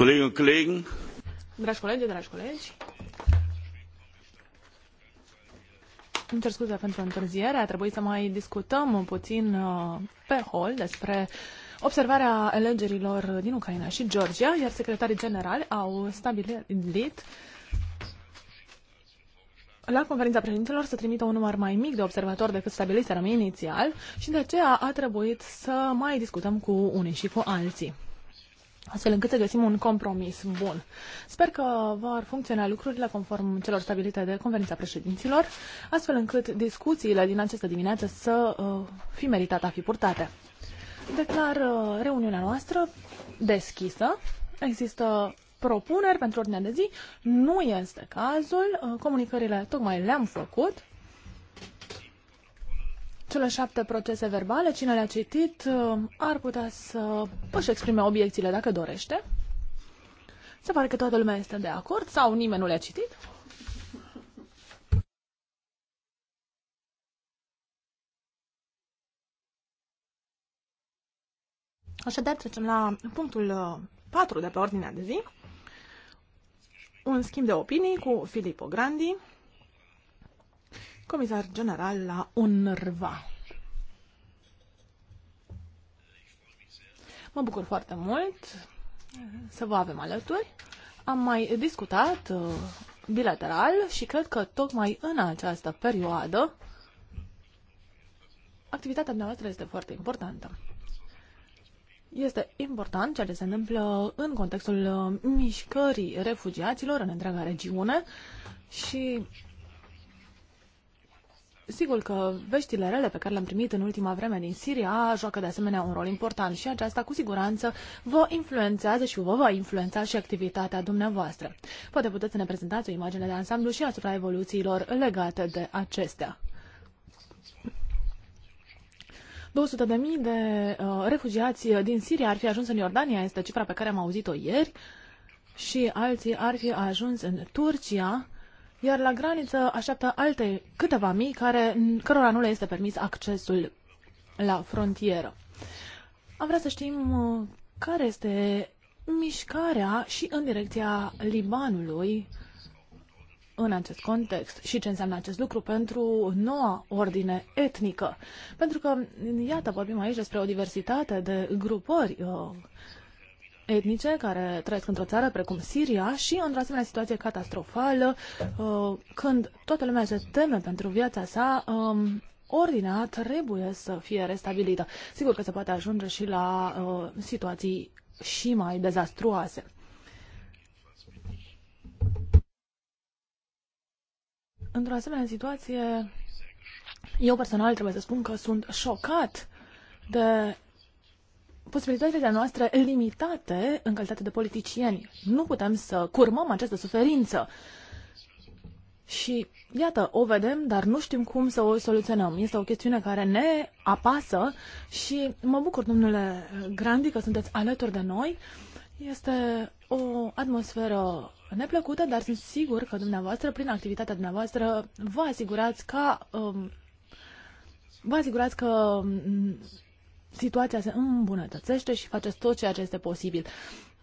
Kolleginnen und Kollegen. Dragi colegi, dragi colegi. Îmi cer scuze pentru întârziere, a trebuit să mai discutăm puțin uh, pe hol despre observarea alegerilor din Ucraina și Georgia, iar secretarii generali au stabilit la conferința președintelor să trimită un număr mai mic de observatori decât stabiliserăm inițial și de aceea a trebuit să mai discutăm cu unii și cu alții astfel încât să găsim un compromis bun. Sper că vor funcționa lucrurile conform celor stabilite de conferința președinților, astfel încât discuțiile din această dimineață să uh, fi meritate a fi purtate. Declar uh, reuniunea noastră deschisă. Există propuneri pentru ordinea de zi. Nu este cazul. Uh, comunicările tocmai le-am făcut cele șapte procese verbale, cine le-a citit uh, ar putea să își exprime obiecțiile dacă dorește. Se pare că toată lumea este de acord sau nimeni nu le-a citit. Așadar, trecem la punctul 4 uh, de pe ordinea de zi. Un schimb de opinii cu Filippo Grandi, comisar general la UNRWA. Mă bucur foarte mult să vă avem alături. Am mai discutat uh, bilateral și cred că tocmai în această perioadă activitatea noastră este foarte importantă. Este important ceea ce se întâmplă în contextul uh, mișcării refugiaților în întreaga regiune și Sigur că veștile rele pe care le-am primit în ultima vreme din Siria joacă de asemenea un rol important și aceasta cu siguranță vă influențează și vă va influența și activitatea dumneavoastră. Poate puteți să ne prezentați o imagine de ansamblu și asupra evoluțiilor legate de acestea. 200.000 de, mii de uh, refugiați din Siria ar fi ajuns în Iordania, este cifra pe care am auzit-o ieri, și alții ar fi ajuns în Turcia, iar la graniță așteaptă alte câteva mii care, cărora nu le este permis accesul la frontieră. Am vrea să știm uh, care este mișcarea și în direcția Libanului în acest context și ce înseamnă acest lucru pentru noua ordine etnică. Pentru că, iată, vorbim aici despre o diversitate de grupări uh, etnice care trăiesc într-o țară precum Siria și într-o asemenea situație catastrofală, uh, când toată lumea se teme pentru viața sa, um, ordinea trebuie să fie restabilită. Sigur că se poate ajunge și la uh, situații și mai dezastruoase. Într-o asemenea situație, eu personal trebuie să spun că sunt șocat de posibilitățile noastre limitate în calitate de politicieni. Nu putem să curmăm această suferință. Și iată, o vedem, dar nu știm cum să o soluționăm. Este o chestiune care ne apasă și mă bucur, domnule Grandi, că sunteți alături de noi. Este o atmosferă neplăcută, dar sunt sigur că dumneavoastră, prin activitatea dumneavoastră, vă asigurați ca um, vă asigurați că situația se îmbunătățește și faceți tot ceea ce este posibil.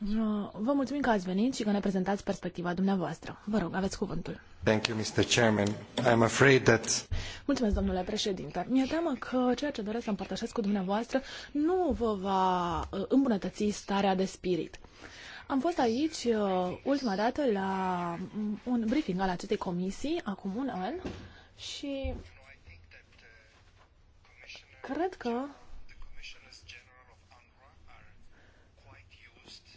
Uh, vă mulțumim că ați venit și că ne prezentați perspectiva dumneavoastră. Vă rog, aveți cuvântul. Thank you, Mr. Chairman. I'm afraid that... Mulțumesc, domnule președinte. Mi-e teamă că ceea ce doresc să împărtășesc cu dumneavoastră nu vă va uh, îmbunătăți starea de spirit. Am fost aici uh, ultima dată la un briefing al acestei comisii, acum un an, și cred că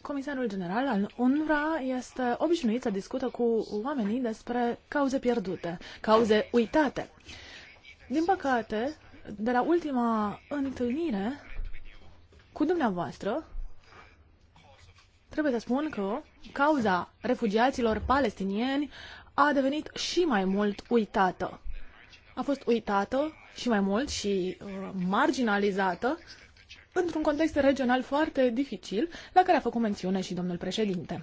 Comisarul general al UNRWA este obișnuit să discută cu oamenii despre cauze pierdute, cauze uitate. Din păcate, de la ultima întâlnire cu dumneavoastră, trebuie să spun că cauza refugiaților palestinieni a devenit și mai mult uitată. A fost uitată și mai mult și uh, marginalizată într-un context regional foarte dificil, la care a făcut mențiune și domnul președinte.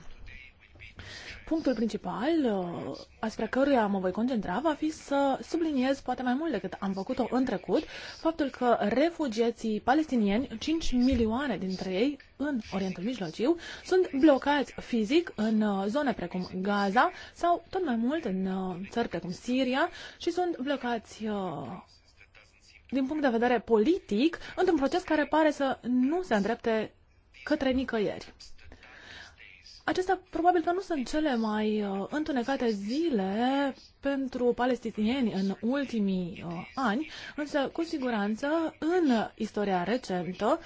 Punctul principal uh, asupra căruia mă voi concentra va fi să subliniez, poate mai mult decât am făcut-o în trecut, faptul că refugiații palestinieni, 5 milioane dintre ei în Orientul Mijlociu, sunt blocați fizic în uh, zone precum Gaza sau tot mai mult în uh, țări precum Siria și sunt blocați din punct de vedere politic, într-un proces care pare să nu se îndrepte către nicăieri. Acestea probabil că nu sunt cele mai uh, întunecate zile pentru palestinieni în ultimii uh, ani, însă cu siguranță în istoria recentă uh,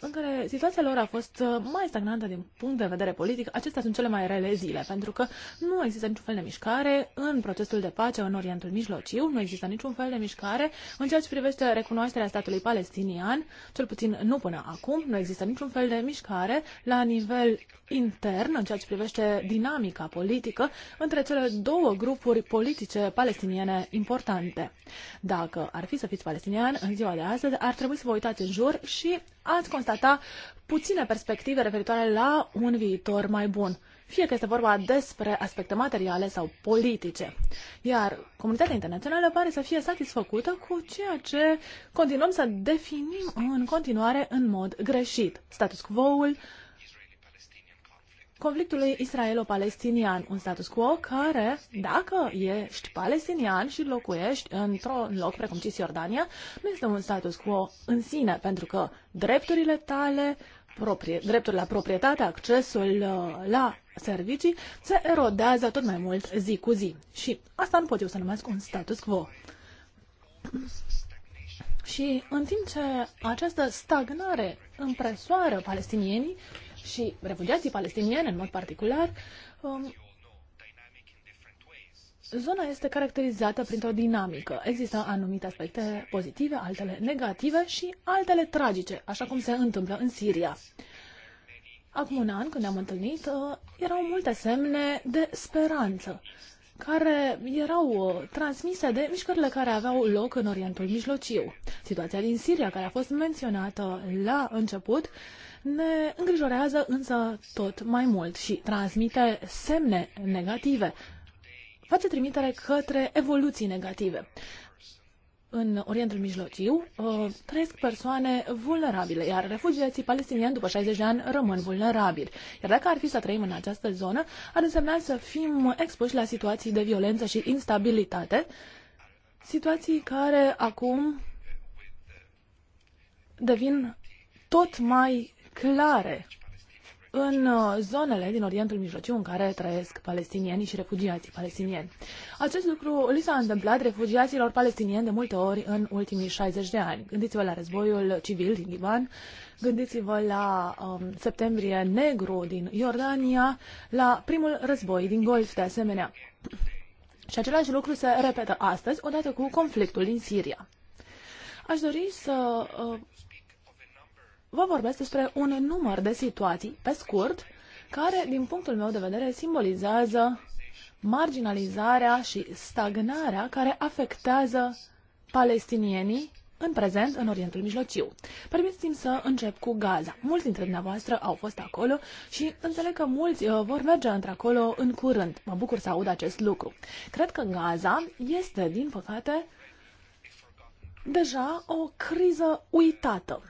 în care situația lor a fost uh, mai stagnantă din punct de vedere politic, acestea sunt cele mai rele zile, pentru că nu există niciun fel de mișcare în procesul de pace în Orientul Mijlociu, nu există niciun fel de mișcare în ceea ce privește recunoașterea statului palestinian, cel puțin nu până acum, nu există niciun fel de mișcare la nivel intern în ceea ce privește dinamica politică între cele două grupuri politice palestiniene importante. Dacă ar fi să fiți palestinian în ziua de astăzi, ar trebui să vă uitați în jur și ați constata puține perspective referitoare la un viitor mai bun, fie că este vorba despre aspecte materiale sau politice. Iar comunitatea internațională pare să fie satisfăcută cu ceea ce continuăm să definim în continuare în mod greșit. Status quo-ul, conflictului israelo-palestinian, un status quo care, dacă ești palestinian și locuiești într-un loc precum Cisjordania, nu este un status quo în sine, pentru că drepturile tale, proprie, dreptul la proprietate, accesul uh, la servicii, se erodează tot mai mult zi cu zi. Și asta nu pot eu să numesc un status quo. Și în timp ce această stagnare împresoară palestinienii, și refugiații palestinieni în mod particular, um, Zona este caracterizată printr-o dinamică. Există anumite aspecte pozitive, altele negative și altele tragice, așa cum se întâmplă în Siria. Acum un an, când ne-am întâlnit, uh, erau multe semne de speranță, care erau uh, transmise de mișcările care aveau loc în Orientul Mijlociu. Situația din Siria, care a fost menționată la început, ne îngrijorează însă tot mai mult și transmite semne negative. Face trimitere către evoluții negative. În Orientul Mijlociu uh, trăiesc persoane vulnerabile, iar refugiații palestinieni după 60 de ani rămân vulnerabili. Iar dacă ar fi să trăim în această zonă, ar însemna să fim expuși la situații de violență și instabilitate, situații care acum devin tot mai clare în uh, zonele din Orientul Mijlociu în care trăiesc palestinienii și refugiații palestinieni. Acest lucru li s-a întâmplat refugiaților palestinieni de multe ori în ultimii 60 de ani. Gândiți-vă la războiul civil din Liban, gândiți-vă la um, septembrie negru din Iordania, la primul război din Golf de asemenea. Și același lucru se repetă astăzi, odată cu conflictul din Siria. Aș dori să uh, vă vorbesc despre un număr de situații, pe scurt, care, din punctul meu de vedere, simbolizează marginalizarea și stagnarea care afectează palestinienii în prezent în Orientul Mijlociu. Permiteți-mi să încep cu Gaza. Mulți dintre dumneavoastră au fost acolo și înțeleg că mulți uh, vor merge într-acolo în curând. Mă bucur să aud acest lucru. Cred că Gaza este, din păcate, deja o criză uitată.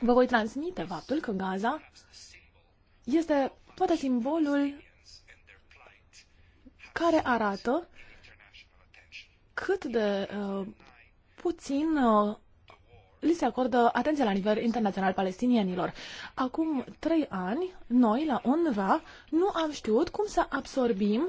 Vă voi transmite faptul că Gaza este poate simbolul care arată cât de uh, puțin uh, li se acordă atenție la nivel internațional palestinienilor. Acum trei ani, noi, la UNRWA, nu am știut cum să absorbim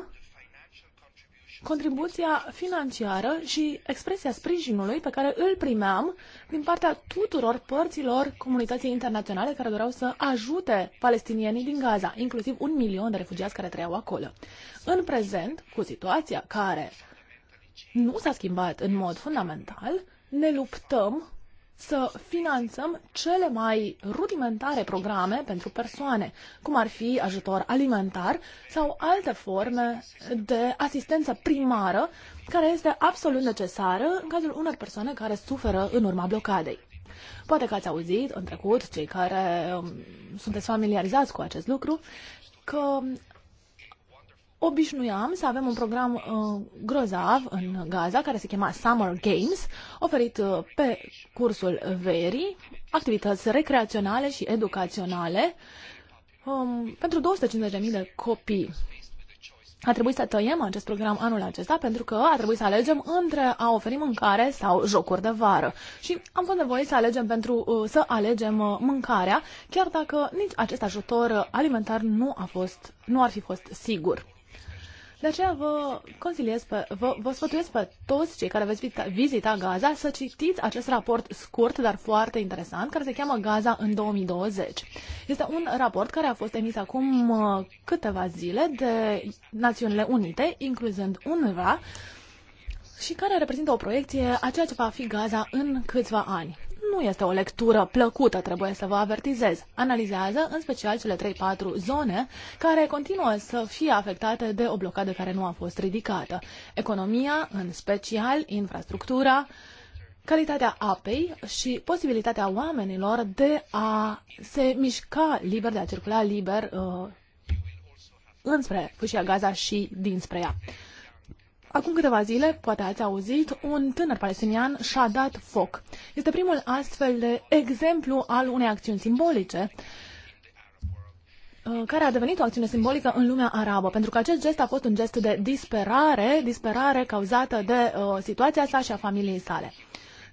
contribuția financiară și expresia sprijinului pe care îl primeam din partea tuturor părților comunității internaționale care doreau să ajute palestinienii din Gaza, inclusiv un milion de refugiați care trăiau acolo. În prezent, cu situația care nu s-a schimbat în mod fundamental, ne luptăm să finanțăm cele mai rudimentare programe pentru persoane, cum ar fi ajutor alimentar sau alte forme de asistență primară, care este absolut necesară în cazul unor persoane care suferă în urma blocadei. Poate că ați auzit în trecut, cei care um, sunteți familiarizați cu acest lucru, că obișnuiam să avem un program uh, grozav în Gaza, care se chema Summer Games, oferit uh, pe cursul verii, activități recreaționale și educaționale um, pentru 250.000 de copii. A trebuit să tăiem acest program anul acesta pentru că a trebuit să alegem între a oferi mâncare sau jocuri de vară. Și am fost nevoie să alegem pentru uh, să alegem uh, mâncarea, chiar dacă nici acest ajutor uh, alimentar nu a fost nu ar fi fost sigur. De aceea vă, consiliez pe, vă, vă sfătuiesc pe toți cei care veți vizita Gaza să citiți acest raport scurt, dar foarte interesant, care se cheamă Gaza în 2020. Este un raport care a fost emis acum uh, câteva zile de Națiunile Unite, incluzând UNRWA, și care reprezintă o proiecție a ceea ce va fi Gaza în câțiva ani nu este o lectură plăcută, trebuie să vă avertizez. Analizează în special cele 3-4 zone care continuă să fie afectate de o blocadă care nu a fost ridicată. Economia, în special, infrastructura, calitatea apei și posibilitatea oamenilor de a se mișca liber, de a circula liber uh, înspre fâșia Gaza și dinspre ea. Acum câteva zile, poate ați auzit, un tânăr palestinian și-a dat foc. Este primul astfel de exemplu al unei acțiuni simbolice uh, care a devenit o acțiune simbolică în lumea arabă, pentru că acest gest a fost un gest de disperare, disperare cauzată de uh, situația sa și a familiei sale.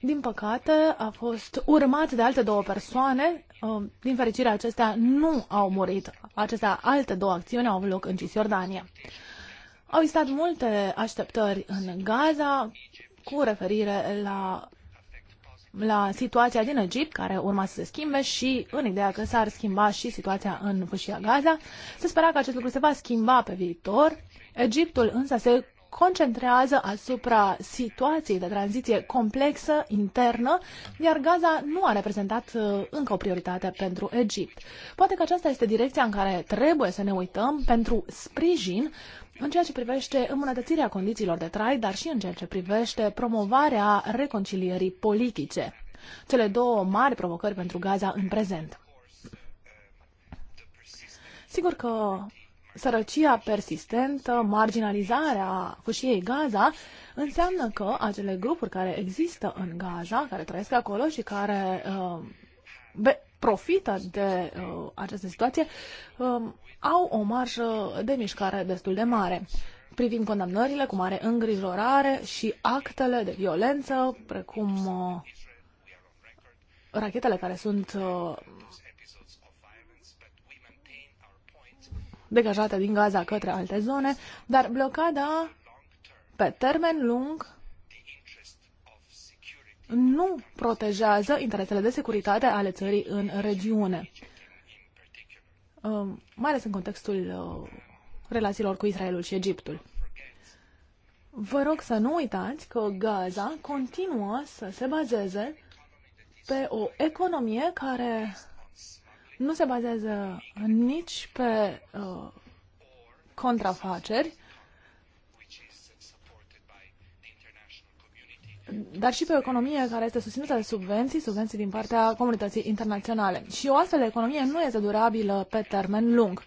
Din păcate, a fost urmat de alte două persoane. Uh, din fericire, acestea nu au murit. Acestea alte două acțiuni au avut loc în Cisjordania. Au existat multe așteptări în Gaza cu referire la la situația din Egipt, care urma să se schimbe și în ideea că s-ar schimba și situația în fâșia Gaza. Se spera că acest lucru se va schimba pe viitor. Egiptul însă se concentrează asupra situației de tranziție complexă, internă, iar Gaza nu a reprezentat uh, încă o prioritate pentru Egipt. Poate că aceasta este direcția în care trebuie să ne uităm pentru sprijin în ceea ce privește îmbunătățirea condițiilor de trai, dar și în ceea ce privește promovarea reconcilierii politice. Cele două mari provocări pentru Gaza în prezent. Sigur că sărăcia persistentă, marginalizarea fâșiei Gaza, înseamnă că acele grupuri care există în Gaza, care trăiesc acolo și care uh, profită de uh, această situație uh, au o marjă de mișcare destul de mare. Privim condamnările cu mare îngrijorare și actele de violență, precum uh, rachetele care sunt uh, degajate din Gaza către alte zone, dar blocada pe termen lung nu protejează interesele de securitate ale țării în regiune, um, mai ales în contextul uh, relațiilor cu Israelul și Egiptul. Vă rog să nu uitați că Gaza continuă să se bazeze pe o economie care nu se bazează nici pe uh, contrafaceri, dar și pe o economie care este susținută de subvenții, subvenții din partea comunității internaționale. Și o astfel de economie nu este durabilă pe termen lung.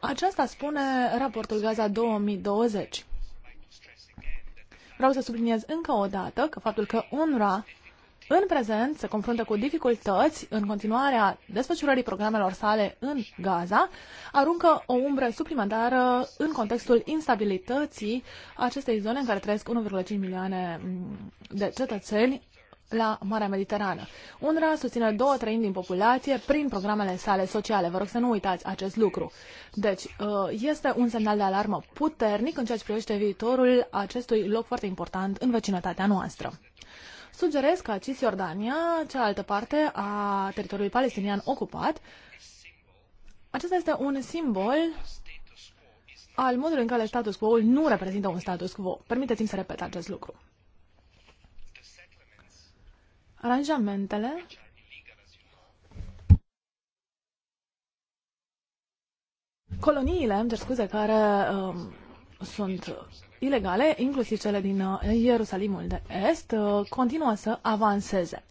Aceasta spune raportul Gaza 2020. Vreau să subliniez încă o dată că faptul că UNRWA în prezent se confruntă cu dificultăți în continuarea desfășurării programelor sale în Gaza, aruncă o umbră suplimentară în contextul instabilității acestei zone în care trăiesc 1,5 milioane mm, de cetățeni la Marea Mediterană. UNRWA susține două treimi din populație prin programele sale sociale. Vă rog să nu uitați acest lucru. Deci, uh, este un semnal de alarmă puternic în ceea ce privește viitorul acestui loc foarte important în vecinătatea noastră sugerez ca Cisjordania, cealaltă parte a teritoriului palestinian ocupat, acesta este un simbol al modului în care status quo-ul nu reprezintă un status quo. Permiteți-mi să repet acest lucru. Aranjamentele coloniile, îmi cer scuze, care um, sunt ilegale, inclusiv cele din uh, Ierusalimul de Est, uh, continuă să avanseze.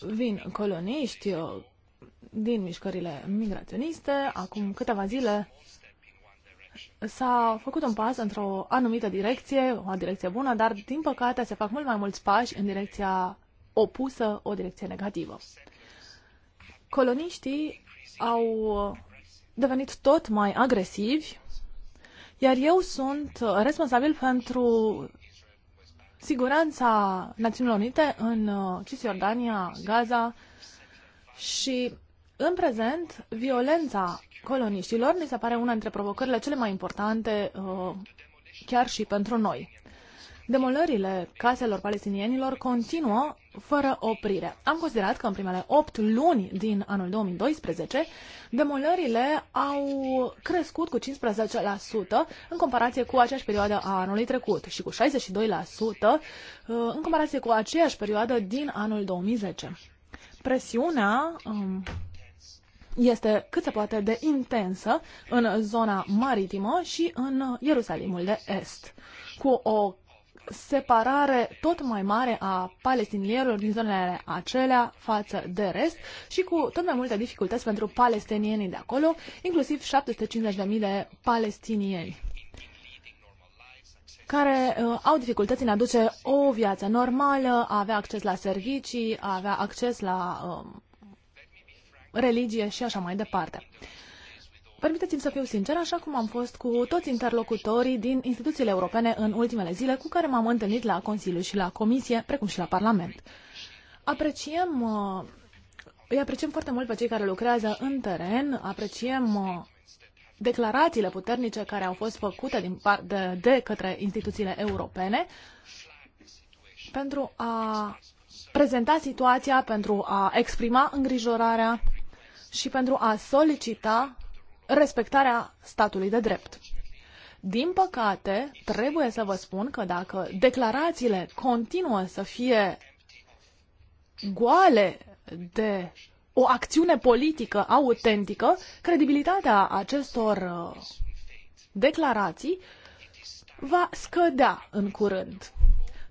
Vin coloniști uh, din mișcările migraționiste. Acum câteva zile s-a făcut un pas într-o anumită direcție, o direcție bună, dar din păcate se fac mult mai mulți pași în direcția opusă, o direcție negativă. Coloniștii au devenit tot mai agresivi iar eu sunt uh, responsabil pentru siguranța Națiunilor Unite în uh, Cisjordania, Gaza și în prezent violența coloniștilor mi se pare una dintre provocările cele mai importante uh, chiar și pentru noi. Demolările caselor palestinienilor continuă fără oprire. Am considerat că în primele 8 luni din anul 2012, demolările au crescut cu 15% în comparație cu aceeași perioadă a anului trecut și cu 62% uh, în comparație cu aceeași perioadă din anul 2010. Presiunea um, este cât se poate de intensă în zona maritimă și în uh, Ierusalimul de Est, cu o separare tot mai mare a palestinierilor din zonele acelea față de rest și cu tot mai multe dificultăți pentru palestinienii de acolo, inclusiv 750.000 de palestinieni care uh, au dificultăți în a duce o viață normală, a avea acces la servicii, a avea acces la uh, religie și așa mai departe. Uh, Permiteți-mi să fiu sincer, așa cum am fost cu toți interlocutorii din instituțiile europene în ultimele zile cu care m-am întâlnit la Consiliu și la Comisie, precum și la Parlament. Apreciem, uh, îi apreciem foarte mult pe cei care lucrează în teren, apreciem uh, declarațiile puternice care au fost făcute din par- de, de către instituțiile europene pentru a prezenta situația, pentru a exprima îngrijorarea și pentru a solicita respectarea statului de drept. Din păcate, trebuie să vă spun că dacă declarațiile continuă să fie goale de o acțiune politică autentică, credibilitatea acestor uh, declarații va scădea în curând.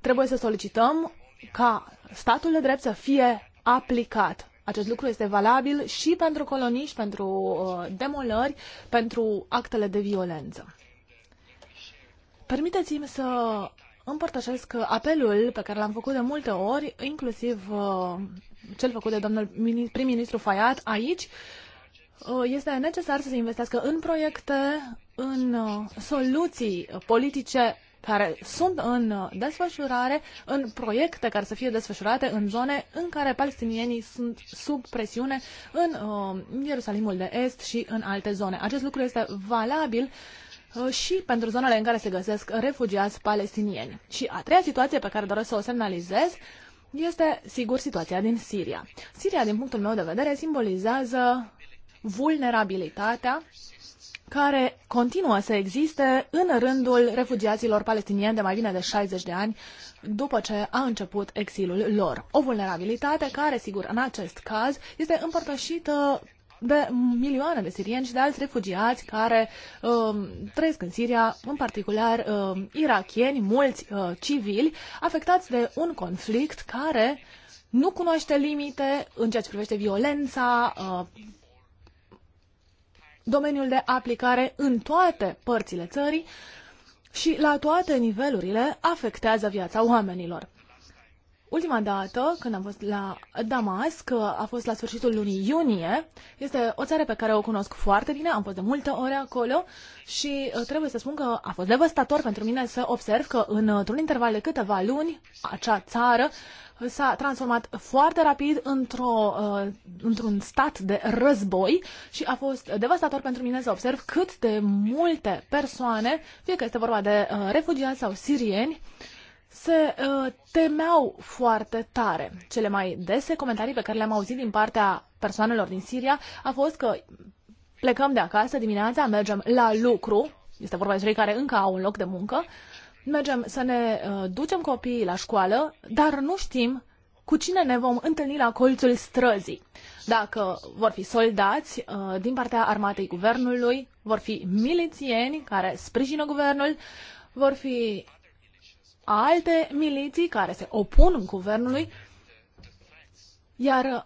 Trebuie să solicităm ca statul de drept să fie aplicat. Acest lucru este valabil și pentru colonii, și pentru uh, demolări, pentru actele de violență. Permiteți-mi să împărtășesc apelul pe care l-am făcut de multe ori, inclusiv uh, cel făcut de domnul prim-ministru Fayad aici. Uh, este necesar să se investească în proiecte, în uh, soluții politice care sunt în uh, desfășurare, în proiecte care să fie desfășurate în zone în care palestinienii sunt sub presiune în uh, Ierusalimul de Est și în alte zone. Acest lucru este valabil uh, și pentru zonele în care se găsesc refugiați palestinieni. Și a treia situație pe care doresc să o semnalizez este, sigur, situația din Siria. Siria, din punctul meu de vedere, simbolizează vulnerabilitatea care continuă să existe în rândul refugiaților palestinieni de mai bine de 60 de ani după ce a început exilul lor. O vulnerabilitate care, sigur, în acest caz este împărtășită de milioane de sirieni și de alți refugiați care uh, trăiesc în Siria, în particular uh, irachieni, mulți uh, civili, afectați de un conflict care nu cunoaște limite în ceea ce privește violența, uh, domeniul de aplicare în toate părțile țării și la toate nivelurile afectează viața oamenilor. Ultima dată, când am fost la Damasc, uh, a fost la sfârșitul lunii iunie. Este o țară pe care o cunosc foarte bine, am fost de multe ore acolo și uh, trebuie să spun că a fost devastator pentru mine să observ că uh, într-un interval de câteva luni, acea țară s-a transformat foarte rapid într-o, într-un stat de război și a fost devastator pentru mine să observ cât de multe persoane, fie că este vorba de refugiați sau sirieni, se uh, temeau foarte tare. Cele mai dese comentarii pe care le-am auzit din partea persoanelor din Siria a fost că plecăm de acasă dimineața, mergem la lucru, este vorba de cei care încă au un loc de muncă, mergem să ne uh, ducem copiii la școală, dar nu știm cu cine ne vom întâlni la colțul străzii. Dacă vor fi soldați uh, din partea armatei guvernului, vor fi milițieni care sprijină guvernul, vor fi alte miliții care se opun guvernului, iar uh,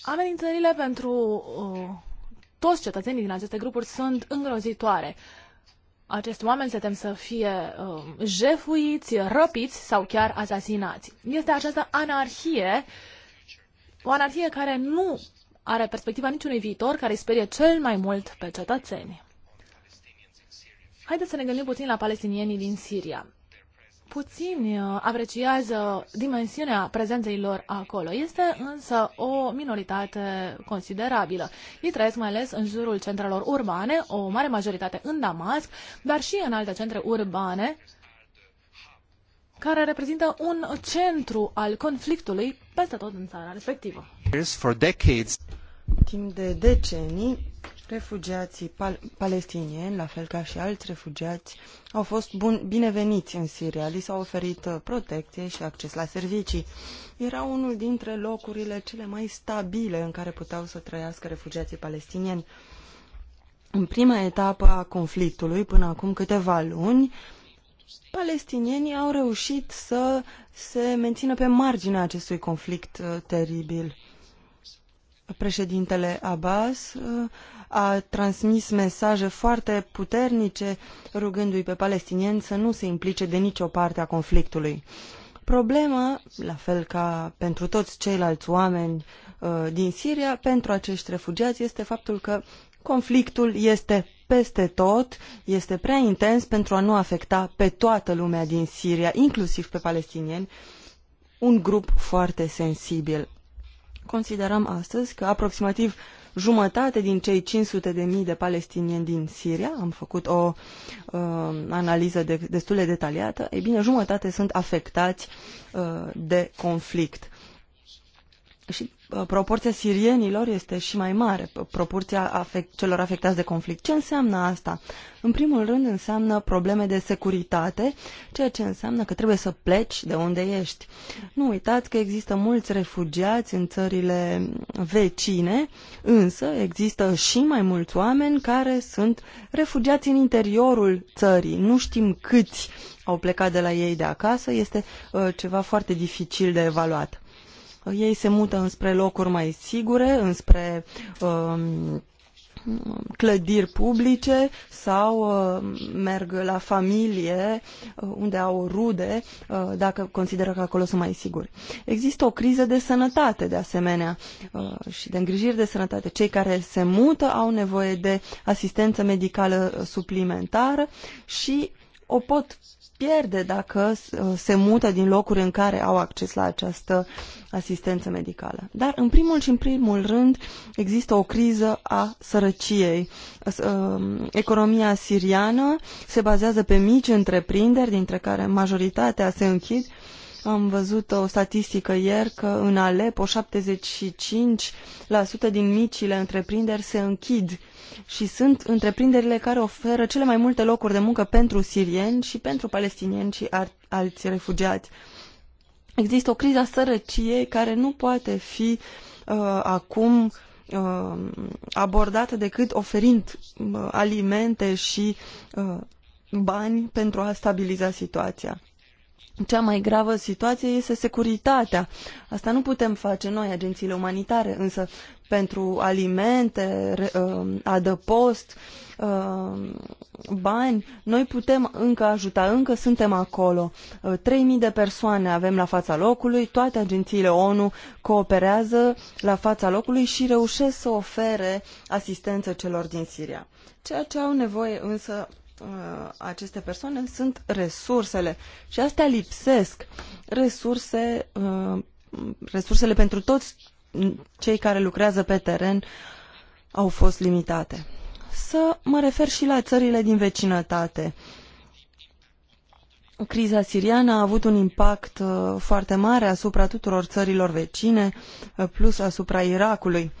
amenințările pentru uh, toți cetățenii din aceste grupuri sunt îngrozitoare. Acești oameni se tem să fie uh, jefuiți, răpiți sau chiar asasinați. Este această anarhie, o anarhie care nu are perspectiva niciunui viitor, care îi sperie cel mai mult pe cetățeni. Haideți să ne gândim puțin la palestinienii din Siria puțini uh, apreciază dimensiunea prezenței lor acolo. Este însă o minoritate considerabilă. Ei trăiesc mai ales în jurul centrelor urbane, o mare majoritate în Damasc, dar și în alte centre urbane, care reprezintă un centru al conflictului peste tot în țara respectivă. Timp de decenii, Refugiații pal palestinieni, la fel ca și alți refugiați, au fost bun, bineveniți în Siria, li s-a oferit uh, protecție și acces la servicii. Era unul dintre locurile cele mai stabile în care puteau să trăiască refugiații palestinieni. În prima etapă a conflictului, până acum câteva luni, palestinienii au reușit să se mențină pe marginea acestui conflict uh, teribil președintele Abbas uh, a transmis mesaje foarte puternice rugându-i pe palestinieni să nu se implice de nicio parte a conflictului. Problema, la fel ca pentru toți ceilalți oameni uh, din Siria, pentru acești refugiați este faptul că conflictul este peste tot, este prea intens pentru a nu afecta pe toată lumea din Siria, inclusiv pe palestinieni, un grup foarte sensibil. Considerăm astăzi că aproximativ jumătate din cei 500 de mii de palestinieni din Siria, am făcut o uh, analiză de, destul de detaliată, e bine, jumătate sunt afectați uh, de conflict. Și proporția sirienilor este și mai mare, proporția afect, celor afectați de conflict. Ce înseamnă asta? În primul rând înseamnă probleme de securitate, ceea ce înseamnă că trebuie să pleci de unde ești. Nu uitați că există mulți refugiați în țările vecine, însă există și mai mulți oameni care sunt refugiați în interiorul țării. Nu știm câți au plecat de la ei de acasă, este uh, ceva foarte dificil de evaluat. Ei se mută înspre locuri mai sigure, înspre um, clădiri publice sau uh, merg la familie uh, unde au rude uh, dacă consideră că acolo sunt mai siguri. Există o criză de sănătate de asemenea și de îngrijiri de sănătate. Cei care se mută au nevoie de asistență medicală suplimentară și o pot pierde dacă uh, se mută din locuri în care au acces la această asistență medicală. Dar, în primul și în primul rând, există o criză a sărăciei. Uh, economia siriană se bazează pe mici întreprinderi, dintre care majoritatea se închid am văzut o statistică ieri că în Alepo 75% din micile întreprinderi se închid și sunt întreprinderile care oferă cele mai multe locuri de muncă pentru sirieni și pentru palestinieni și alți refugiați. Există o criză a sărăciei care nu poate fi uh, acum uh, abordată decât oferind uh, alimente și uh, bani pentru a stabiliza situația cea mai gravă situație este securitatea. Asta nu putem face noi, agențiile umanitare, însă pentru alimente, um, adăpost, um, bani, noi putem încă ajuta, încă suntem acolo. 3.000 uh, de persoane avem la fața locului, toate agențiile ONU cooperează la fața locului și reușesc să ofere asistență celor din Siria. Ceea ce au nevoie însă Uh, aceste persoane sunt resursele și astea lipsesc. Resurse, uh, resursele pentru toți cei care lucrează pe teren au fost limitate. Să mă refer și la țările din vecinătate. Criza siriană a avut un impact uh, foarte mare asupra tuturor țărilor vecine, plus asupra Irakului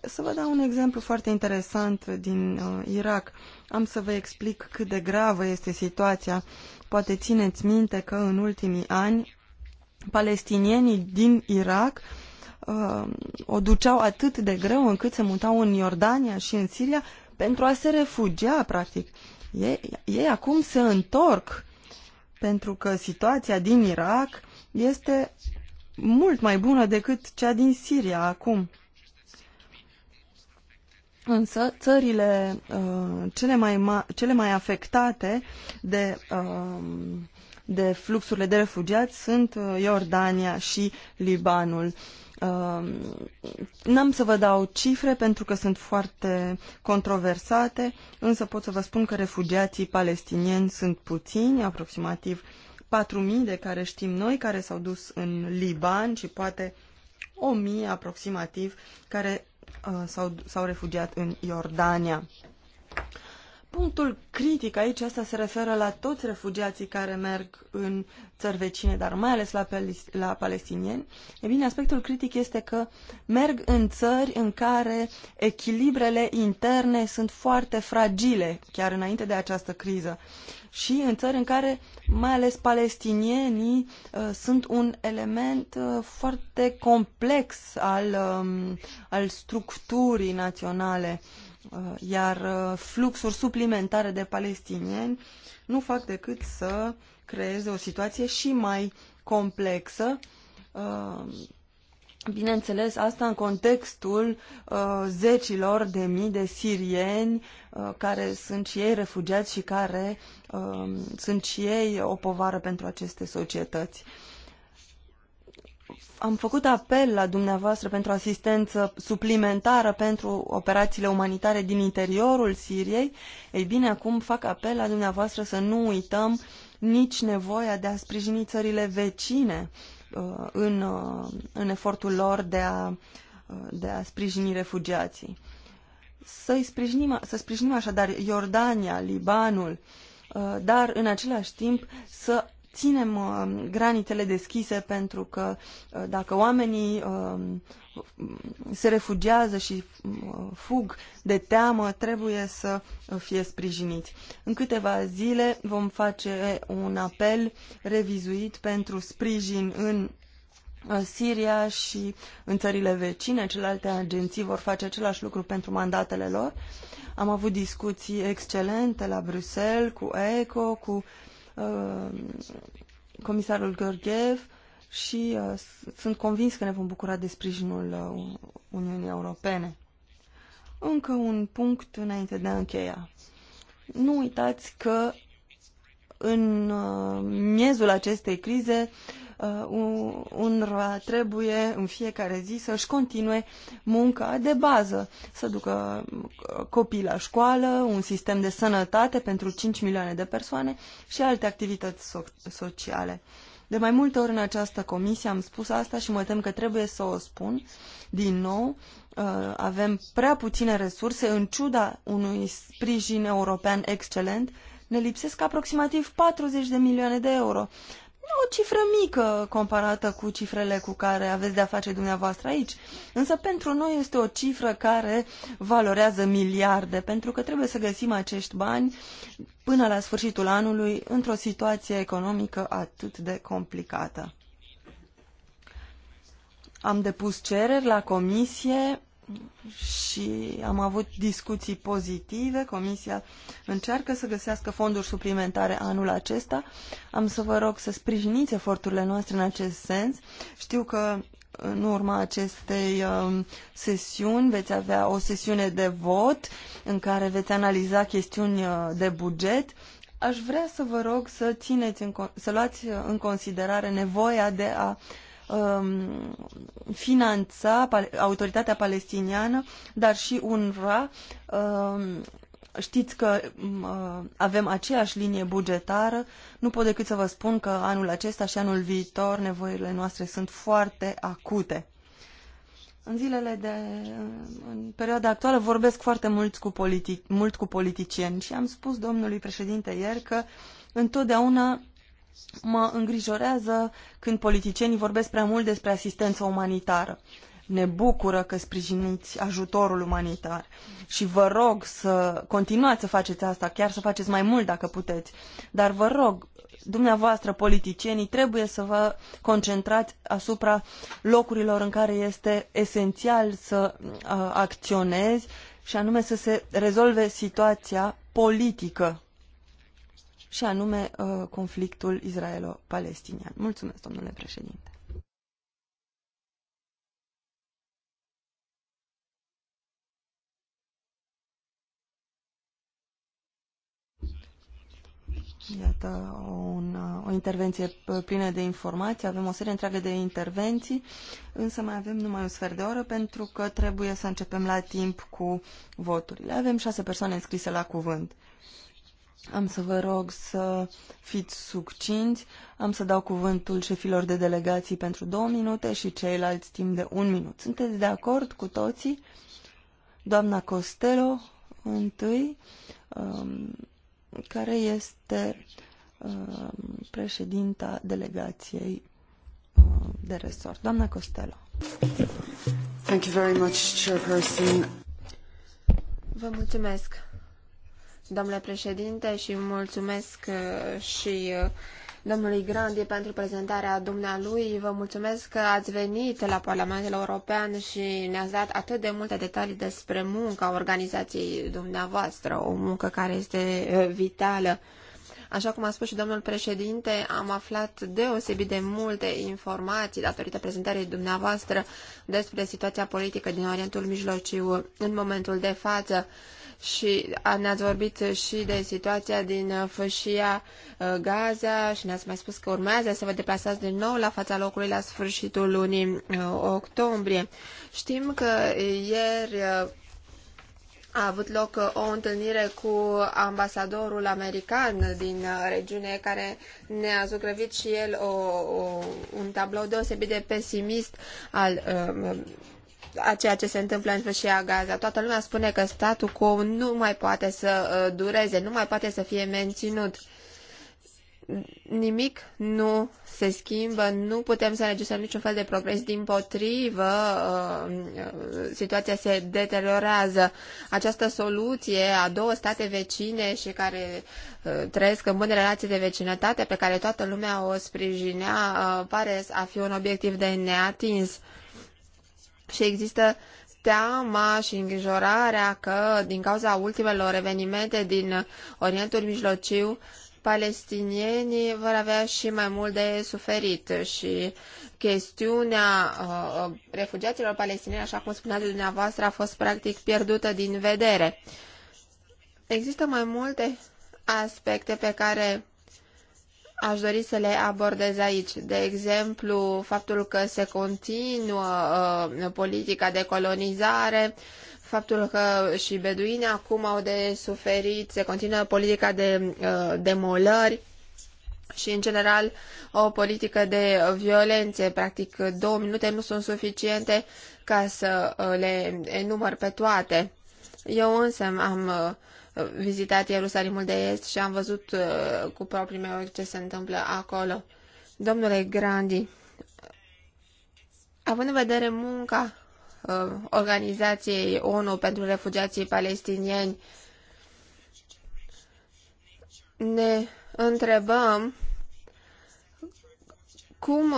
să vă dau un exemplu foarte interesant din uh, Irak. Am să vă explic cât de gravă este situația. Poate țineți minte că în ultimii ani palestinienii din Irak uh, o duceau atât de greu încât se mutau în Iordania și în Siria pentru a se refugia, practic. Ei, ei acum se întorc pentru că situația din Irak este mult mai bună decât cea din Siria acum. Însă, țările uh, cele, mai ma- cele mai afectate de, uh, de fluxurile de refugiați sunt uh, Iordania și Libanul. Nu uh, n-am să vă dau cifre pentru că sunt foarte controversate, însă pot să vă spun că refugiații palestinieni sunt puțini, aproximativ 4.000 de care știm noi, care s-au dus în Liban și poate 1.000 aproximativ care Uh, s-au refugiat în Iordania. Punctul critic aici, asta se referă la toți refugiații care merg în țări vecine, dar mai ales la, la palestinieni, e bine, aspectul critic este că merg în țări în care echilibrele interne sunt foarte fragile, chiar înainte de această criză, și în țări în care mai ales palestinienii uh, sunt un element uh, foarte complex al, um, al structurii naționale. Uh, Uh, iar uh, fluxuri suplimentare de palestinieni nu fac decât să creeze o situație și mai complexă. Uh, bineînțeles, asta în contextul zecilor de mii de sirieni care sunt și ei refugiați și care sunt și ei o povară pentru aceste societăți am făcut apel la dumneavoastră pentru asistență suplimentară pentru operațiile umanitare din interiorul Siriei. Ei bine, acum fac apel la dumneavoastră să nu uităm nici nevoia de a sprijini țările vecine uh, în, uh, în efortul lor de a, uh, de a sprijini refugiații. Să-i sprijinim, să sprijinim așadar Iordania, Libanul, dar în același timp să ținem uh, granițele deschise pentru că uh, dacă oamenii um, se refugiază și uh, fug de teamă, trebuie să uh, fie sprijiniți. În câteva zile vom face un apel revizuit pentru sprijin în Siria și în țările vecine, celelalte agenții vor face același lucru pentru mandatele lor. Am avut discuții excelente la Bruxelles, cu ECO, cu uh, Uh, comisarul Gheorghev și uh, sunt convins că ne vom bucura de sprijinul uh, Uniunii Europene. Încă un punct înainte de a încheia. Nu uitați că în miezul acestei crize Uh, UNRWA trebuie în fiecare zi să-și continue munca de bază, să ducă uh, copii la școală, un sistem de sănătate pentru 5 milioane de persoane și alte activități so- sociale. De mai multe ori în această comisie am spus asta și mă tem că trebuie să o spun din nou. Uh, avem prea puține resurse, în ciuda unui sprijin european excelent, ne lipsesc aproximativ 40 de milioane de euro o cifră mică comparată cu cifrele cu care aveți de-a face dumneavoastră aici. Însă pentru noi este o cifră care valorează miliarde, pentru că trebuie să găsim acești bani până la sfârșitul anului într-o situație economică atât de complicată. Am depus cereri la comisie și am avut discuții pozitive. Comisia încearcă să găsească fonduri suplimentare anul acesta. Am să vă rog să sprijiniți eforturile noastre în acest sens. Știu că în urma acestei um, sesiuni veți avea o sesiune de vot în care veți analiza chestiuni uh, de buget. Aș vrea să vă rog să, țineți în, să luați uh, în considerare nevoia de a uh, Um, finanța autoritatea palestiniană, dar și UNRWA. Um, știți că um, uh, avem aceeași linie bugetară. Nu pot decât să vă spun că anul acesta și anul viitor nevoile noastre sunt foarte acute. În zilele de... în perioada actuală vorbesc foarte mult cu, politic, mult cu politicieni și am spus domnului președinte ieri că întotdeauna mă îngrijorează când politicienii vorbesc prea mult despre asistență umanitară. Ne bucură că sprijiniți ajutorul umanitar și vă rog să continuați să faceți asta, chiar să faceți mai mult dacă puteți. Dar vă rog, dumneavoastră, politicienii, trebuie să vă concentrați asupra locurilor în care este esențial să uh, acționezi și anume să se rezolve situația politică și anume uh, conflictul israelo-palestinian. Mulțumesc, domnule președinte. Iată un, uh, o intervenție uh, plină de informații, avem o serie întreagă de intervenții, însă mai avem numai un sfert de oră pentru că trebuie să începem la timp cu voturile. Avem șase persoane înscrise la cuvânt. Am să vă rog să fiți succinți. Am să dau cuvântul șefilor de delegații pentru două minute și ceilalți timp de un minut. Sunteți de acord cu toții? Doamna Costello, întâi, um, care este um, președinta delegației um, de resort. Doamna Costello. Thank you very much, Chairperson. Vă mulțumesc domnule președinte, și mulțumesc uh, și uh, domnului Grandi pentru prezentarea dumnealui. Vă mulțumesc că ați venit la Parlamentul European și ne-ați dat atât de multe detalii despre munca organizației dumneavoastră, o muncă care este uh, vitală. Așa cum a spus și domnul președinte, am aflat deosebit de multe informații datorită prezentării dumneavoastră despre situația politică din Orientul Mijlociu în momentul de față și ne-ați vorbit și de situația din uh, fâșia uh, Gaza și ne-ați mai spus că urmează să vă deplasați din nou la fața locului la sfârșitul lunii uh, octombrie. Știm că ieri a avut loc o întâlnire cu ambasadorul american din regiune care ne-a zugrăvit și el o, o, un tablou deosebit de pesimist al uh, a ceea ce se întâmplă în fâșia Gaza. Toată lumea spune că statul quo nu mai poate să uh, dureze, nu mai poate să fie menținut. Nimic nu se schimbă, nu putem să înregistrăm niciun fel de progres, din potrivă, uh, situația se deteriorează. Această soluție a două state vecine și care uh, trăiesc în bune relații de vecinătate, pe care toată lumea o sprijinea, pare a fi un obiectiv de neatins și există teama și îngrijorarea că, din cauza ultimelor evenimente din Orientul Mijlociu, palestinienii vor avea și mai mult de suferit și chestiunea uh, uh refugiaților palestinieni, așa cum spuneați dumneavoastră, a fost practic pierdută din vedere. Există mai multe aspecte pe care aș dori să le abordez aici. De exemplu, faptul că se continuă uh, politica de colonizare, faptul că și beduini acum au de suferit, se continuă politica de uh, demolări și, în general, o politică de violențe. Practic, două minute nu sunt suficiente ca să uh, le enumăr pe toate. Eu însă am uh, vizitat Ierusalimul de Est și am văzut uh, cu proprii mei ochi ce se întâmplă acolo. Domnule Grandi, având în vedere munca uh, organizației ONU pentru refugiații palestinieni, ne întrebăm cum,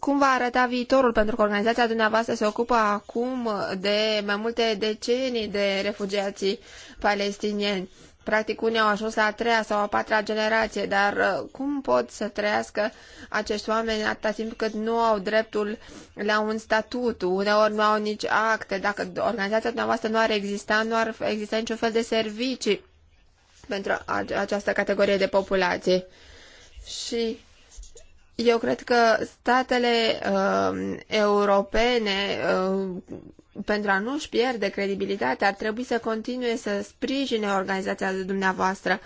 cum va arăta viitorul, pentru că organizația dumneavoastră se ocupă acum de mai multe decenii de refugiații palestinieni. Practic, unii au ajuns la a treia sau a patra generație, dar uh, cum pot să trăiască acești oameni atâta timp cât nu au dreptul la un statut, uneori nu au nici acte, dacă organizația dumneavoastră nu ar exista, nu ar exista niciun fel de servicii pentru această categorie de populație. Și eu cred că statele uh, europene, uh, pentru a nu-și pierde credibilitatea, ar trebui să continue să sprijine organizația de dumneavoastră.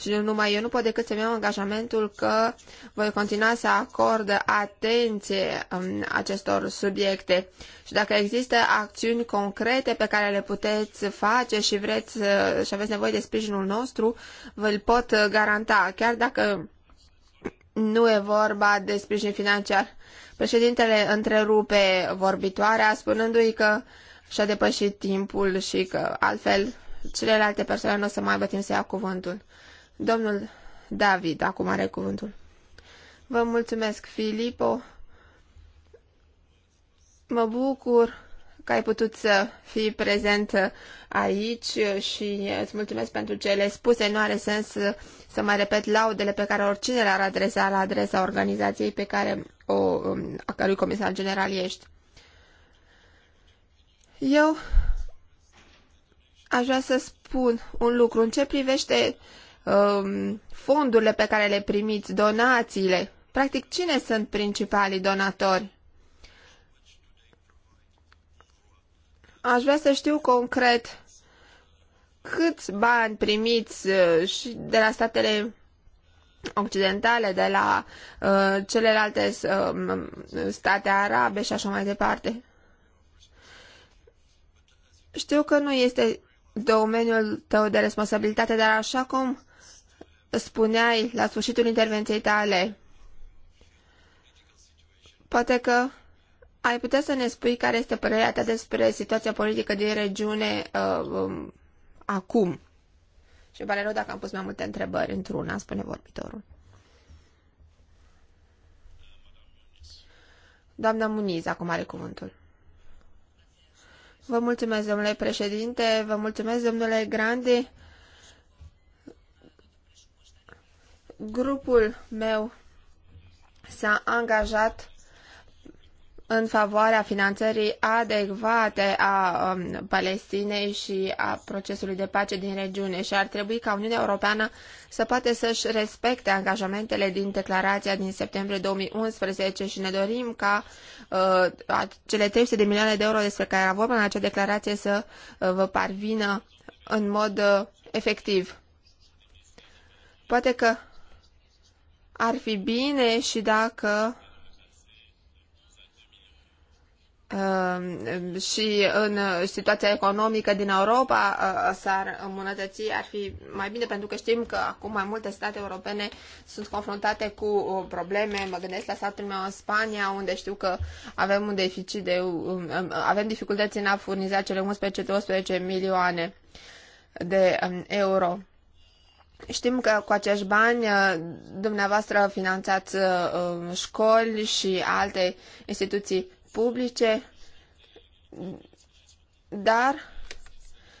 Și nu numai eu nu pot decât să-mi iau angajamentul că voi continua să acord atenție um, acestor subiecte. Și dacă există acțiuni concrete pe care le puteți face și vreți uh, și aveți nevoie de sprijinul nostru, vă-l pot uh, garanta, chiar dacă nu e vorba de sprijin financiar. Președintele întrerupe vorbitoarea spunându-i că și-a depășit timpul și că altfel celelalte persoane nu o să mai aibă timp să ia cuvântul. Domnul David acum are cuvântul. Vă mulțumesc, Filipo. Mă bucur că ai putut să fii prezent aici și îți mulțumesc pentru cele spuse. Nu are sens să mai repet laudele pe care oricine le-ar adresa la adresa organizației pe care o, um, a cărui comisar general ești. Eu aș vrea să spun un lucru. În ce privește um, fondurile pe care le primiți, donațiile, practic cine sunt principalii donatori? Aș vrea să știu concret câți bani primiți uh, și de la statele occidentale, de la uh, celelalte uh, state arabe și așa mai departe. Știu că nu este domeniul tău de responsabilitate, dar așa cum spuneai la sfârșitul intervenției tale, poate că ai putea să ne spui care este părerea ta despre situația politică din regiune uh, um, acum? Și pare rău dacă am pus mai multe întrebări într-una, spune vorbitorul. Doamna Muniz, acum are cuvântul. Vă mulțumesc, domnule președinte, vă mulțumesc, domnule grande. Grupul meu s-a angajat în favoarea finanțării adecvate a um, Palestinei și a procesului de pace din regiune și ar trebui ca Uniunea Europeană să poate să-și respecte angajamentele din declarația din septembrie 2011 și ne dorim ca uh, cele 300 de milioane de euro despre care era vorba în acea declarație să uh, vă parvină în mod uh, efectiv. Poate că ar fi bine și dacă Ehm, și în uh, situația economică din Europa uh, uh, s-ar îmbunătăți, ar fi mai bine pentru că știm că acum mai multe state europene sunt confruntate cu probleme. Mă gândesc la statul meu în Spania, unde știu că avem un deficit de um, um, avem dificultăți în a furniza cele 11-12 milioane de um, euro. Știm că cu acești bani dumneavoastră finanțați școli și alte instituții publice, dar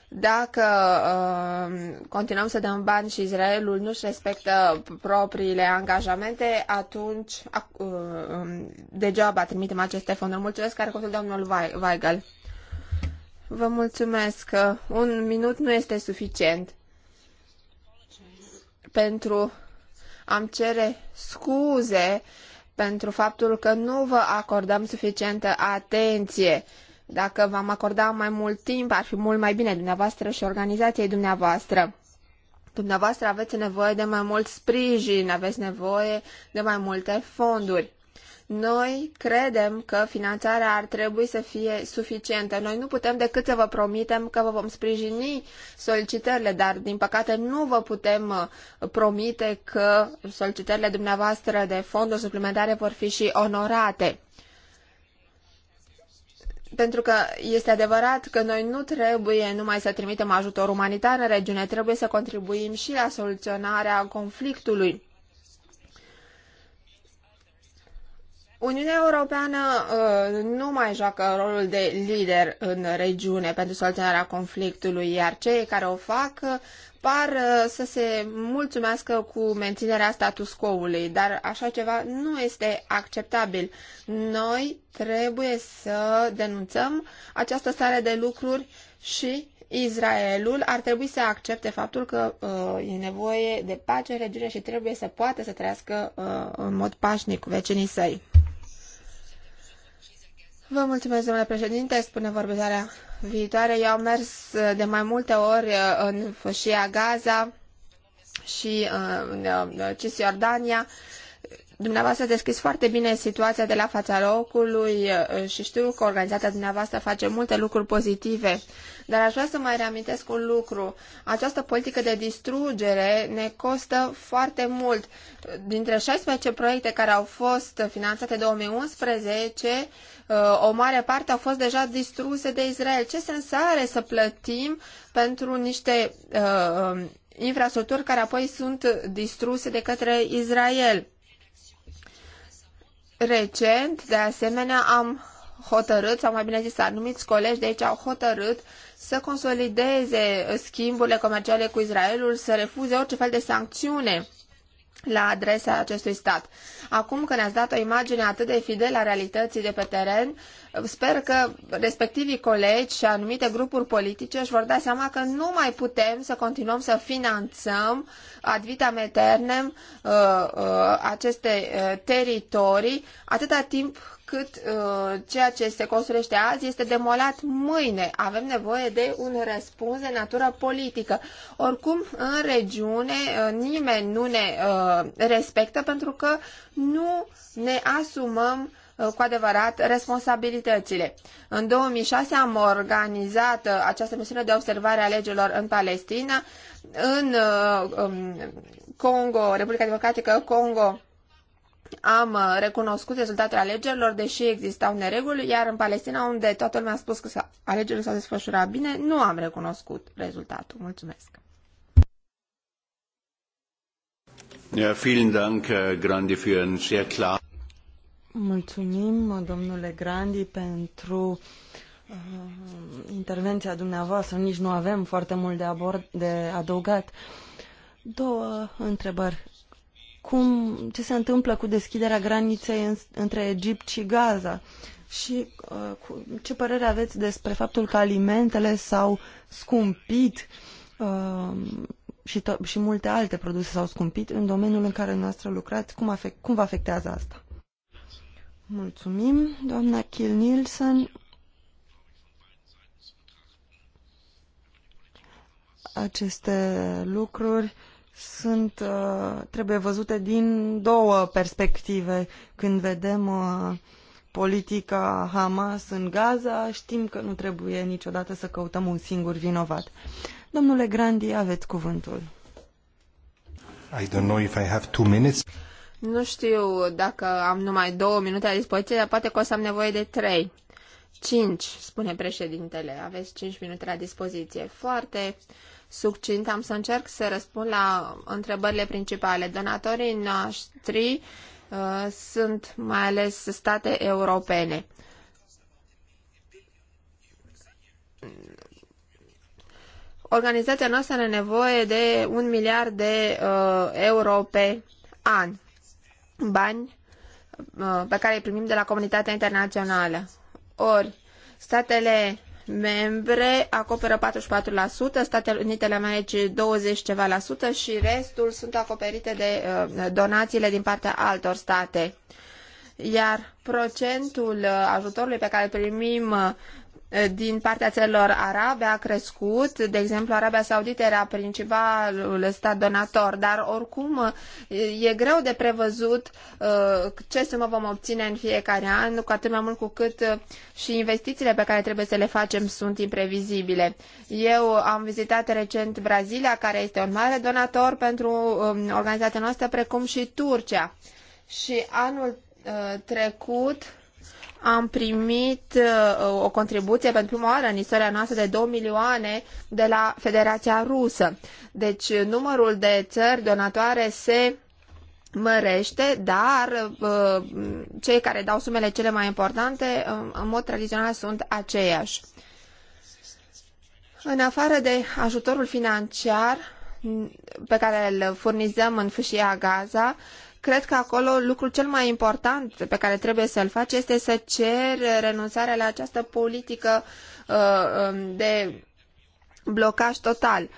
dacă uh, continuăm să dăm bani și Israelul nu-și respectă propriile angajamente, atunci uh, um, degeaba trimitem aceste fonduri. Mulțumesc, care cuvântul domnul Weigel. Vă mulțumesc. Un minut nu este suficient pentru am cere scuze pentru faptul că nu vă acordăm suficientă atenție. Dacă v-am acorda mai mult timp, ar fi mult mai bine dumneavoastră și organizației dumneavoastră. Dumneavoastră aveți nevoie de mai mult sprijin, aveți nevoie de mai multe fonduri. Noi credem că finanțarea ar trebui să fie suficientă. Noi nu putem decât să vă promitem că vă vom sprijini solicitările, dar din păcate nu vă putem uh, promite că solicitările dumneavoastră de fonduri suplimentare vor fi și onorate pentru că este adevărat că noi nu trebuie numai să trimitem ajutor umanitar în regiune, trebuie să contribuim și la soluționarea conflictului. Uniunea Europeană uh, nu mai joacă rolul de lider în regiune pentru soluționarea conflictului, iar cei care o fac uh, par uh, să se mulțumească cu menținerea status quo-ului, dar așa ceva nu este acceptabil. Noi trebuie să denunțăm această stare de lucruri și Israelul ar trebui să accepte faptul că uh, e nevoie de pace în regiune și trebuie să poată să trăiască uh, în mod pașnic cu vecinii săi. Vă mulțumesc, domnule președinte, spune vorbitoarea viitoare. Eu am mers uh, de mai multe ori uh, în fâșia Gaza și uh, în Cisjordania. Dumneavoastră descris foarte bine situația de la fața locului și știu că organizația dumneavoastră face multe lucruri pozitive, dar aș vrea să mai reamintesc un lucru. Această politică de distrugere ne costă foarte mult. Dintre 16 proiecte care au fost finanțate 2011, Uh, o mare parte au fost deja distruse de Israel. Ce sens are să plătim pentru niște uh, um, infrastructuri care apoi sunt distruse de către Israel? Recent, de asemenea, am hotărât, sau mai bine zis, anumiți colegi de aici au hotărât să consolideze schimburile comerciale cu Israelul, să refuze orice fel de sancțiune la adresa acestui stat. Acum că ne-ați dat o imagine atât de fidelă a realității de pe teren, sper că respectivii colegi și anumite grupuri politice își vor da seama că nu mai putem să continuăm să finanțăm ad vitam aeternem uh, uh, aceste uh, teritorii atâta timp cât uh, ceea ce se construiește azi este demolat mâine. Avem nevoie de un răspuns de natură politică. Oricum, în regiune uh, nimeni nu ne uh, respectă pentru că nu ne asumăm uh, cu adevărat responsabilitățile. În 2006 am organizat uh, această misiune de observare a legilor în Palestina, în uh, um, Congo, Republica Democratică Congo, am uh, recunoscut rezultatele alegerilor, deși existau nereguli, iar în Palestina, unde toată lumea a spus că alegerile s-au desfășurat bine, nu am recunoscut rezultatul. Mulțumesc! Mulțumim, domnule Grandi, pentru uh, intervenția dumneavoastră. Nici nu avem foarte mult de, abord, de adăugat. Două întrebări cum, ce se întâmplă cu deschiderea graniței în, între Egipt și Gaza și uh, cu, ce părere aveți despre faptul că alimentele s-au scumpit uh, și, și multe alte produse s-au scumpit în domeniul în care noastră lucrați, cum, afect, cum vă afectează asta? Mulțumim, doamna Kiel Nielsen. Aceste lucruri sunt, uh, trebuie văzute din două perspective. Când vedem uh, politica Hamas în Gaza, știm că nu trebuie niciodată să căutăm un singur vinovat. Domnule Grandi, aveți cuvântul. I don't know if I have two minutes. Nu știu dacă am numai două minute la dispoziție, dar poate că o să am nevoie de trei. Cinci, spune președintele. Aveți cinci minute la dispoziție. Foarte succint. Am să încerc să răspund la întrebările principale. Donatorii noștri uh, sunt mai ales state europene. Organizația noastră are nevoie de un miliard de uh, euro pe an, bani uh, pe care îi primim de la comunitatea internațională. Ori, statele membre acoperă 44%, Statele Unite ale Americii 20 ceva la sută și restul sunt acoperite de uh, donațiile din partea altor state. Iar procentul uh, ajutorului pe care îl primim uh, din partea țărilor arabe a crescut. De exemplu, Arabia Saudită era principalul stat donator, dar oricum e greu de prevăzut uh, ce sumă vom obține în fiecare an, cu atât mai mult cu cât uh, și investițiile pe care trebuie să le facem sunt imprevizibile. Eu am vizitat recent Brazilia, care este un mare donator pentru um, organizația noastră, precum și Turcia. Și anul uh, trecut, am primit uh, o contribuție pentru prima oară în istoria noastră de 2 milioane de la Federația Rusă. Deci numărul de țări donatoare se mărește, dar uh, cei care dau sumele cele mai importante uh, în mod tradițional sunt aceiași. În afară de ajutorul financiar pe care îl furnizăm în fâșia Gaza, Cred că acolo lucrul cel mai important pe care trebuie să-l faci este să cer renunțarea la această politică uh, um, de blocaj total.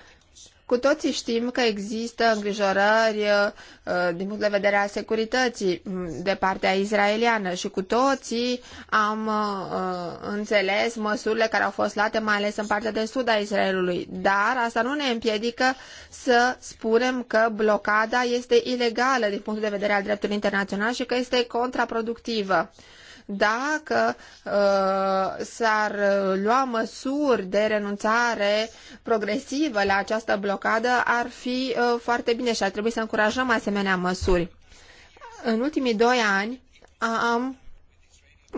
Cu toții știm că există îngrijorări uh, din punct de vedere al securității mm, de partea israeliană și cu toții am uh, înțeles măsurile care au fost luate, mai ales în partea de sud a Israelului. Dar asta nu ne împiedică să spunem că blocada este ilegală din punct de vedere al dreptului internațional și că este contraproductivă dacă uh, s-ar uh, lua măsuri de renunțare progresivă la această blocadă, ar fi uh, foarte bine și ar trebui să încurajăm asemenea măsuri. În ultimii doi ani am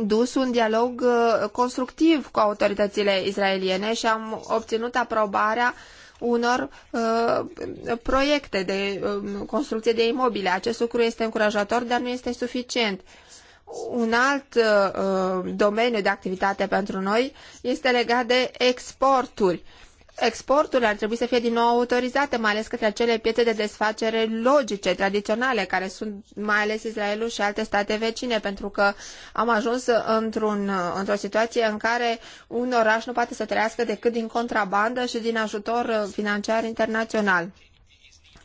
dus un dialog uh, constructiv cu autoritățile israeliene și am obținut aprobarea unor uh, proiecte de uh, construcție de imobile. Acest lucru este încurajator, dar nu este suficient. Un alt uh, uh, domeniu de activitate pentru noi este legat de exporturi. Exporturile ar trebui să fie din nou autorizate, mai ales către acele piețe de desfacere logice, tradiționale, care sunt mai ales Israelul și alte state vecine, pentru că am ajuns într-un, uh, într-o situație în care un oraș nu poate să trăiască decât din contrabandă și din ajutor uh, financiar internațional.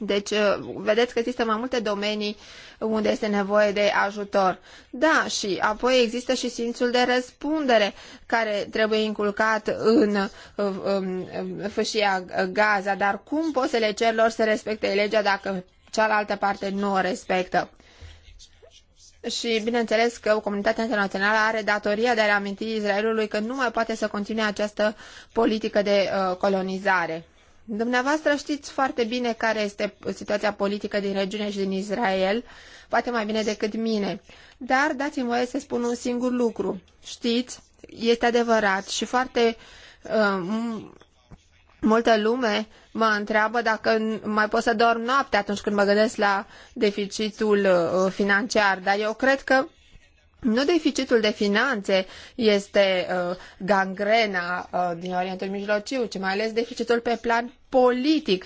Deci, uh, vedeți că există mai multe domenii unde este nevoie de ajutor. Da, și apoi există și simțul de răspundere care trebuie inculcat în, în, uh, um, în fâșia Gaza, dar cum poți să le cer lor să respecte legea dacă cealaltă parte nu o respectă? Și bineînțeles că comunitatea internațională are datoria de a reaminti Israelului că nu mai poate să continue această politică de uh, colonizare. Dumneavoastră știți foarte bine care este situația politică din regiune și din Israel, poate mai bine decât mine. Dar dați-mi voie să spun un singur lucru. Știți, este adevărat și foarte uh, multă lume mă întreabă dacă mai pot să dorm noapte atunci când mă gândesc la deficitul uh, financiar, dar eu cred că nu deficitul de finanțe este uh, gangrena uh, din Orientul Mijlociu, ci mai ales deficitul pe plan politic.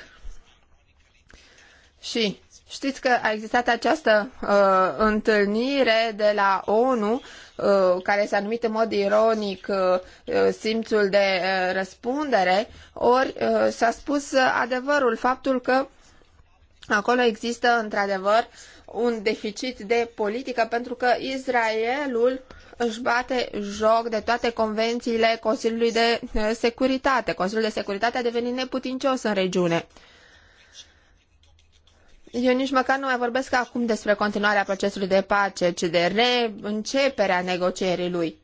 Și știți că a existat această uh, întâlnire de la ONU uh, care s-a numit în mod ironic uh, simțul de uh, răspundere, ori s-a spus adevărul, faptul că acolo există într-adevăr uh, un deficit de politică pentru că Israelul își bate joc de toate convențiile Consiliului de eh, Securitate. Consiliul de Securitate a devenit neputincios în regiune. Eu nici măcar nu mai vorbesc acum despre continuarea procesului de pace, ci de reînceperea negocierii lui.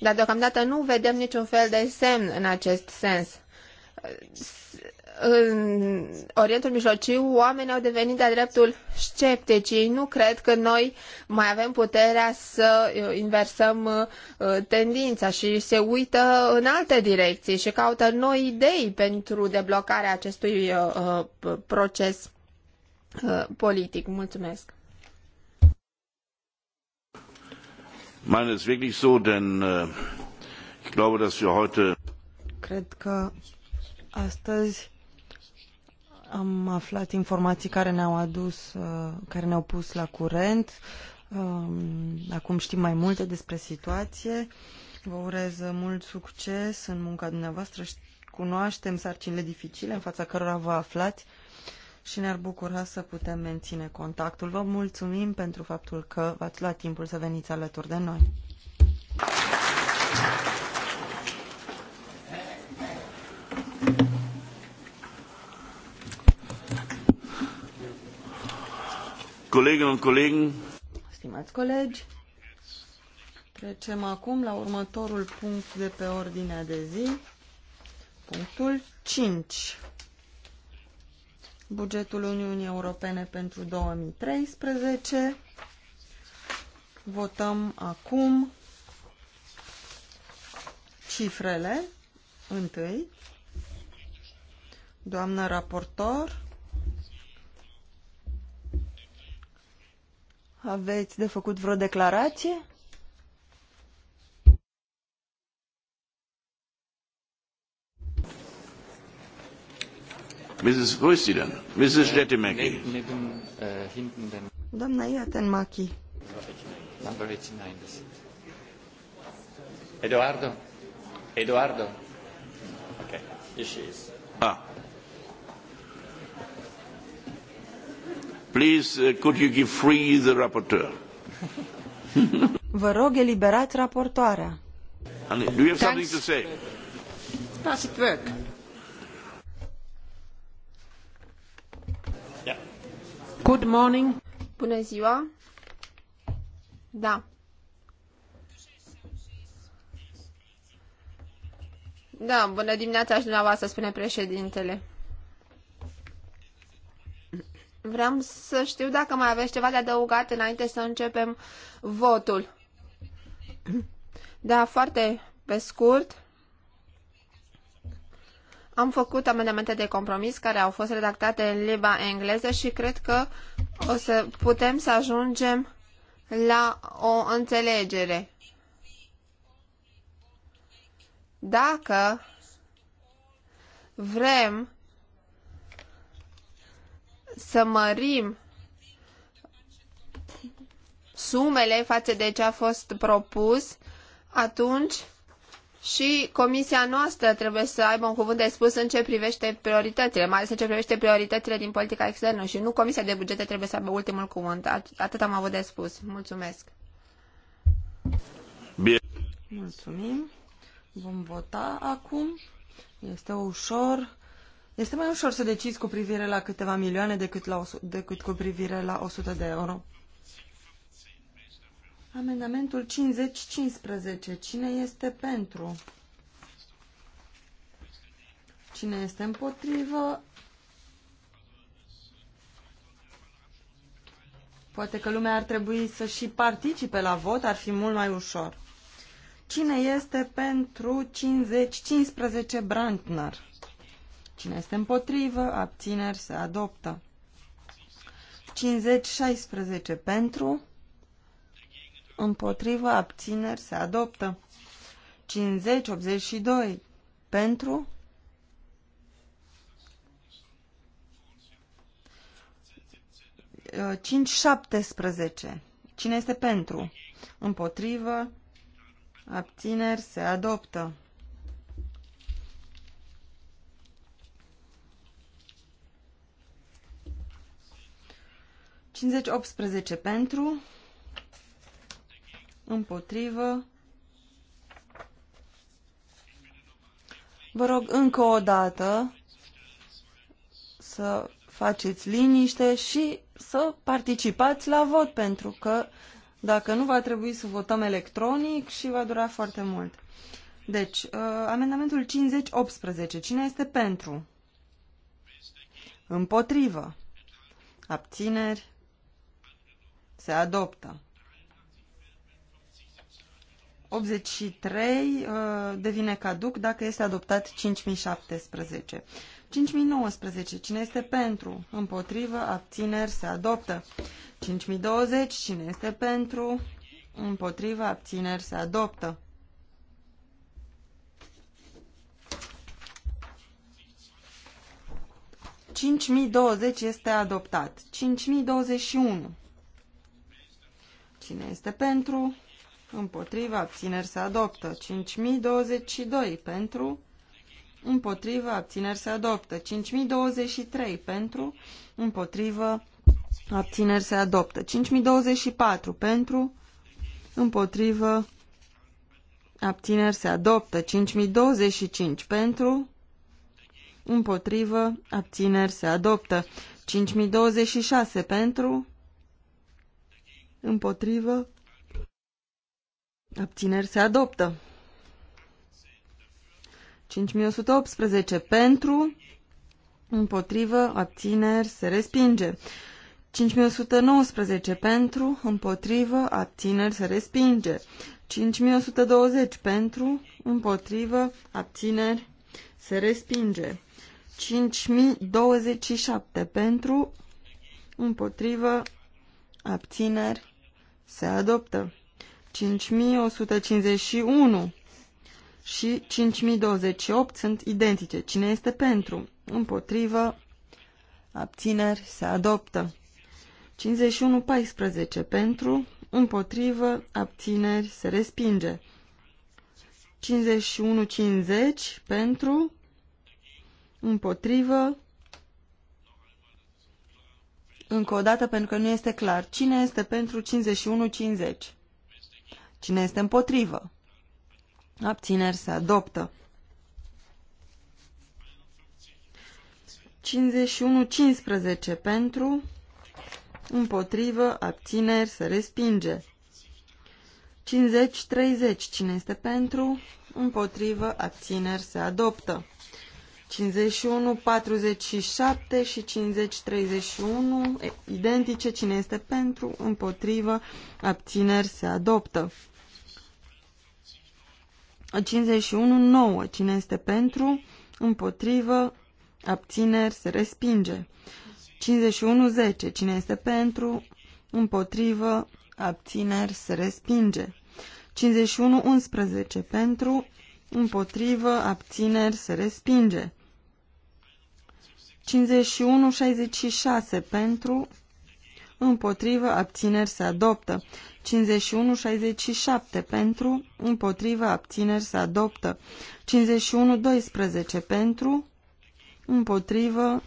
Dar deocamdată nu vedem niciun fel de semn în acest sens în Orientul Mijlociu oamenii au devenit de-a dreptul sceptici. Ei nu cred că noi mai avem puterea să uh, inversăm uh, tendința și se uită în alte direcții și caută noi idei pentru deblocarea acestui uh, proces politic. Mulțumesc! Meine ist wirklich so, denn äh, ich glaube, dass wir heute Cred că astăzi am aflat informații care ne-au adus, uh, care ne-au pus la curent. Um, acum știm mai multe despre situație. Vă urez mult succes în munca dumneavoastră. Cunoaștem sarcinile dificile în fața cărora vă aflați și ne-ar bucura să putem menține contactul. Vă mulțumim pentru faptul că v-ați luat timpul să veniți alături de noi. Kolleginnen und Stimați colegi, trecem acum la următorul punct de pe ordinea de zi, punctul 5. Bugetul Uniunii Europene pentru 2013. Votăm acum cifrele. Întâi, doamnă raportor, Aveți de făcut vreo declarație? Mrs. President, Mrs. Jettimaki. Doamna Iatenmachi. Number 89. Eduardo. Eduardo. Okay. Here she is. Ah. Please, uh, could you give free the rapporteur? Vă rog, eliberați raportoarea. do you have something to say? Does it work? Yeah. Good morning. Bună ziua. Da. Da, bună dimineața și dumneavoastră, spune președintele. Vreau să știu dacă mai aveți ceva de adăugat înainte să începem votul. Da, foarte pe scurt. Am făcut amendamente de compromis care au fost redactate în limba engleză și cred că o să putem să ajungem la o înțelegere. Dacă vrem să mărim sumele față de ce a fost propus, atunci și comisia noastră trebuie să aibă un cuvânt de spus în ce privește prioritățile, mai ales în ce privește prioritățile din politica externă și nu comisia de bugete trebuie să aibă ultimul cuvânt. Atât am avut de spus. Mulțumesc. Bine. Mulțumim. Vom vota acum. Este ușor. Este mai ușor să decizi cu privire la câteva milioane decât, la, decât cu privire la 100 de euro. Amendamentul 50-15. Cine este pentru? Cine este împotrivă? Poate că lumea ar trebui să și participe la vot, ar fi mult mai ușor. Cine este pentru 50-15 Brandner? Cine este împotrivă, abțineri, se adoptă. 50-16 pentru, împotrivă, abțineri, se adoptă. 50-82 pentru, uh, cinci șaptesprezece. Cine este pentru? Împotrivă, abțineri, se adoptă. 50-18 pentru, împotrivă. Vă rog încă o dată să faceți liniște și să participați la vot, pentru că dacă nu va trebui să votăm electronic și va dura foarte mult. Deci, uh, amendamentul 50-18. Cine este pentru? Împotrivă. Abțineri. Se adoptă. 83 uh, devine caduc dacă este adoptat 5017. 5019. Cine este pentru? Împotrivă? Abțineri? Se adoptă. 5020. Cine este pentru? Împotrivă? Abțineri? Se adoptă. 5020 este adoptat. 5021. Cine este pentru? Împotriva abțineri se adoptă. 5022 pentru. Împotriva abțineri se adoptă. 5023 pentru. Împotriva abțineri se adoptă. 5024 pentru. împotrivă, abțineri se adoptă. 5025 pentru. Împotrivă, abțineri se adoptă. 5026 pentru, împotrivă, abțineri se adoptă. 5118 pentru, împotrivă, abțineri se respinge. 5119 pentru, împotrivă, abțineri se respinge. 5120 pentru, împotrivă, abțineri se respinge. 5027 pentru, împotrivă, abțineri se adoptă. 5151 și 5028 sunt identice. Cine este pentru? Împotrivă, abțineri, se adoptă. 5114 pentru, împotrivă, abțineri, se respinge. 5150 pentru, împotrivă, încă o dată pentru că nu este clar. Cine este pentru 51-50? Cine este împotrivă? Abțineri se adoptă. 51-15 pentru, împotrivă, abțineri, se respinge. 50-30, cine este pentru, împotrivă, abțineri, se adoptă. 51, 47 și 50, 31, identice, cine este pentru, împotrivă, abțineri, se adoptă. 51, 9, cine este pentru, împotrivă, abțineri, se respinge. 51, 10, cine este pentru, împotrivă, abțineri, se respinge. 51, 11, pentru, împotrivă, abțineri, se respinge. 51-66 pentru, împotrivă, abțineri se adoptă. 51-67 pentru, împotrivă, abțineri se adoptă. 51-12 pentru, împotrivă,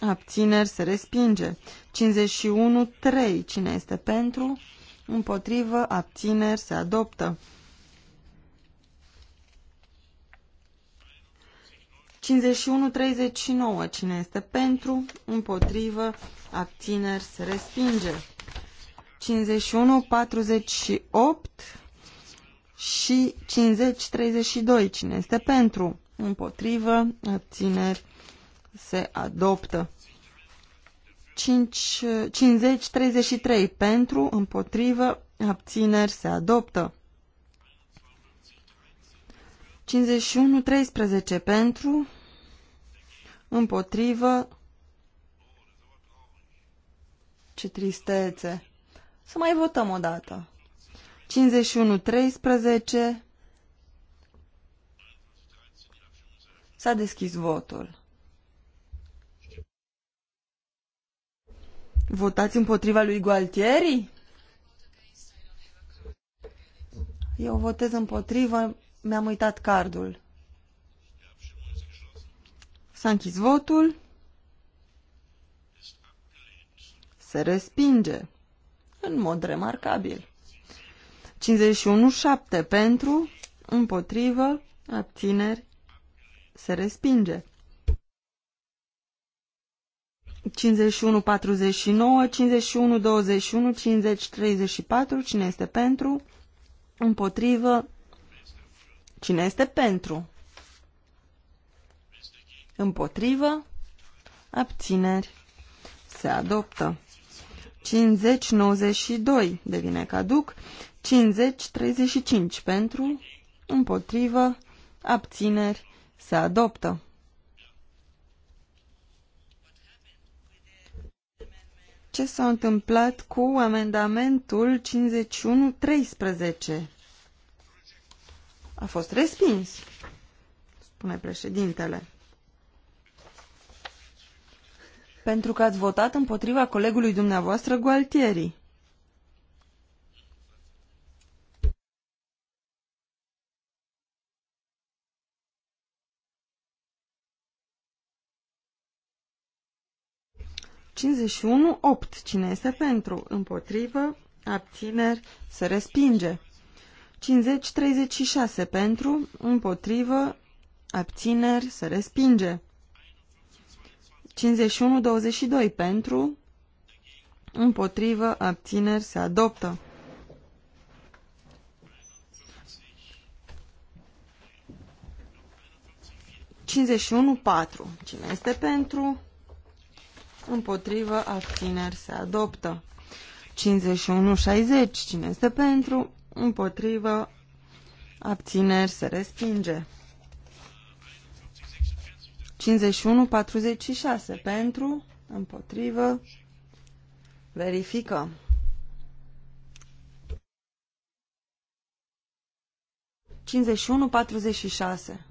abțineri se respinge. 51-3, cine este pentru, împotrivă, abțineri se adoptă. 51-39. Cine este pentru? Împotrivă? Abțineri? Se respinge. 51-48 și 50-32. Cine este pentru? Împotrivă? Abțineri? Se adoptă. 50-33 pentru, împotrivă, abțineri se adoptă. 51-13 pentru, împotrivă, ce tristețe. Să mai votăm o dată. 51-13 S-a deschis votul. Votați împotriva lui Gualtieri? Eu votez împotriva mi-am uitat cardul. S-a închis votul. Se respinge. În mod remarcabil. 51-7 pentru, împotrivă, abțineri, se respinge. 51, 49, 51, 21, 50, 34, cine este pentru, împotrivă, Cine este pentru? Împotrivă? Abțineri. Se adoptă. 50-92 devine caduc. 50-35 pentru, împotrivă, abțineri, se adoptă. Ce s-a întâmplat cu amendamentul 51-13? A fost respins, spune președintele. Pentru că ați votat împotriva colegului dumneavoastră Gualtieri. Cincizeci opt. Cine este pentru? Împotrivă? Abțineri? Se respinge. 50-36 pentru, împotrivă, abțineri, se respinge. 51-22 pentru, împotrivă, abțineri, se adoptă. 51-4. Cine este pentru? Împotrivă, abțineri, se adoptă. 51-60. Cine este pentru? împotrivă, abțineri, se respinge. 51-46 pentru, împotrivă, Verifică. Cincizeci și unu, patruzeci și șase.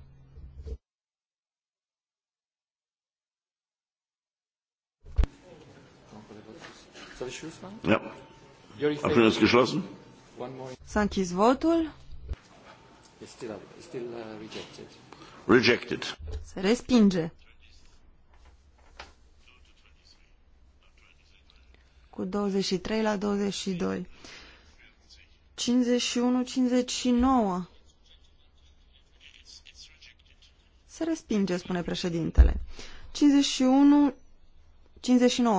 Ja. Abstimmung ist geschlossen. S-a închis votul. Still, still uh, rejected. Rejected. Se respinge. Cu 23 la 22. 51-59. Se respinge, spune președintele. 51-59,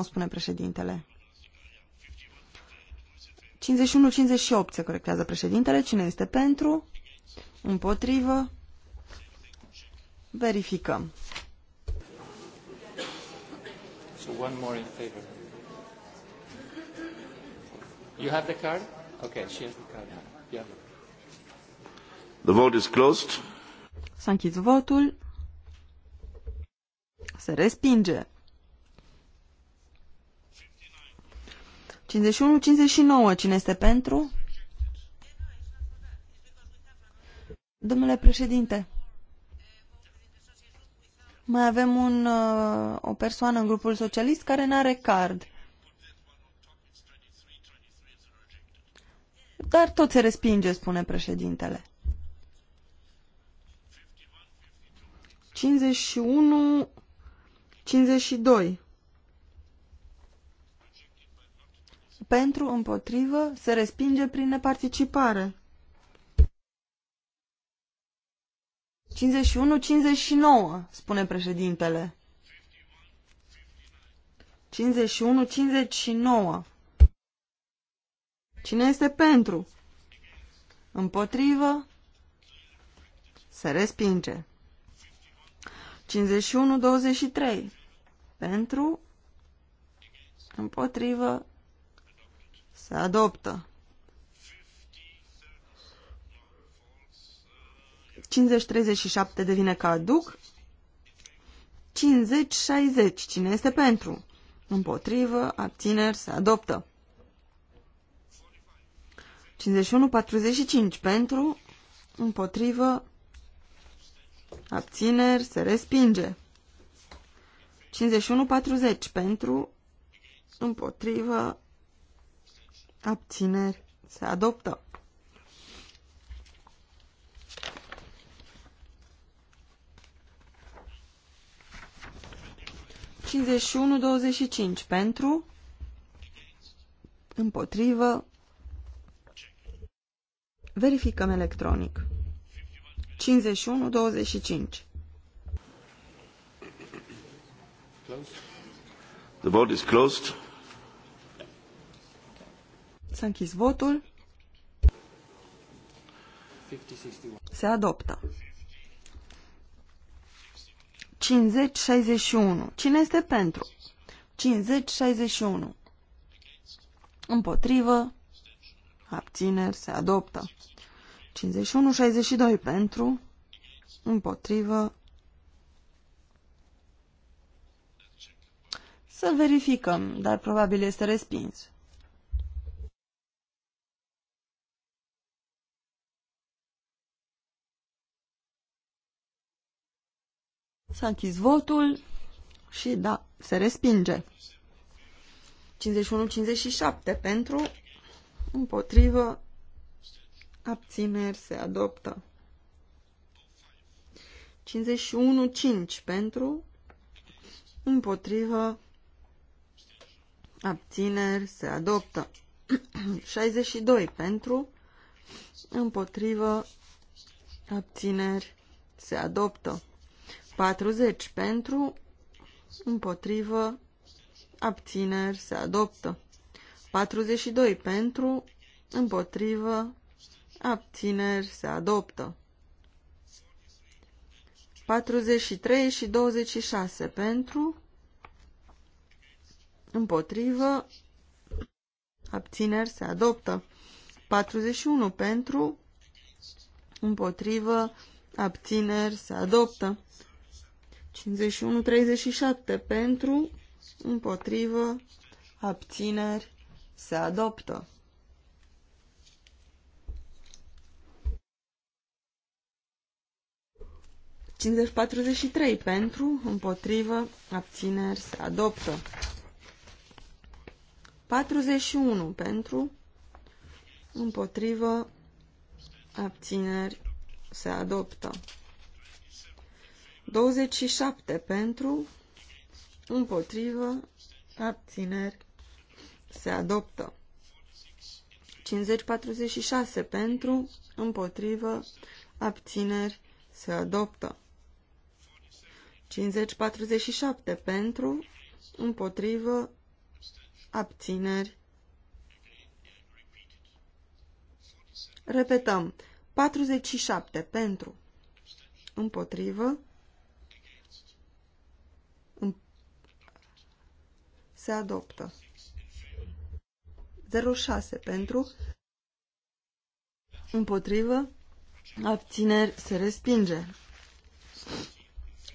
spune președintele. 51-58 se corectează președintele. Cine este pentru? Împotrivă? Verificăm. So one more in favor. You have the card? Okay, she has the card. Yeah. The vote is closed. S-a închis votul. Se respinge. 51, 59. Cine este pentru? Domnule președinte, mai avem un, uh, o persoană în grupul socialist care nu are card. Dar tot se respinge, spune președintele. 51, 52. pentru, împotrivă, se respinge prin neparticipare. 51-59, spune președintele. 51-59. Cine este pentru? Împotrivă? Se respinge. 51-23. Pentru? Împotrivă? Se adoptă. 50-37 devine caduc. 50-60. Cine este pentru? Împotrivă, abțineri, se adoptă. 51-45 pentru, împotrivă, abțineri, se respinge. 51-40 pentru, împotrivă, abțineri, se adoptă. Cincizeci pentru, împotrivă, verificăm electronic. 51-25. The vote is closed. S-a închis votul. Se adoptă. 50-61. Cine este pentru? 50-61. Împotrivă. Abțineri. Se adoptă. 51-62 pentru. Împotrivă. Să verificăm, dar probabil este respins. S-a închis votul și da, se respinge. 51-57 pentru, împotrivă, abțineri se adoptă. 51-5 pentru, împotrivă, abțineri se adoptă. 62 pentru, împotrivă, abțineri se adoptă. 40 pentru, împotrivă, abțineri, se adoptă. 42 pentru, împotrivă, abțineri, se adoptă. 43 și 26 pentru, împotrivă, abțineri, se adoptă. 41 pentru, împotrivă, abțineri, se adoptă. 51-37 pentru, împotrivă, abțineri, se adoptă. Cincizeci pentru, împotrivă, abțineri, se adoptă. 41 pentru, împotrivă, abțineri, se adoptă. 27 pentru, împotrivă, abțineri, se adoptă. 50-46 pentru, împotrivă, abțineri, se adoptă. 50-47 pentru, împotrivă, abțineri. Repetăm. 47 pentru, împotrivă, se adoptă. 06 pentru, împotrivă, abțineri, se respinge.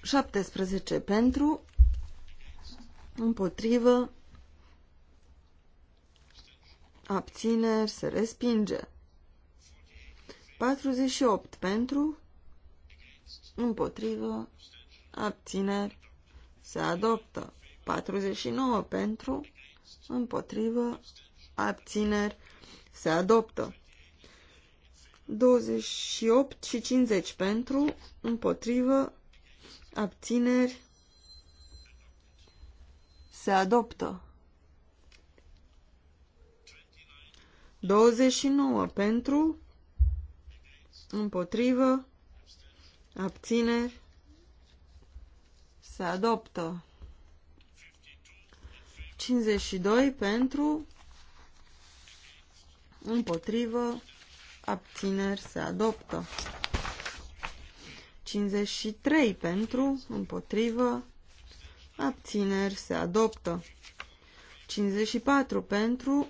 17 pentru, împotrivă, abțineri, se respinge. 48 pentru, împotrivă, abțineri, se adoptă. 49 pentru, împotrivă, abțineri, se adoptă. 28 și 50 pentru, împotrivă, abțineri, se adoptă. 29 pentru, împotrivă, abțineri, se adoptă. 52 pentru, împotrivă, abțineri se adoptă. 53 pentru, împotrivă, abțineri se adoptă. 54 pentru,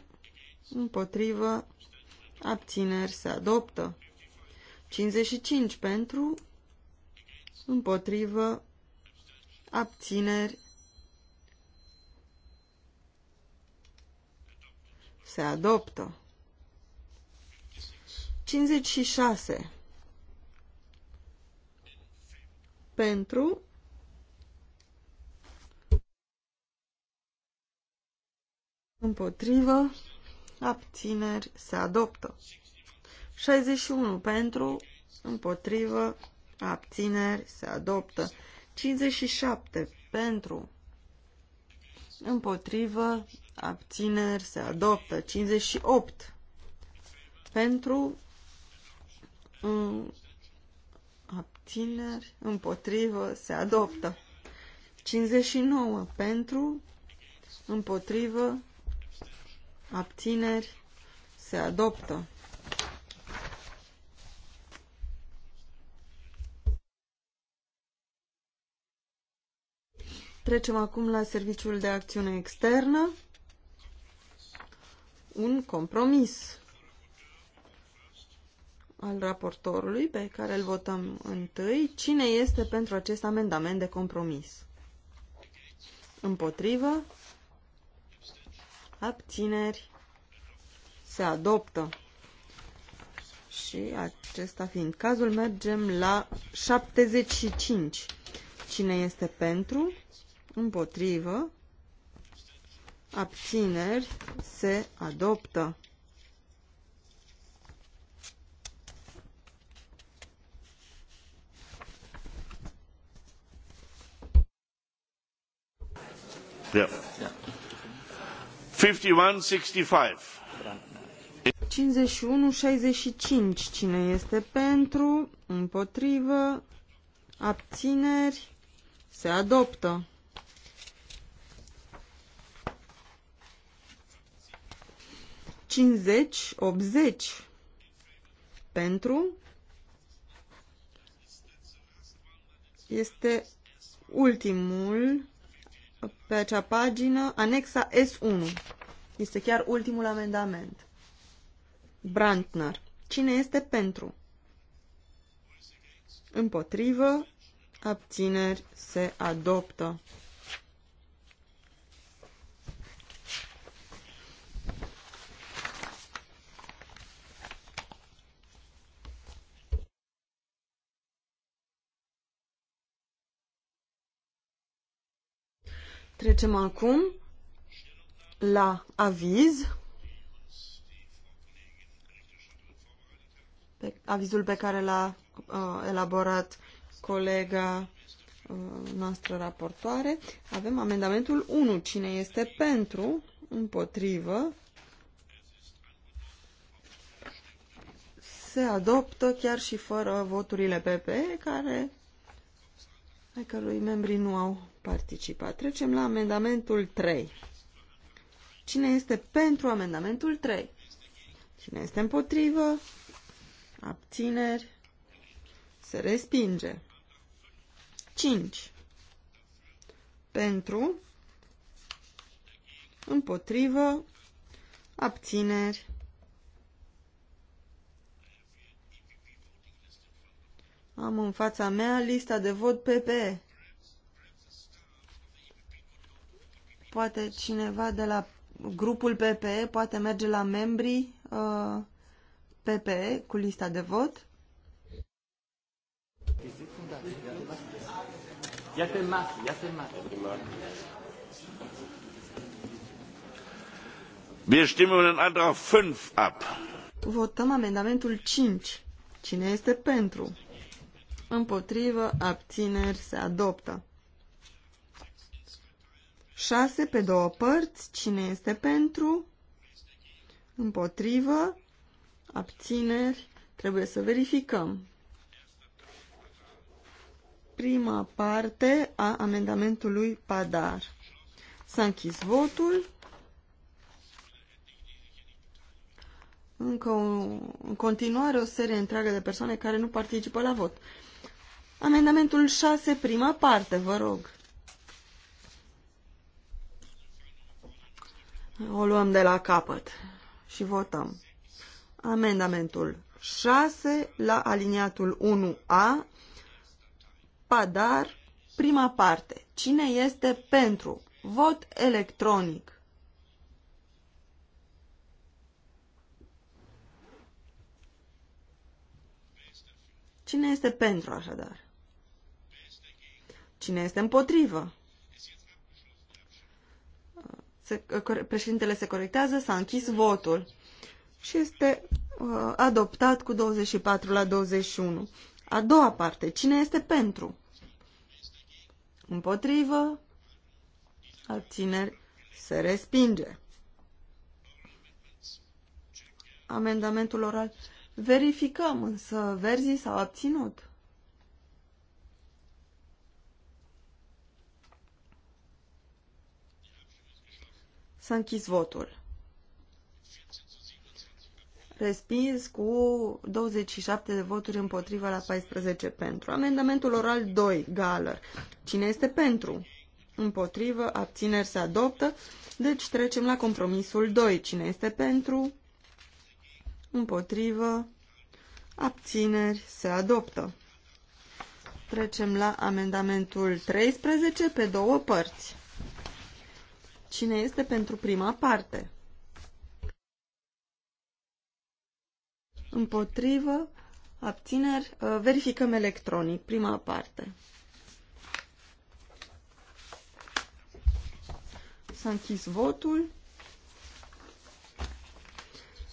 împotrivă, abțineri se adoptă. 55 pentru, împotrivă, abțineri Se adoptă. 56. Pentru. Împotrivă. Abțineri. Se adoptă. 61. Pentru. Împotrivă. Abțineri. Se adoptă. 57. Pentru. Împotrivă abțineri se adoptă. 58 pentru abțineri împotrivă se adoptă. 59 pentru împotrivă abțineri se adoptă. Trecem acum la Serviciul de Acțiune Externă un compromis al raportorului pe care îl votăm întâi. Cine este pentru acest amendament de compromis? Împotrivă? Abțineri? Se adoptă. Și acesta fiind cazul, mergem la 75. Cine este pentru? Împotrivă? abțineri, se adoptă. Yeah. Yeah. 51, 65. Cine este pentru? Împotrivă? Abțineri? Se adoptă. 50, 80 pentru este ultimul pe acea pagină, anexa S1. Este chiar ultimul amendament. Brantner. Cine este pentru? Împotrivă. Abțineri se adoptă. Trecem acum la aviz. Pe, avizul pe care l-a uh, elaborat colega uh, noastră raportoare. Avem amendamentul 1. Cine este pentru? Împotrivă? Se adoptă chiar și fără voturile PP, care ai cărui membrii nu au participat. Trecem la amendamentul 3. Cine este pentru amendamentul 3? Cine este împotrivă? Abțineri? Se respinge. 5. Pentru, împotrivă, abțineri, Am în fața mea lista de vot PPE. Poate cineva de la grupul PPE poate merge la membrii uh, PPE cu lista de vot. Iată Mati, iată Mati. Wir stimmen den Antrag 5 ab. Votăm amendamentul 5. Cine este pentru? împotrivă, abțineri, se adoptă. 6 pe două părți, cine este pentru, împotrivă, abțineri, trebuie să verificăm. Prima parte a amendamentului Padar. S-a închis votul. Încă o, în continuare o serie întreagă de persoane care nu participă la vot. Amendamentul 6, prima parte, vă rog. O luăm de la capăt și votăm. Amendamentul 6 la aliniatul 1A, Padar, prima parte. Cine este pentru? Vot electronic. Cine este pentru așadar? Cine este împotrivă? Se, președintele se corectează, s-a închis votul și este uh, adoptat cu 24 la 21. A doua parte, cine este pentru? Împotrivă, abțineri, se respinge. Amendamentul oral. Verificăm, însă verzii s-au abținut. Să închis votul. Respins cu 27 de voturi împotriva la 14 pentru. Amendamentul oral 2, Galer. Cine este pentru? Împotrivă, abțineri se adoptă. Deci trecem la compromisul 2. Cine este pentru? Împotrivă, abțineri se adoptă. Trecem la amendamentul 13 pe două părți. Cine este pentru prima parte? Împotrivă, abțineri, uh, verificăm electronic, prima parte. S-a închis votul.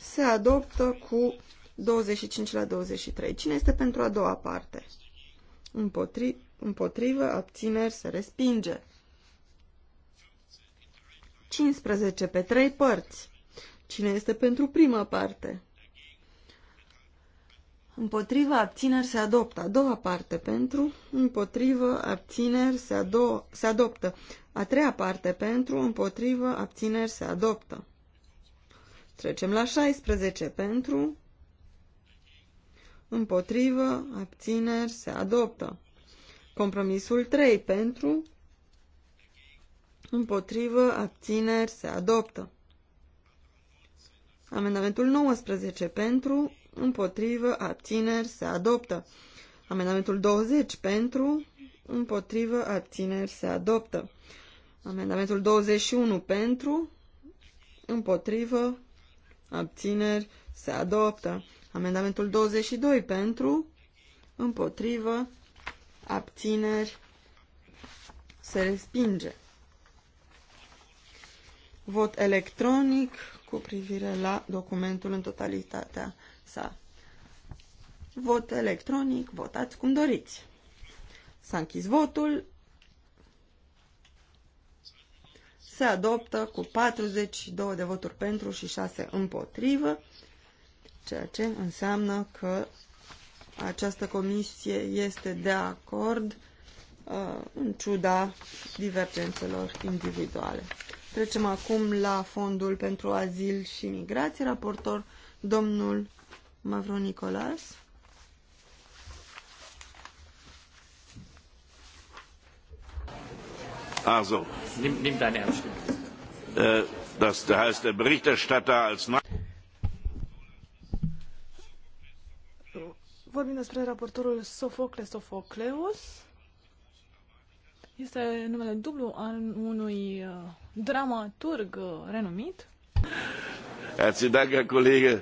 Se adoptă cu 25 la 23. Cine este pentru a doua parte? Împotri împotrivă, abțineri, se respinge. 15 pe trei părți. Cine este pentru prima parte? Împotriva abțineri se adoptă. A doua parte pentru, împotriva abțineri se, ado se adoptă. A treia parte pentru, împotriva abțineri se adoptă. Trecem la 16 pentru, împotriva abțineri se adoptă. Compromisul 3 pentru, Împotrivă, abțineri, se adoptă. Amendamentul 19 pentru, împotrivă, abțineri, se adoptă. Amendamentul 20 pentru, împotrivă, abțineri, se adoptă. Amendamentul 21 pentru, împotrivă, abțineri, se adoptă. Amendamentul 22 pentru, împotrivă, abțineri, se respinge. Vot electronic cu privire la documentul în totalitatea sa. Vot electronic, votați cum doriți. S-a închis votul. Se adoptă cu 42 de voturi pentru și 6 împotrivă, ceea ce înseamnă că această comisie este de acord uh, în ciuda divergențelor individuale. Trecem acum la Fondul pentru Azil și Migrație, raportor domnul Mavro Nicolas. Also, ah, nimm, nimm deine äh, das da heißt, der Berichterstatter als Vorbim despre raportorul Sofocle Sofocleus. Este numele dublu al unui uh, dramaturg uh, renumit. Herzlichen Dank, Herr Kollege.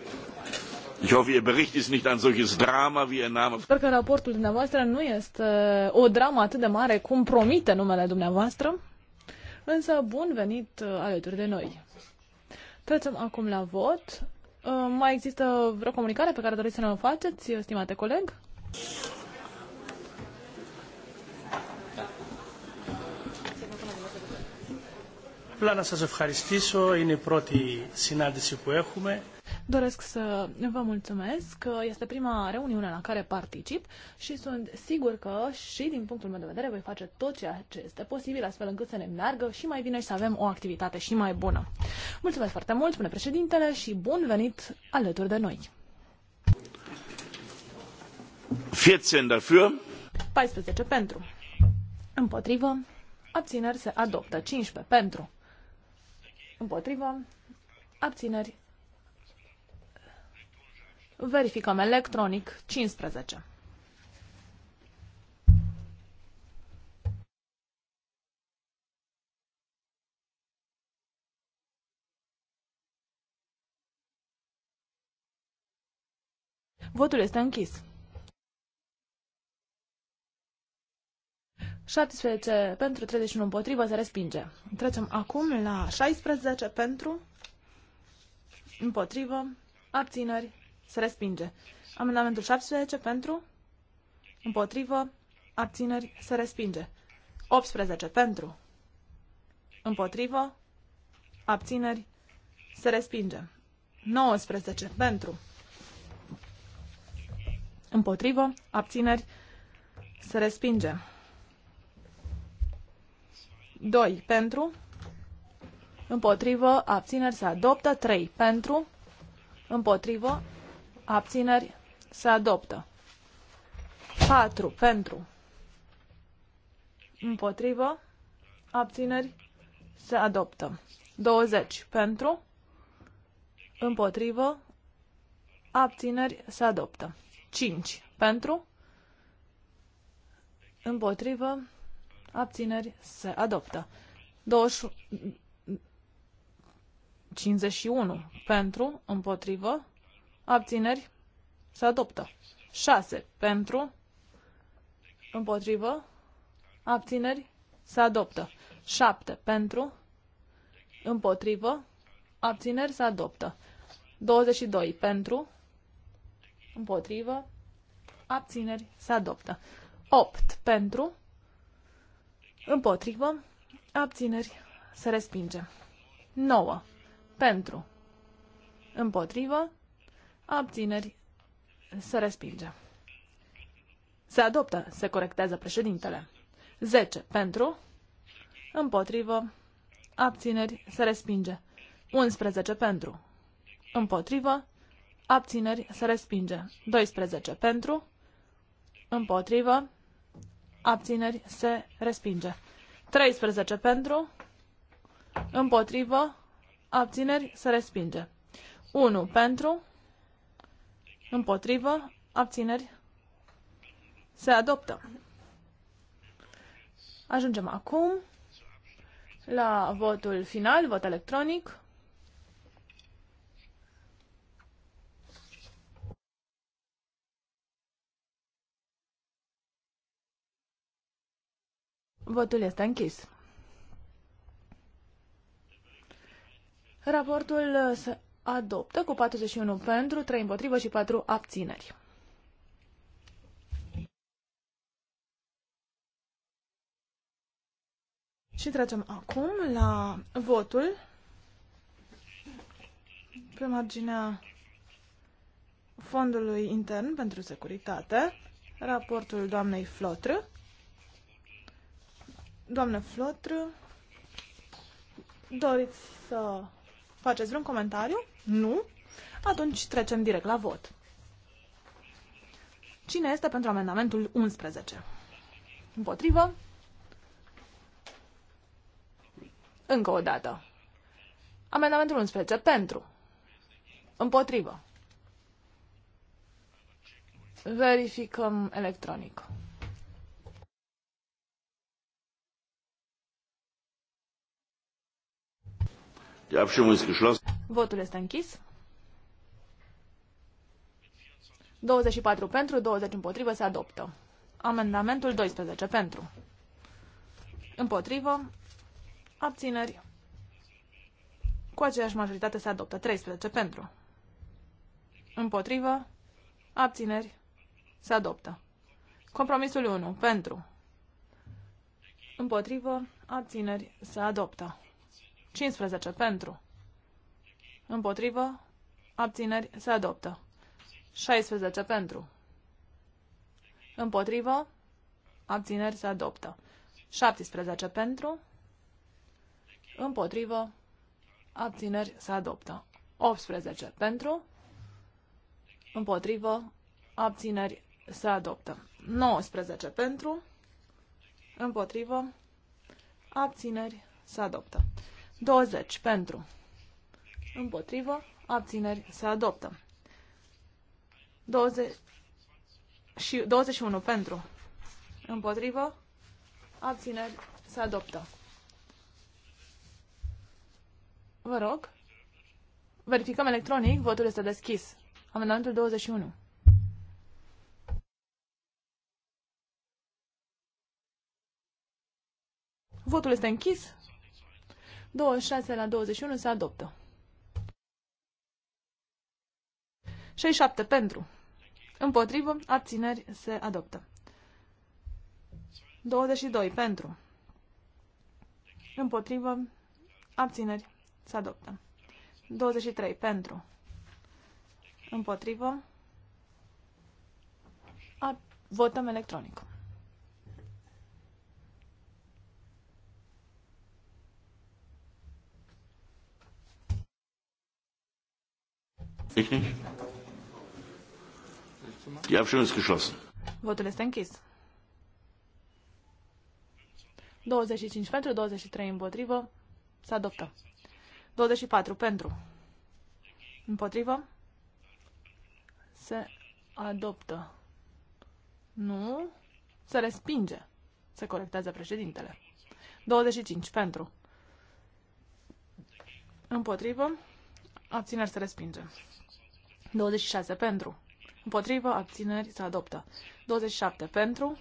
Ich hoffe, Ihr Bericht ist nicht ein solches Drama wie Ihr Name. Sper că raportul dumneavoastră nu este uh, o dramă atât de mare cum promite numele dumneavoastră, însă bun venit alături de noi. Trecem acum la vot. Mai există vreo comunicare pe care doriți să ne o faceți, stimate coleg? Απλά να σας ευχαριστήσω. Είναι η πρώτη συνάντηση που έχουμε. Doresc să vă mulțumesc că este prima reuniune la care particip și sunt sigur că și din punctul meu de vedere voi face tot ceea ce este posibil astfel încât să ne meargă și mai bine și să avem o activitate și mai bună. Mulțumesc foarte mult, spune președintele, și bun venit alături de noi. 14 dafür. 14 pentru. Împotrivă. Abțineri se adoptă. 15 pentru. Împotrivă. Abțineri. Verificăm electronic 15. Votul este închis. 17 pentru 31 împotrivă se respinge. Trecem acum la 16 pentru împotrivă abțineri se respinge. Amendamentul 17 pentru împotrivă abțineri se respinge. 18 pentru împotrivă abțineri se respinge. 19 pentru împotrivă abțineri se respinge. 2 pentru, împotrivă, abțineri se adoptă. 3 pentru, împotrivă, abțineri se adoptă. 4 pentru, împotrivă, abțineri se adoptă. 20 pentru, împotrivă, abțineri se adoptă. 5 pentru, împotrivă, abțineri, se adoptă. 20... 51 pentru, împotrivă, abțineri, se adoptă. 6 pentru, împotrivă, abțineri, se adoptă. 7 pentru, împotrivă, abțineri, se adoptă. 22 pentru, împotrivă, abțineri, se adoptă. 8 pentru, Împotrivă. Abțineri. Se respinge. 9. Pentru. Împotrivă. Abțineri. Se respinge. Se adoptă. Se corectează președintele. 10. Pentru. Împotrivă. Abțineri. Se respinge. 11. Pentru. Împotrivă. Abțineri. Se respinge. 12. Pentru. Împotrivă abțineri, se respinge. 13 pentru, împotrivă, abțineri, se respinge. 1 pentru, împotrivă, abțineri, se adoptă. Ajungem acum la votul final, vot electronic. Votul este închis. Raportul se adoptă cu 41 pentru, 3 împotrivă și 4 abțineri. Și trecem acum la votul pe marginea Fondului Intern pentru Securitate, raportul doamnei Flotră. Doamnă Flotr, doriți să faceți vreun comentariu? Nu? Atunci trecem direct la vot. Cine este pentru amendamentul 11? Împotrivă? Încă o dată. Amendamentul 11. Pentru. Împotrivă. Verificăm electronic. Die Abstimmung ist geschlossen. Votul este închis. 24 pentru, 20 împotrivă, se adoptă. Amendamentul 12 pentru. Împotrivă, abțineri. Cu aceeași majoritate se adoptă. 13 pentru. Împotrivă, abțineri, se adoptă. Compromisul 1 pentru. Împotrivă, abțineri, se adoptă. 15 pentru. Împotrivă. Abțineri. Se adoptă. 16 pentru. Împotrivă. Abțineri. Se adoptă. 17 pentru. Împotrivă. Abțineri. Se adoptă. 18 pentru. Împotrivă. Abțineri. Se adoptă. 19 pentru. Împotrivă. Abțineri. Se adoptă. 20 pentru. Împotrivă. Abțineri. Se adoptă. 20 și 21 pentru. Împotrivă. Abțineri. Se adoptă. Vă rog. Verificăm electronic. Votul este deschis. Amendamentul 21. Votul este închis. 26 la 21 se adoptă. 67 pentru. Împotrivă, abțineri se adoptă. 22 pentru. Împotrivă, abțineri se adoptă. 23 pentru. Împotrivă. votăm electronic. Richtig? Die Abstimmung ist geschlossen. Votul este închis. 25 pentru, 23 împotrivă. Se adoptă. 24 pentru. Împotrivă. Se adoptă. Nu. Se respinge. Se corectează președintele. 25 pentru. Împotrivă. Abțineri se respinge. 26 pentru. Împotrivă, abțineri, se adoptă. 27 pentru.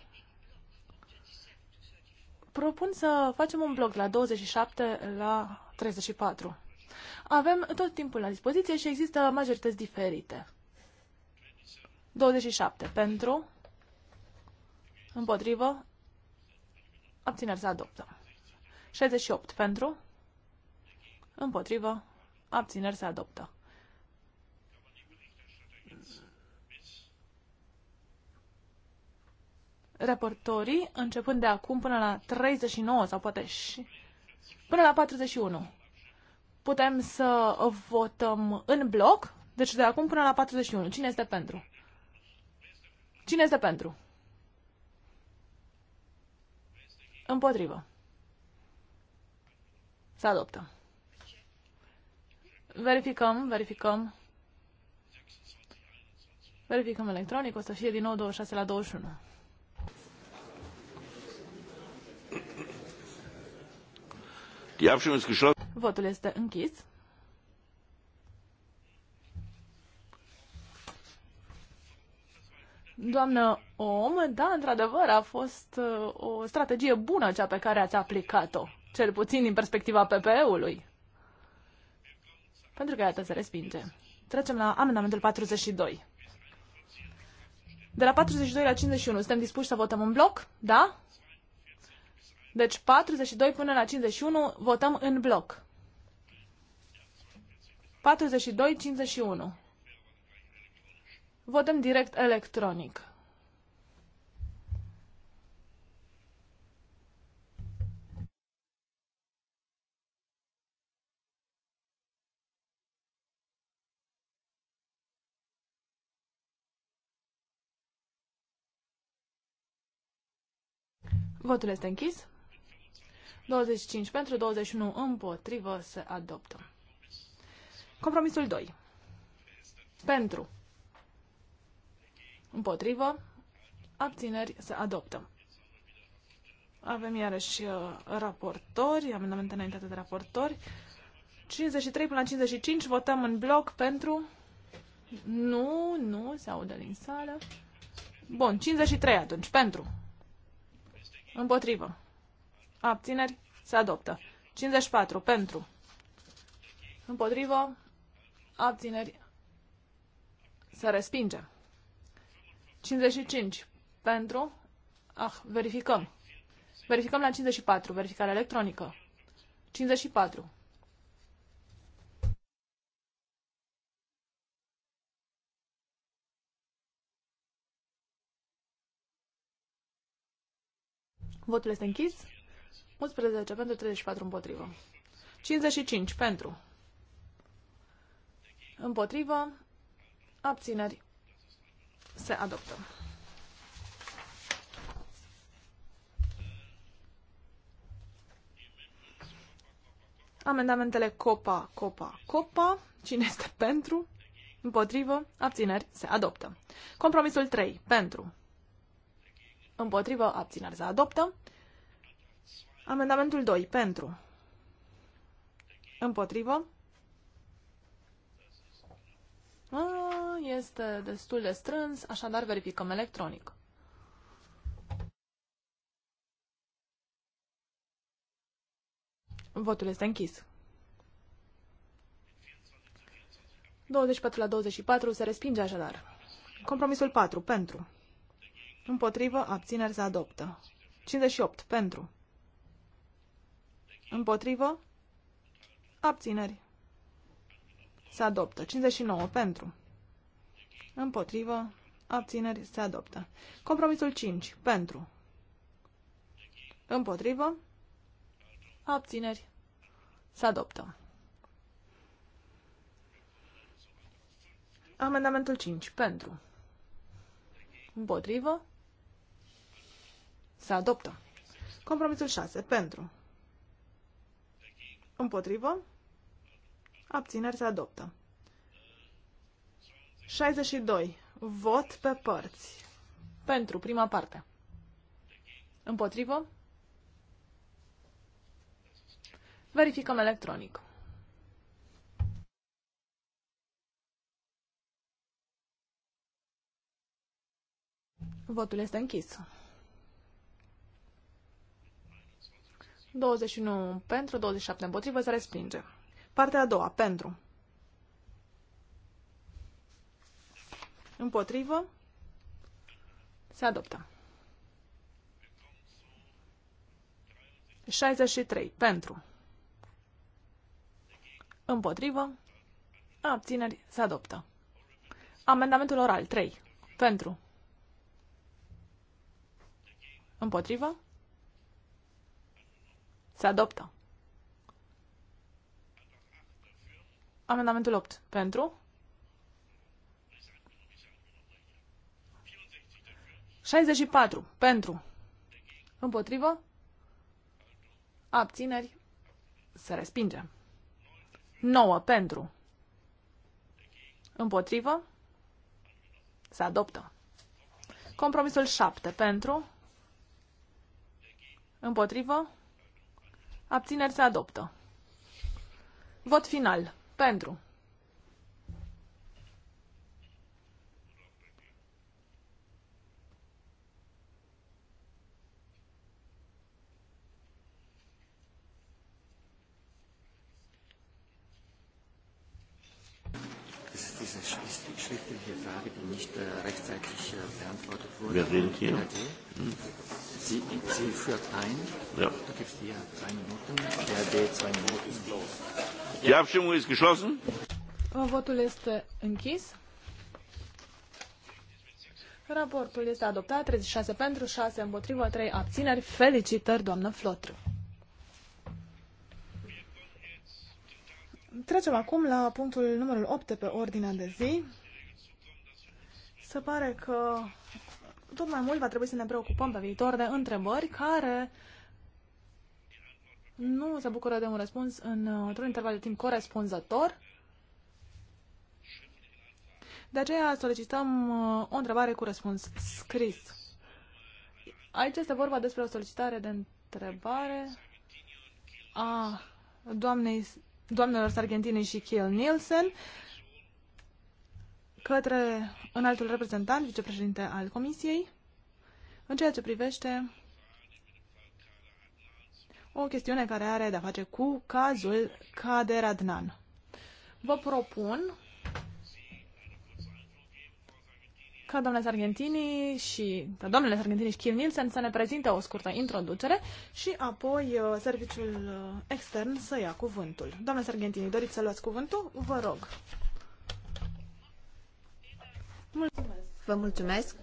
Propun să facem un bloc la 27 la 34. Avem tot timpul la dispoziție și există majorități diferite. 27 pentru. Împotrivă, abțineri, se adoptă. 68 pentru. Împotrivă, abțineri, se adoptă. reportorii, începând de acum până la 39 sau poate și până la 41. Putem să votăm în bloc, deci de acum până la 41. Cine este pentru? Cine este pentru? Împotrivă. Se adoptă. Verificăm, verificăm. Verificăm electronic, o să fie din nou 26 la 21. Votul este închis. Doamnă om, da, într-adevăr, a fost uh, o strategie bună cea pe care ați aplicat-o, cel puțin din perspectiva PPE-ului. Pentru că, iată, se respinge. Trecem la amendamentul 42. De la 42 la 51, suntem dispuși să votăm în bloc? Da? Deci 42 până la 51 votăm în bloc. 42-51. Votăm direct electronic. Votul este închis. 25 pentru, 21 împotrivă, se adoptă. Compromisul 2. Pentru. Împotrivă. Abțineri se adoptă. Avem iarăși uh, raportori, amendamente înaintate de raportori. 53 până la 55 votăm în bloc pentru... Nu, nu, se audă din sală. Bun, 53 atunci, pentru. Împotrivă. Abțineri. Se adoptă. 54. Pentru. Împotrivă. Abțineri. Se respinge. 55. Pentru. Ah, verificăm. Verificăm la 54. Verificare electronică. 54. Votul este închis. 11 pentru, 34 împotrivă. 55 pentru. Împotrivă. Abțineri. Se adoptă. Amendamentele COPA, COPA, COPA. Cine este pentru? Împotrivă. Abțineri. Se adoptă. Compromisul 3. Pentru. Împotrivă. Abțineri. Se adoptă. Amendamentul 2. Pentru. Împotrivă. A, este destul de strâns, așadar verificăm electronic. Votul este închis. 24 la 24 se respinge așadar. Compromisul 4. Pentru. Împotrivă, abțineri se adoptă. 58. Pentru. Împotrivă? Abțineri. Se adoptă. 59 pentru. Împotrivă. Abțineri. Se adoptă. Compromisul 5. Pentru. Împotrivă. Abțineri. Se adoptă. Amendamentul 5. Pentru. Împotrivă. Se adoptă. Compromisul 6. Pentru. Împotrivă. Abțineri se adoptă. 62. Vot pe părți. Pentru prima parte. Împotrivă. Verificăm electronic. Votul este închis. 21 pentru, 27 împotrivă, se respinge. Partea a doua, pentru. Împotrivă, se adoptă. 63, pentru. Împotrivă, abțineri, se adoptă. Amendamentul oral, 3, pentru. Împotrivă, se adoptă. Amendamentul 8. Pentru? 64. Pentru. Împotrivă? Abțineri? Se respinge. 9. Pentru. Împotrivă? Se adoptă. Compromisul 7. Pentru? Împotrivă? Abțineri se adoptă. Vot final. Pentru. Äh, äh, Wir reden hier. Hm. Sie, Sie führt ein. Ja. Du gibst hier drei Minuten, BRD zwei Minuten. Die Abstimmung ist geschlossen. Votul este închis. Raportul este adoptat, 36 pentru, 6 împotriva, 3 abțineri. Felicitări, doamnă Flotru. Trecem acum la punctul numărul 8 pe ordinea de zi. Se pare că tot mai mult va trebui să ne preocupăm pe viitor de întrebări care nu se bucură de un răspuns în, într-un interval de timp corespunzător. De aceea solicităm uh, o întrebare cu răspuns scris. Aici este vorba despre o solicitare de întrebare a doamnei, doamnelor Sargentini și Kiel Nielsen către înaltul reprezentant, vicepreședinte al Comisiei, în ceea ce privește o chestiune care are de-a face cu cazul Kader Adnan. Vă propun ca doamna Sargentini și ca domnule Sargentini și Kim Nielsen să ne prezinte o scurtă introducere și apoi uh, serviciul uh, extern să ia cuvântul. Doamna Sargentini, doriți să luați cuvântul? Vă rog. Vă mulțumesc.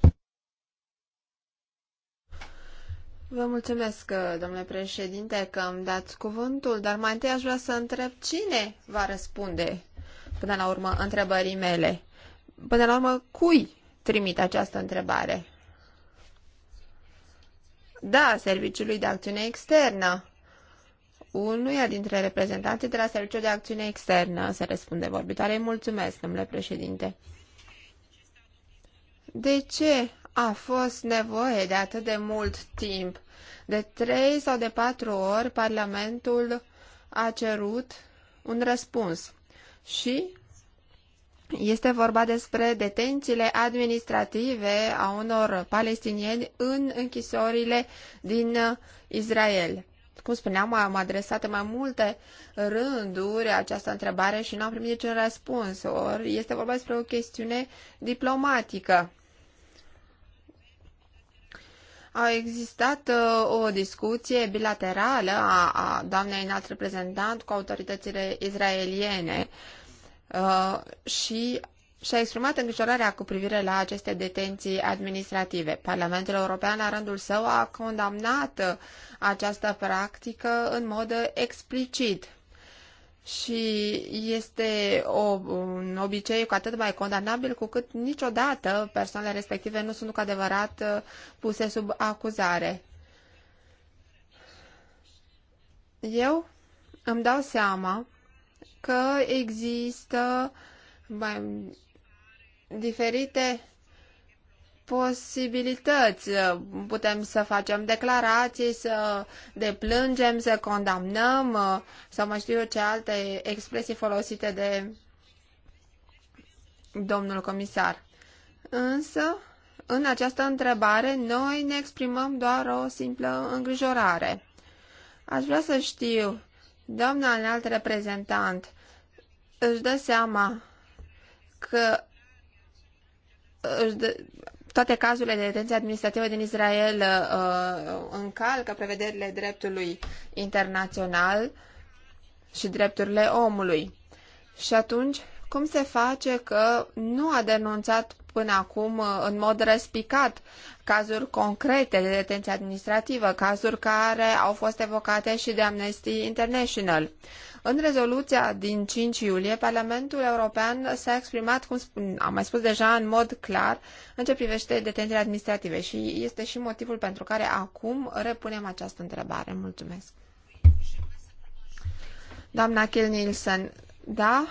Vă mulțumesc, domnule președinte, că îmi dați cuvântul, dar mai întâi aș vrea să întreb cine va răspunde până la urmă întrebării mele. Până la urmă, cui trimit această întrebare? Da, Serviciului de Acțiune Externă. Unuia dintre reprezentanții de la Serviciul de Acțiune Externă se răspunde vorbitoare. Mulțumesc, domnule președinte. De ce a fost nevoie de atât de mult timp? De trei sau de patru ori Parlamentul a cerut un răspuns și este vorba despre detențiile administrative a unor palestinieni în închisorile din Israel. Cum spuneam, am adresat mai multe rânduri această întrebare și nu am primit niciun răspuns. Ori este vorba despre o chestiune diplomatică a existat uh, o discuție bilaterală a, a doamnei înalt reprezentant cu autoritățile izraeliene uh, și și-a exprimat îngrijorarea cu privire la aceste detenții administrative. Parlamentul European, la rândul său, a condamnat această practică în mod explicit și este o, un obicei cu atât mai condamnabil cu cât niciodată persoanele respective nu sunt cu adevărat uh, puse sub acuzare. Eu îmi dau seama că există mai, diferite posibilități. Putem să facem declarații, să deplângem, să condamnăm sau mai știu eu ce alte expresii folosite de domnul comisar. Însă, în această întrebare, noi ne exprimăm doar o simplă îngrijorare. Aș vrea să știu, doamna înalt reprezentant, își dă seama că își dă, toate cazurile de detenție administrativă din Israel uh, încalcă prevederile dreptului internațional și drepturile omului. Și atunci, cum se face că nu a denunțat până acum uh, în mod răspicat cazuri concrete de detenție administrativă, cazuri care au fost evocate și de Amnesty International? Uh, în rezoluția din 5 iulie, Parlamentul European s-a exprimat, cum spun, am mai spus deja, în mod clar în ce privește detențiile administrative și este și motivul pentru care acum repunem această întrebare. Mulțumesc. Doamna Kiel Nielsen, da?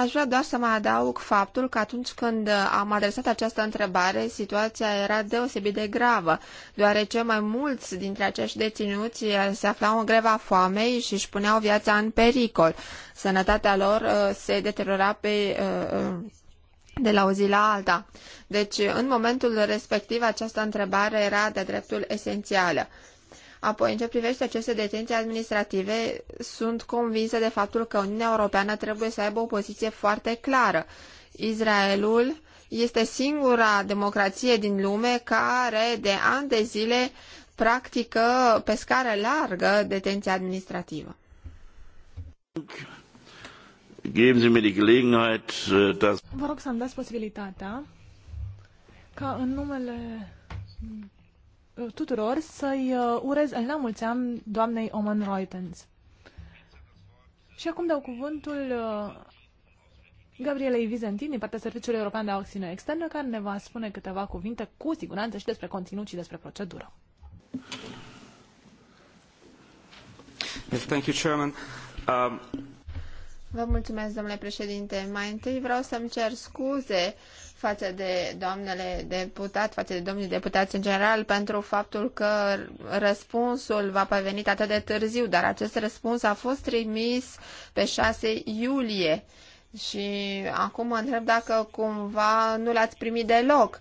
Aș vrea doar să mai adaug faptul că atunci când am adresat această întrebare, situația era deosebit de gravă, deoarece mai mulți dintre acești deținuți eh, se aflau în greva foamei și își puneau viața în pericol. Sănătatea lor eh, se deteriora pe eh, de la o zi la alta. Deci, în momentul respectiv, această întrebare era de dreptul esențială. Apoi, în ce privește aceste detenții administrative, sunt convinsă de faptul că Uniunea Europeană trebuie să aibă o poziție foarte clară. Israelul este singura democrație din lume care de ani de zile practică pe scară largă detenția administrativă. Äh, Vă rog să-mi dați posibilitatea ca în numele tuturor să-i uh, urez la mulți ani doamnei Oman Reutens. Și acum dau cuvântul uh, Gabrielei Vizentin din partea Serviciului European de Acțiune Externă, care ne va spune câteva cuvinte cu siguranță și despre conținut și despre procedură. Yes, thank you, Chairman. Um... Vă mulțumesc, domnule președinte. Mai întâi vreau să-mi cer scuze față de doamnele deputat, față de domnii deputați în general, pentru faptul că răspunsul va venit atât de târziu, dar acest răspuns a fost trimis pe 6 iulie și acum mă întreb dacă cumva nu l-ați primit deloc.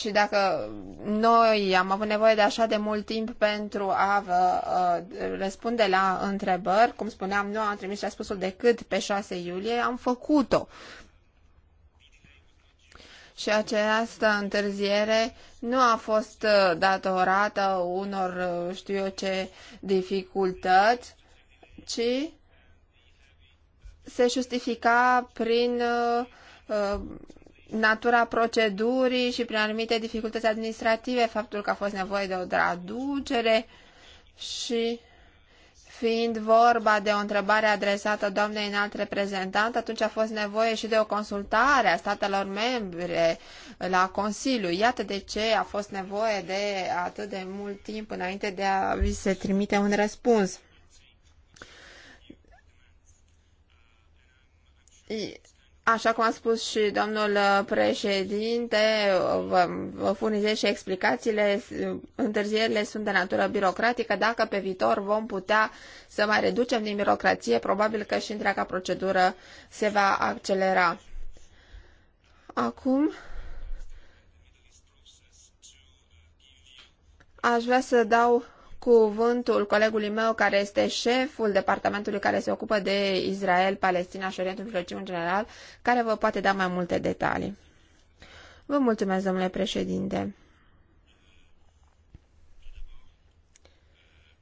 Și dacă noi am avut nevoie de așa de mult timp pentru a vă uh, răspunde la întrebări, cum spuneam, nu am trimis răspunsul decât pe 6 iulie, am făcut-o și această întârziere nu a fost uh, datorată unor, uh, știu eu ce, dificultăți, ci se justifica prin uh, uh, natura procedurii și prin anumite dificultăți administrative, faptul că a fost nevoie de o traducere și Fiind vorba de o întrebare adresată doamnei înalt reprezentant, atunci a fost nevoie și de o consultare a statelor membre la Consiliu. Iată de ce a fost nevoie de atât de mult timp înainte de a vi se trimite un răspuns. Așa cum a spus și domnul uh, președinte, vă, vă furnizez și explicațiile. Întârzierile sunt de natură birocratică. Dacă pe viitor vom putea să mai reducem din birocrație, probabil că și întreaga procedură se va accelera. Acum aș vrea să dau cuvântul colegului meu care este șeful departamentului care se ocupă de Israel, Palestina și Orientul Mijlociu în general, care vă poate da mai multe detalii. Vă mulțumesc, domnule președinte.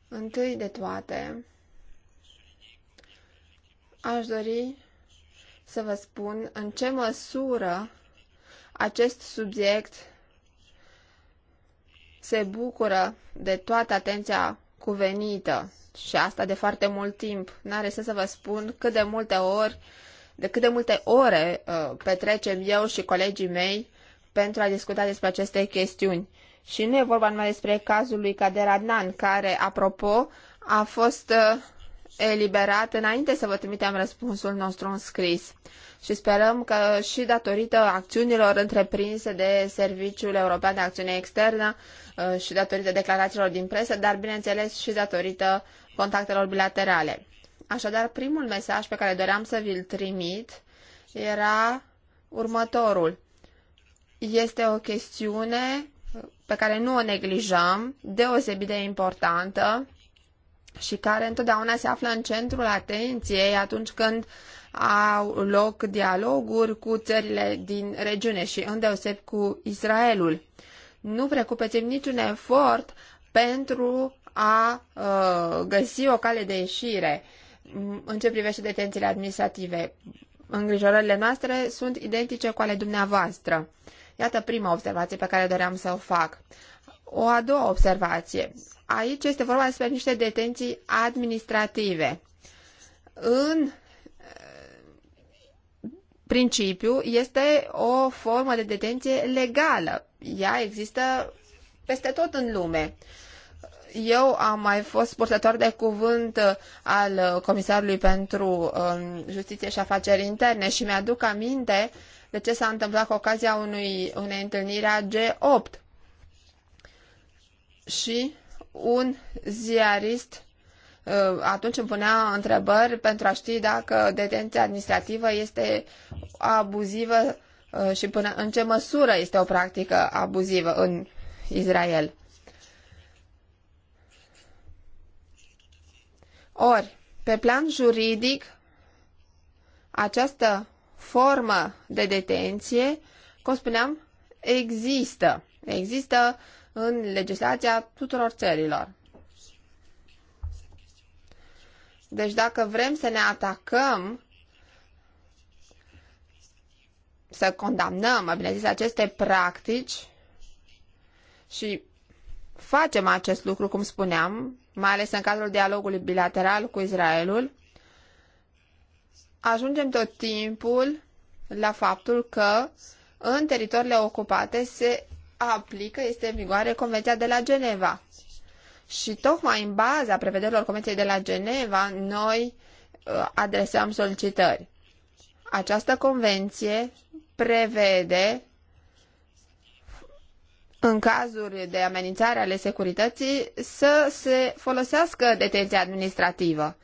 Întâi de toate, aș dori să vă spun în ce măsură acest subiect se bucură de toată atenția cuvenită și asta de foarte mult timp. N-are să, să vă spun cât de multe ori, de cât de multe ore uh, petrecem eu și colegii mei pentru a discuta despre aceste chestiuni. Și nu e vorba numai despre cazul lui Cader Adnan, care, apropo, a fost uh, eliberat înainte să vă trimitem răspunsul nostru în scris și sperăm că și datorită acțiunilor întreprinse de Serviciul European de Acțiune Externă uh, și datorită declarațiilor din presă, dar bineînțeles și datorită contactelor bilaterale. Așadar, primul mesaj pe care doream să vi-l trimit era următorul. Este o chestiune pe care nu o neglijăm, deosebit de importantă și care întotdeauna se află în centrul atenției atunci când au loc dialoguri cu țările din regiune și îndeoseb cu Israelul. Nu precupețim niciun efort pentru a uh, găsi o cale de ieșire în ce privește detențiile administrative. Îngrijorările noastre sunt identice cu ale dumneavoastră. Iată prima observație pe care doream să o fac. O a doua observație. Aici este vorba despre niște detenții administrative. În principiu, este o formă de detenție legală. Ea există peste tot în lume. Eu am mai fost purtător de cuvânt al Comisarului pentru um, Justiție și Afaceri Interne și mi-aduc aminte de ce s-a întâmplat cu ocazia unui, unei întâlniri a G8. Și un ziarist Uh, atunci îmi punea întrebări pentru a ști dacă detenția administrativă este abuzivă uh, și până în ce măsură este o practică abuzivă în Israel. Ori, pe plan juridic, această formă de detenție, cum spuneam, există. Există în legislația tuturor țărilor. Deci dacă vrem să ne atacăm, să condamnăm, mai bine zis, aceste practici și facem acest lucru, cum spuneam, mai ales în cadrul dialogului bilateral cu Israelul, ajungem tot timpul la faptul că în teritoriile ocupate se aplică, este în vigoare Convenția de la Geneva. Și tocmai în baza prevederilor Convenției de la Geneva, noi uh, adresăm solicitări. Această convenție prevede în cazuri de amenințare ale securității să se folosească detenția administrativă.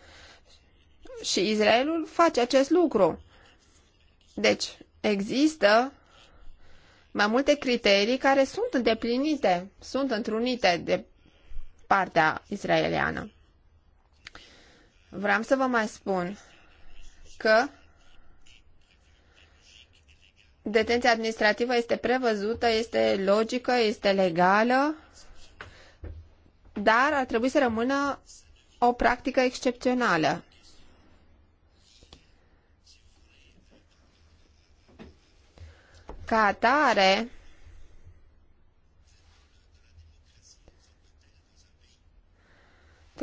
Și Israelul face acest lucru. Deci, există mai multe criterii care sunt îndeplinite, sunt întrunite de partea israeliană. Vreau să vă mai spun că detenția administrativă este prevăzută, este logică, este legală, dar ar trebui să rămână o practică excepțională. Ca atare,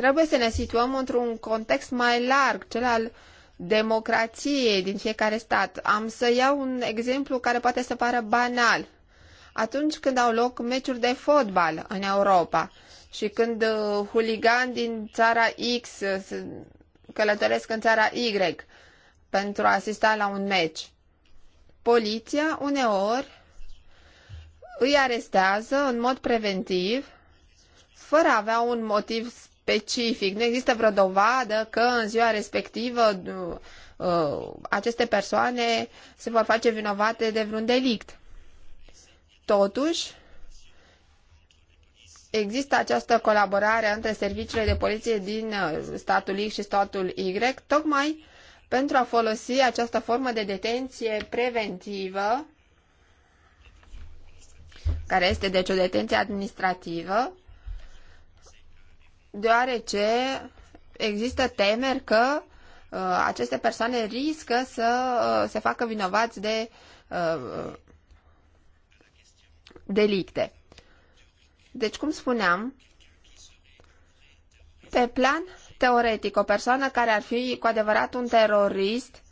Trebuie să ne situăm într-un context mai larg, cel al democrației din fiecare stat. Am să iau un exemplu care poate să pară banal. Atunci când au loc meciuri de fotbal în Europa și când uh, huligani din țara X uh, călătoresc în țara Y pentru a asista la un meci, poliția uneori îi arestează în mod preventiv fără a avea un motiv specific. Nu există vreo dovadă că în ziua respectivă uh, uh, aceste persoane se vor face vinovate de vreun delict. Totuși, există această colaborare între serviciile de poliție din uh, statul X și statul Y, tocmai pentru a folosi această formă de detenție preventivă, care este deci o detenție administrativă, deoarece există temeri că uh, aceste persoane riscă să uh, se facă vinovați de uh, delicte. Deci, cum spuneam, pe plan teoretic, o persoană care ar fi cu adevărat un terorist,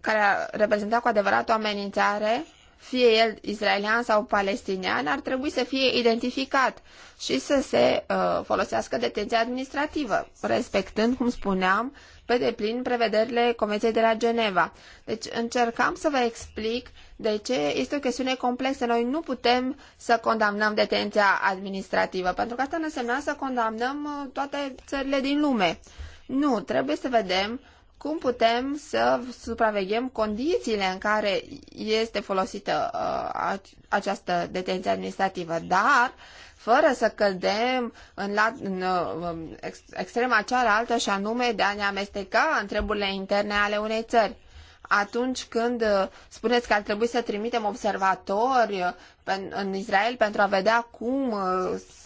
care ar reprezenta cu adevărat o amenințare, fie el israelian sau palestinian, ar trebui să fie identificat și să se uh, folosească detenția administrativă, respectând, cum spuneam, pe deplin prevederile Convenției de la Geneva. Deci încercam să vă explic de ce este o chestiune complexă. Noi nu putem să condamnăm detenția administrativă, pentru că asta însemna să condamnăm uh, toate țările din lume. Nu, trebuie să vedem cum putem să supraveghem condițiile în care este folosită uh, această detenție administrativă, dar fără să cădem în, la, în uh, um, ex, extrema cealaltă și anume de a ne amesteca în treburile interne ale unei țări. Atunci când uh, spuneți că ar trebui să trimitem observatori uh, în Israel pentru a vedea cum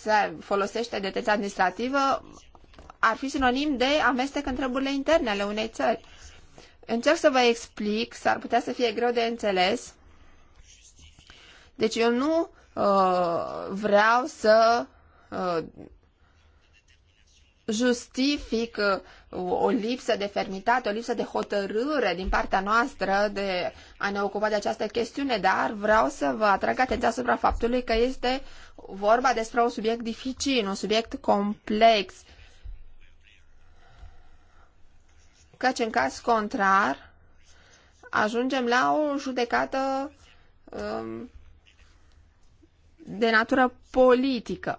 se folosește detenția administrativă, ar fi sinonim de amestec în treburile interne ale unei țări. Încerc să vă explic, s-ar putea să fie greu de înțeles. Deci eu nu uh, vreau să uh, justific uh, o lipsă de fermitate, o lipsă de hotărâre din partea noastră de a ne ocupa de această chestiune, dar vreau să vă atrag atenția asupra faptului că este vorba despre un subiect dificil, un subiect complex căci în caz contrar ajungem la o judecată um, de natură politică.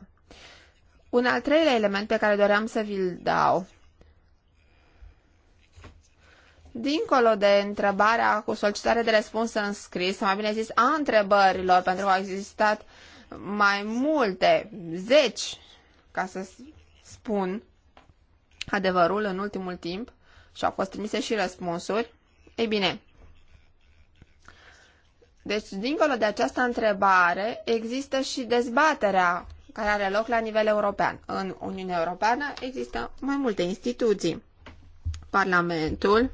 Un al treilea element pe care doream să vi-l dau. Dincolo de întrebarea cu solicitare de răspuns în scris, sau mai bine zis a întrebărilor, pentru că au existat mai multe, zeci, ca să spun adevărul, în ultimul timp, și au fost trimise și răspunsuri. Ei bine, deci, dincolo de această întrebare, există și dezbaterea care are loc la nivel european. În Uniunea Europeană există mai multe instituții. Parlamentul,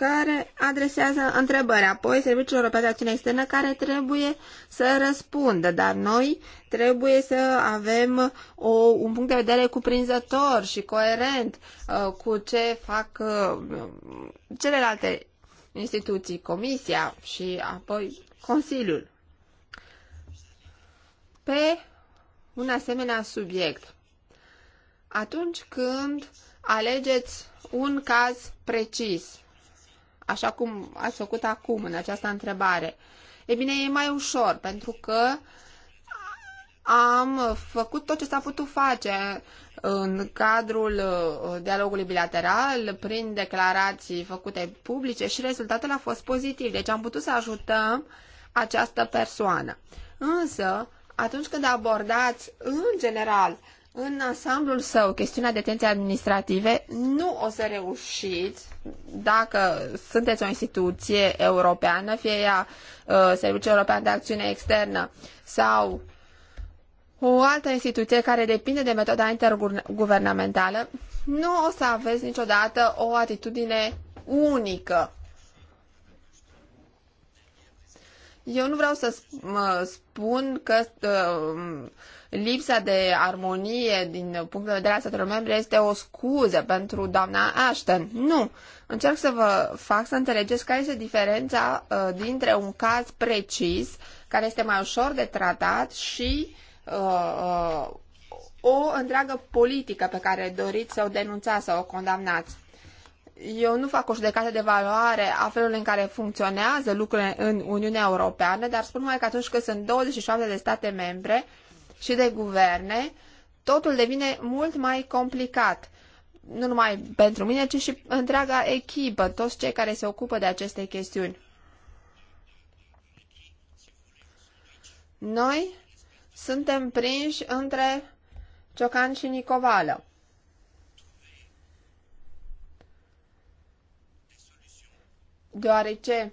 care adresează întrebări apoi Serviciul European de Acțiune Externă care trebuie să răspundă, dar noi trebuie să avem o, un punct de vedere cuprinzător și coerent uh, cu ce fac uh, celelalte instituții, Comisia și apoi Consiliul. Pe un asemenea subiect, atunci când alegeți un caz precis, așa cum ați făcut acum în această întrebare? E bine, e mai ușor, pentru că am făcut tot ce s-a putut face în cadrul uh, dialogului bilateral, prin declarații făcute publice și rezultatul a fost pozitiv. Deci am putut să ajutăm această persoană. Însă, atunci când abordați în general în ansamblul său, chestiunea detenției administrative, nu o să reușiți dacă sunteți o instituție europeană, fie ea uh, Serviciul European de Acțiune Externă sau o altă instituție care depinde de metoda interguvernamentală, nu o să aveți niciodată o atitudine unică Eu nu vreau să spun că uh, lipsa de armonie din punct de vedere al statelor membre este o scuză pentru doamna Ashton. Nu. Încerc să vă fac să înțelegeți care este diferența uh, dintre un caz precis, care este mai ușor de tratat, și uh, o întreagă politică pe care doriți să o denunțați, să o condamnați eu nu fac o judecată de valoare a felului în care funcționează lucrurile în Uniunea Europeană, dar spun mai că atunci când sunt 27 de state membre și de guverne, totul devine mult mai complicat. Nu numai pentru mine, ci și întreaga echipă, toți cei care se ocupă de aceste chestiuni. Noi suntem prinși între ciocan și nicovală. deoarece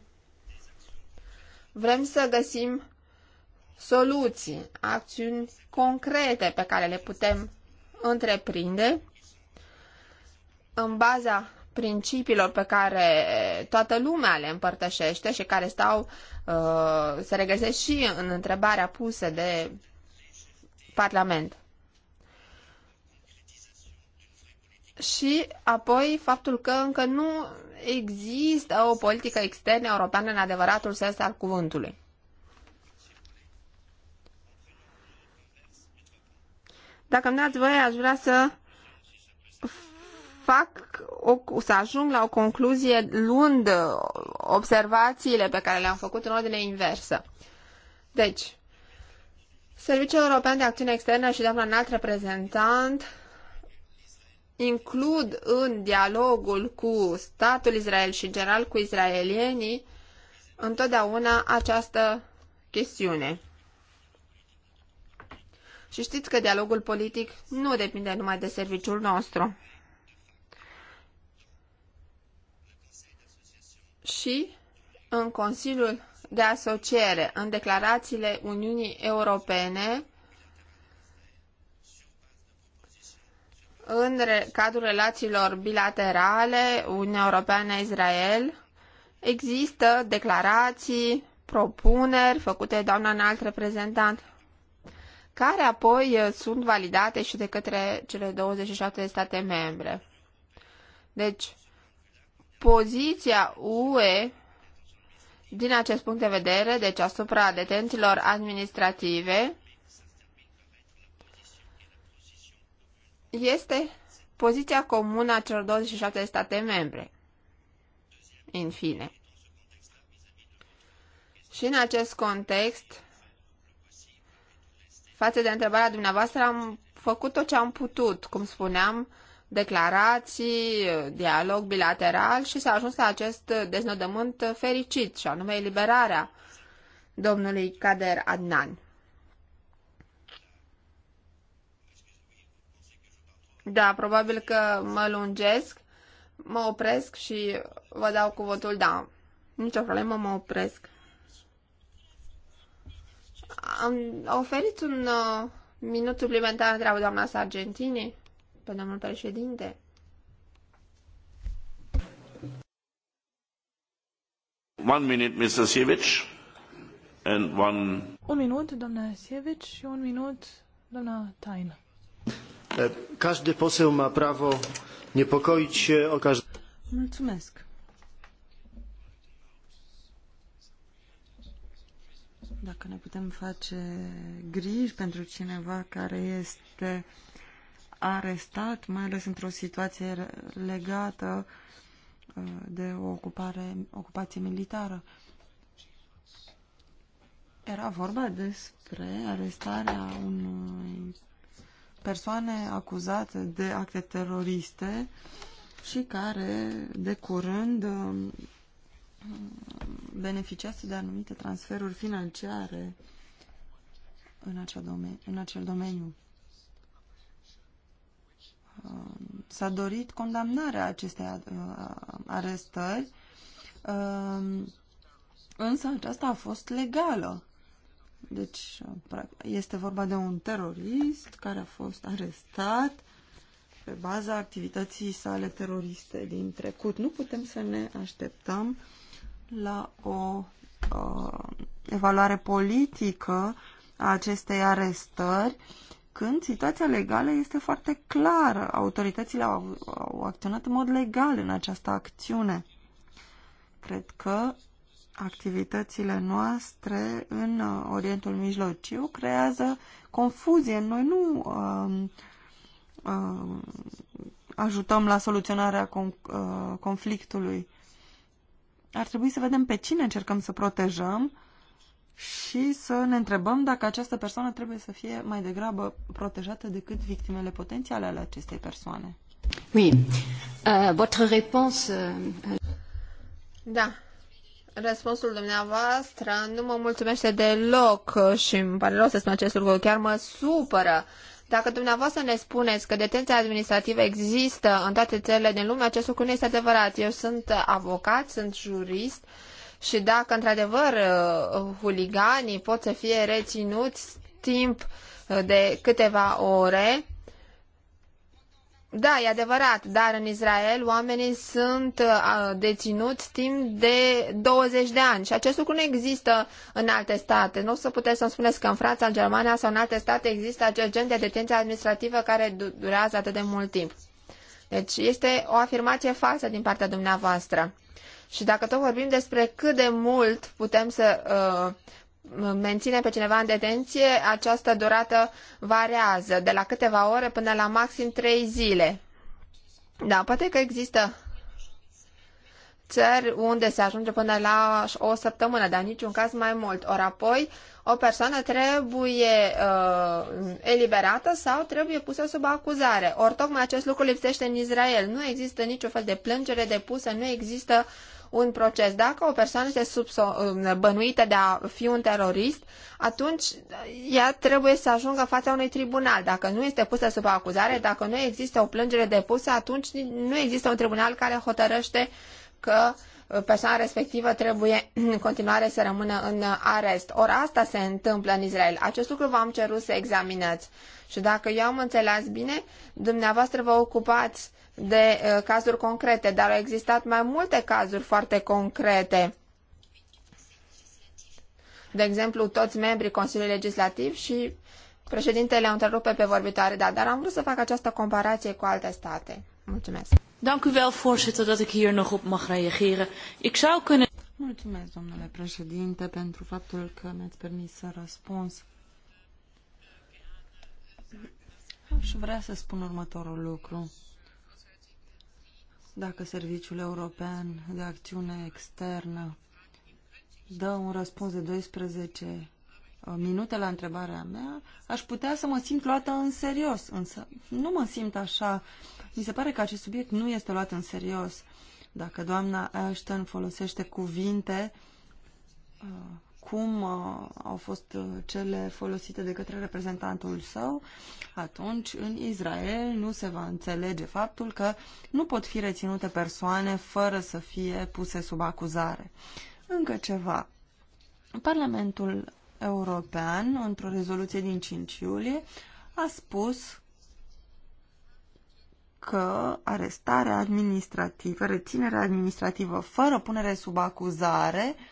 vrem să găsim soluții, acțiuni concrete pe care le putem întreprinde în baza principiilor pe care toată lumea le împărtășește și care stau, uh, se regăsesc și în întrebarea pusă de Parlament. Și apoi faptul că încă nu există o politică externă europeană în adevăratul sens al cuvântului. Dacă îmi dați voie, aș vrea să fac o, să ajung la o concluzie luând observațiile pe care le-am făcut în ordine inversă. Deci, Serviciul European de Acțiune Externă și doamna înalt reprezentant includ în dialogul cu statul Israel și în general cu israelienii întotdeauna această chestiune. Și știți că dialogul politic nu depinde numai de serviciul nostru. Și în Consiliul de Asociere, în declarațiile Uniunii Europene, în cadrul relațiilor bilaterale Uniunea Europeană-Israel există declarații, propuneri făcute doamna înalt reprezentant, care apoi uh, sunt validate și de către cele 27 de state membre. Deci, poziția UE din acest punct de vedere, deci asupra detențiilor administrative, este poziția comună a celor 27 de state membre. În fine. Și în acest context, față de întrebarea dumneavoastră, am făcut tot ce am putut, cum spuneam, declarații, dialog bilateral și s-a ajuns la acest deznodământ fericit, și anume eliberarea domnului Kader Adnan. Da, probabil că mă lungesc, mă opresc și vă dau cuvântul da. Nicio problemă, mă opresc. Am oferit un uh, minut suplimentar, întreabă doamna Sargentini, pe domnul președinte. One minute, Mr. Sievich, and one... Un minut, doamna Sievich, și un minut, doamna Taină. Każdy poseł ma prawo niepokoić się o każdy... Mulțumesc. Dacă ne putem face griji pentru cineva care este arestat, mai ales într-o situație legată uh, de o ocupare, ocupație militară. Era vorba despre arestarea unui persoane acuzate de acte teroriste și care de curând um, beneficiază de anumite transferuri financiare în, acea domeni, în acel domeniu. Um, s-a dorit condamnarea acestei uh, arestări, um, însă aceasta a fost legală. Deci este vorba de un terorist care a fost arestat pe baza activității sale teroriste din trecut. Nu putem să ne așteptăm la o uh, evaluare politică a acestei arestări când situația legală este foarte clară. Autoritățile au, au acționat în mod legal în această acțiune. Cred că activitățile noastre în uh, Orientul Mijlociu creează confuzie. Noi nu um, um, ajutăm la soluționarea uh, conflictului. Ar trebui să vedem pe cine încercăm să protejăm și să ne întrebăm dacă această persoană trebuie să fie mai degrabă protejată decât victimele potențiale ale acestei persoane. Oui. Uh, votre réponse... Euh, da, Răspunsul dumneavoastră nu mă mulțumește deloc și îmi pare rău să spun acest lucru, chiar mă supără. Dacă dumneavoastră ne spuneți că detenția administrativă există în toate țările din lume, acest lucru nu este adevărat. Eu sunt avocat, sunt jurist și dacă într-adevăr huliganii pot să fie reținuți timp de câteva ore, da, e adevărat, dar în Israel oamenii sunt uh, deținuți timp de 20 de ani și acest lucru nu există în alte state. Nu o să puteți să-mi spuneți că în Franța, în Germania sau în alte state există acel gen de detenție administrativă care durează atât de mult timp. Deci este o afirmație falsă din partea dumneavoastră. Și dacă tot vorbim despre cât de mult putem să uh, menține pe cineva în detenție, această durată variază de la câteva ore până la maxim trei zile. Da, poate că există țări unde se ajunge până la o săptămână, dar în niciun caz mai mult. Ori apoi, o persoană trebuie uh, eliberată sau trebuie pusă sub acuzare. Ori tocmai acest lucru lipsește în Israel. Nu există niciun fel de plângere depusă, nu există uh, un proces. Dacă o persoană este subso- bănuită de a fi un terorist, atunci ea trebuie să ajungă în fața unui tribunal. Dacă nu este pusă sub acuzare, dacă nu există o plângere depusă, atunci nu există un tribunal care hotărăște că persoana respectivă trebuie în continuare să rămână în arest. Ori asta se întâmplă în Israel. Acest lucru v-am cerut să examinați. Și dacă eu am înțeles bine, dumneavoastră vă ocupați de uh, cazuri concrete, dar au existat mai multe cazuri foarte concrete. De exemplu, toți membrii Consiliului Legislativ și președintele au întrerupe pe vorbitoare, da, dar am vrut să fac această comparație cu alte state. Mulțumesc. Dank u wel, voorzitter, dat ik hier nog op mag reageren. Ik zou kunnen... Mulțumesc, domnule președinte, pentru faptul că mi-ați permis să răspuns. Aș vrea să spun următorul lucru dacă Serviciul European de Acțiune Externă dă un răspuns de 12 uh, minute la întrebarea mea, aș putea să mă simt luată în serios, însă nu mă simt așa. Mi se pare că acest subiect nu este luat în serios. Dacă doamna Ashton folosește cuvinte uh, cum uh, au fost uh, cele folosite de către reprezentantul său, atunci în Israel nu se va înțelege faptul că nu pot fi reținute persoane fără să fie puse sub acuzare. Încă ceva. Parlamentul European, într-o rezoluție din 5 iulie, a spus că arestarea administrativă, reținerea administrativă fără punere sub acuzare uh,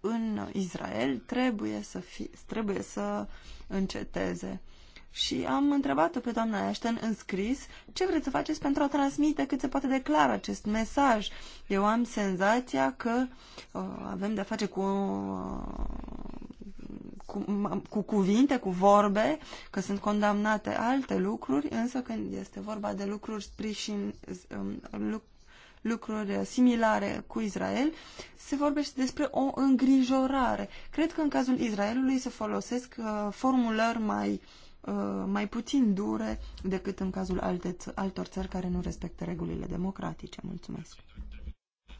în Israel trebuie să, fi, trebuie să înceteze. Și am întrebat-o pe doamna Ashton în scris ce vreți să faceți pentru a transmite cât se poate de clar acest mesaj. Eu am senzația că uh, avem de-a face cu, uh, cu, cu cuvinte, cu vorbe, că sunt condamnate alte lucruri, însă când este vorba de lucruri sprijin, uh, lucruri similare cu Israel, se vorbește despre o îngrijorare. Cred că în cazul Israelului se folosesc uh, formulări mai, uh, mai puțin dure decât în cazul alte, altor țări care nu respectă regulile democratice. Mulțumesc!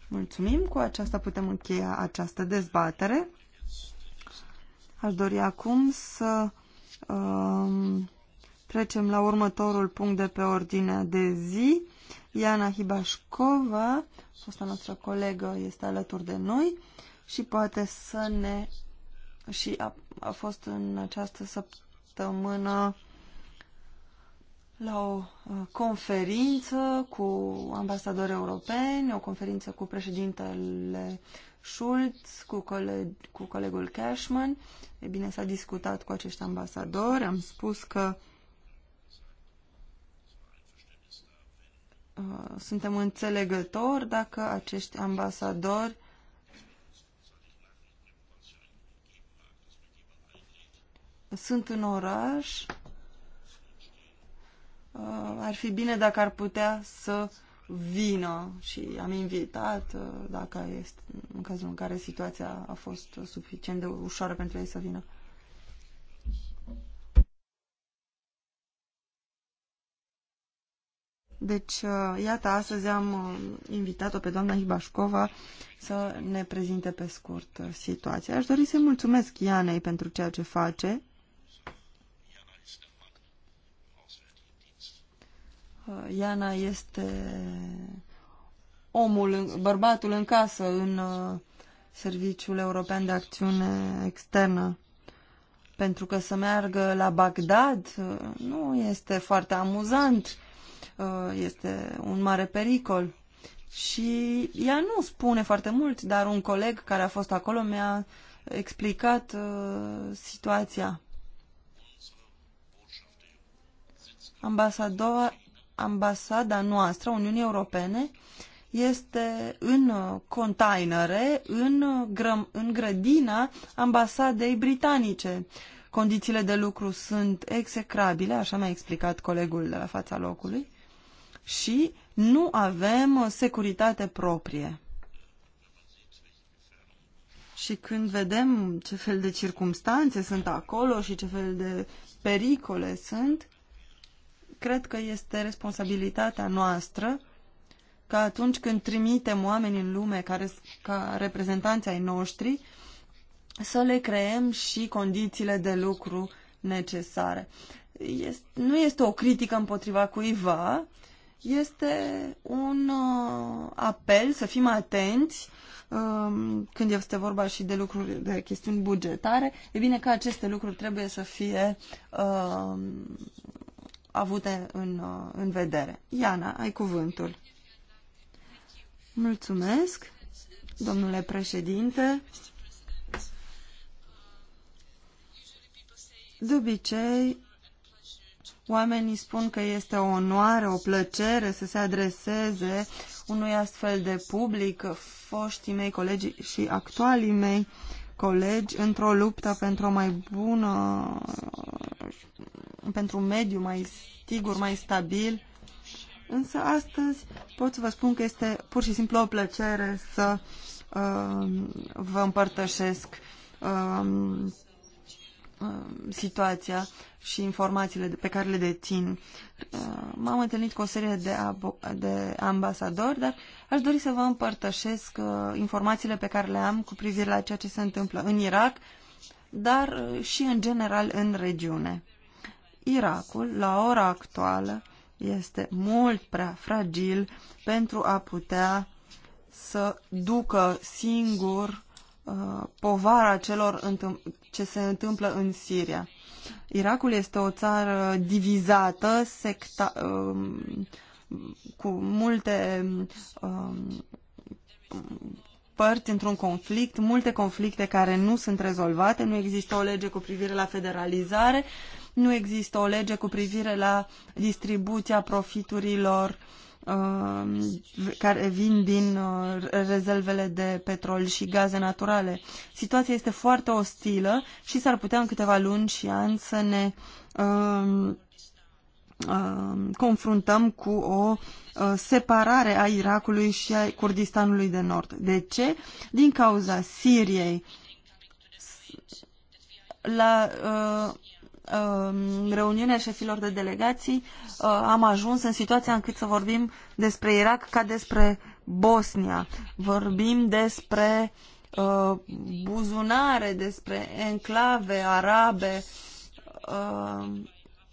Mulțumim! Cu aceasta putem încheia această dezbatere. Aș dori acum să uh, trecem la următorul punct de pe ordinea de zi. Iana Hibașcova, fosta noastră colegă, este alături de noi și poate să ne... și a, a fost în această săptămână la o conferință cu ambasadori europeni, o conferință cu președintele Schulz, cu, coleg, cu colegul Cashman. E bine, s-a discutat cu acești ambasadori, am spus că Uh, suntem înțelegători dacă acești ambasadori sunt în oraș. Uh, ar fi bine dacă ar putea să vină și am invitat uh, dacă este, în cazul în care situația a fost suficient de ușoară pentru ei să vină. Deci, uh, iată, astăzi am uh, invitat-o pe doamna Hibașcova să ne prezinte pe scurt uh, situația. Aș dori să-i mulțumesc Ianei pentru ceea ce face. Iana este omul, bărbatul în casă în Serviciul European de Acțiune Externă pentru că să meargă la Bagdad nu este foarte amuzant Uh, este un mare pericol. Și ea nu spune foarte mult, dar un coleg care a fost acolo mi-a explicat uh, situația. ambasada noastră, Uniunii Europene, este în uh, containere, în, uh, grăm, în grădina ambasadei britanice. Condițiile de lucru sunt execrabile, așa mi-a explicat colegul de la fața locului și nu avem securitate proprie. Și când vedem ce fel de circumstanțe sunt acolo și ce fel de pericole sunt, cred că este responsabilitatea noastră că atunci când trimitem oameni în lume care, ca reprezentanți ai noștri, să le creăm și condițiile de lucru necesare. Este, nu este o critică împotriva cuiva, este un uh, apel să fim atenți um, când este vorba și de lucruri, de chestiuni bugetare, e bine că aceste lucruri trebuie să fie uh, avute în, uh, în vedere. Iana, ai cuvântul. Mulțumesc, domnule președinte. De obicei, Oamenii spun că este o onoare, o plăcere să se adreseze unui astfel de public, foștii mei colegi și actualii mei colegi, într-o luptă pentru o mai bună, pentru un mediu mai sigur, mai stabil. Însă astăzi pot să vă spun că este pur și simplu o plăcere să uh, vă împărtășesc uh, Uh, situația și informațiile pe care le dețin. Uh, m-am întâlnit cu o serie de, de ambasadori, dar aș dori să vă împărtășesc uh, informațiile pe care le am cu privire la ceea ce se întâmplă în Irak, dar și în general în regiune. Irakul, la ora actuală, este mult prea fragil pentru a putea să ducă singur Uh, povara celor ce se întâmplă în Siria. Irakul este o țară divizată, secta, um, cu multe um, părți într-un conflict, multe conflicte care nu sunt rezolvate, nu există o lege cu privire la federalizare, nu există o lege cu privire la distribuția profiturilor uh, Um, care vin din uh, rezervele de petrol și gaze naturale. Situația este foarte ostilă și s-ar putea în câteva luni și ani să ne um, um, confruntăm cu o uh, separare a Irakului și a Kurdistanului de Nord. De ce? Din cauza Siriei. La, uh, Um, reuniunea șefilor de delegații uh, am ajuns în situația încât să vorbim despre Irak ca despre Bosnia. Vorbim despre uh, buzunare, despre enclave arabe. Uh,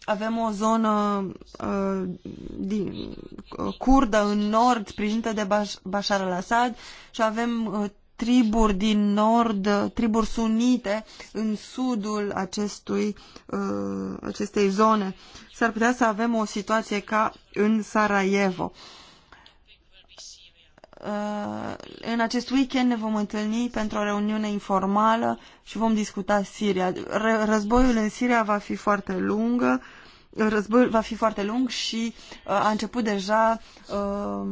avem o zonă curdă în nord sprijinită de Bashar al-Assad și avem triburi din nord, triburi sunite în sudul acestui, uh, acestei zone. S-ar putea să avem o situație ca în Sarajevo. Uh, în acest weekend ne vom întâlni pentru o reuniune informală și vom discuta Siria. Războiul în Siria va fi foarte lungă, războiul va fi foarte lung și uh, a început deja uh,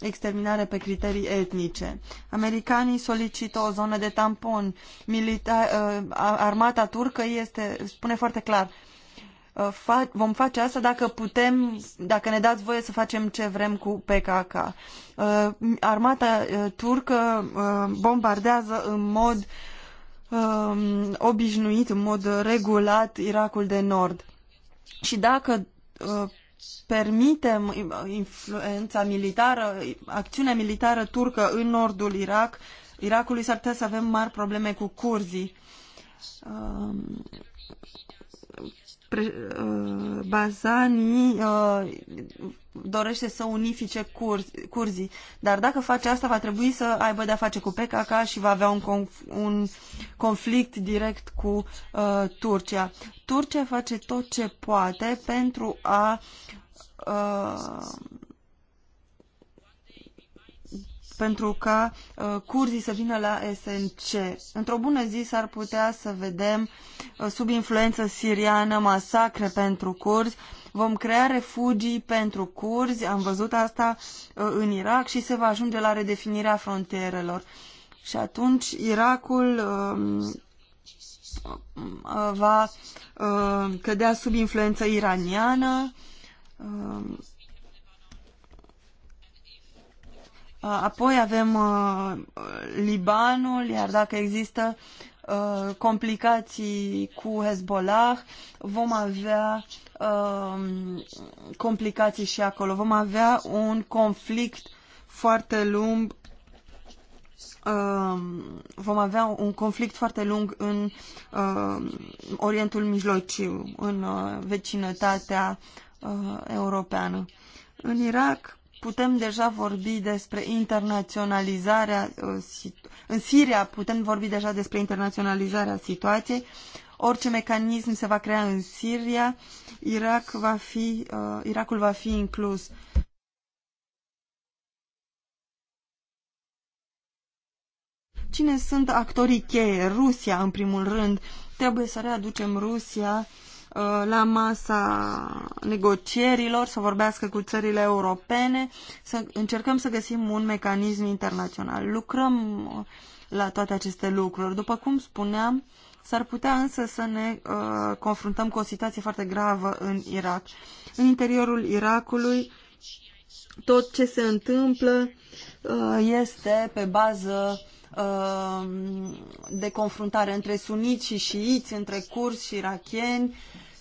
exterminare pe criterii etnice. Americanii solicită o zonă de tampon. Milita uh, armata turcă este, spune foarte clar, vom face asta dacă putem, dacă ne dați voie să facem ce vrem cu PKK. Armata turcă bombardează în mod um, obișnuit, în mod regulat Irakul de Nord și dacă uh, permitem influența militară, acțiunea militară turcă în nordul Irak, Irakului s-ar putea să avem mari probleme cu curzii. Um, pre, uh, Bazani uh, dorește să unifice curzi, curzii, dar dacă face asta va trebui să aibă de-a face cu PKK și va avea un, conf, un conflict direct cu uh, Turcia. Turcia face tot ce poate pentru a uh, pentru ca uh, curzii să vină la SNC. Într-o bună zi s-ar putea să vedem uh, sub influență siriană masacre pentru curzi, vom crea refugii pentru curzi, am văzut asta uh, în Irak și se va ajunge la redefinirea frontierelor. Și atunci Irakul va uh, cădea sub influența iraniană. Uh, uh, apoi avem Libanul, iar dacă există complicații cu Hezbollah, vom avea complicații și acolo. Vom avea un conflict foarte lung Um, vom avea un conflict foarte lung în um, Orientul Mijlociu, în uh, vecinătatea uh, europeană. În Irak putem deja vorbi despre internaționalizarea, uh, în Siria putem vorbi deja despre internaționalizarea situației, orice mecanism se va crea în Siria, Irak va fi, Irakul va fi inclus Cine sunt actorii cheie? Rusia, în primul rând. Trebuie să readucem Rusia uh, la masa negocierilor, să vorbească cu țările europene, să încercăm să găsim un mecanism internațional. Lucrăm uh, la toate aceste lucruri. După cum spuneam, s-ar putea însă să ne uh, confruntăm cu o situație foarte gravă în Irak. În interiorul Irakului, tot ce se întâmplă uh, este pe bază Uh, de confruntare între suniți și șiiți, între curzi și irachieni.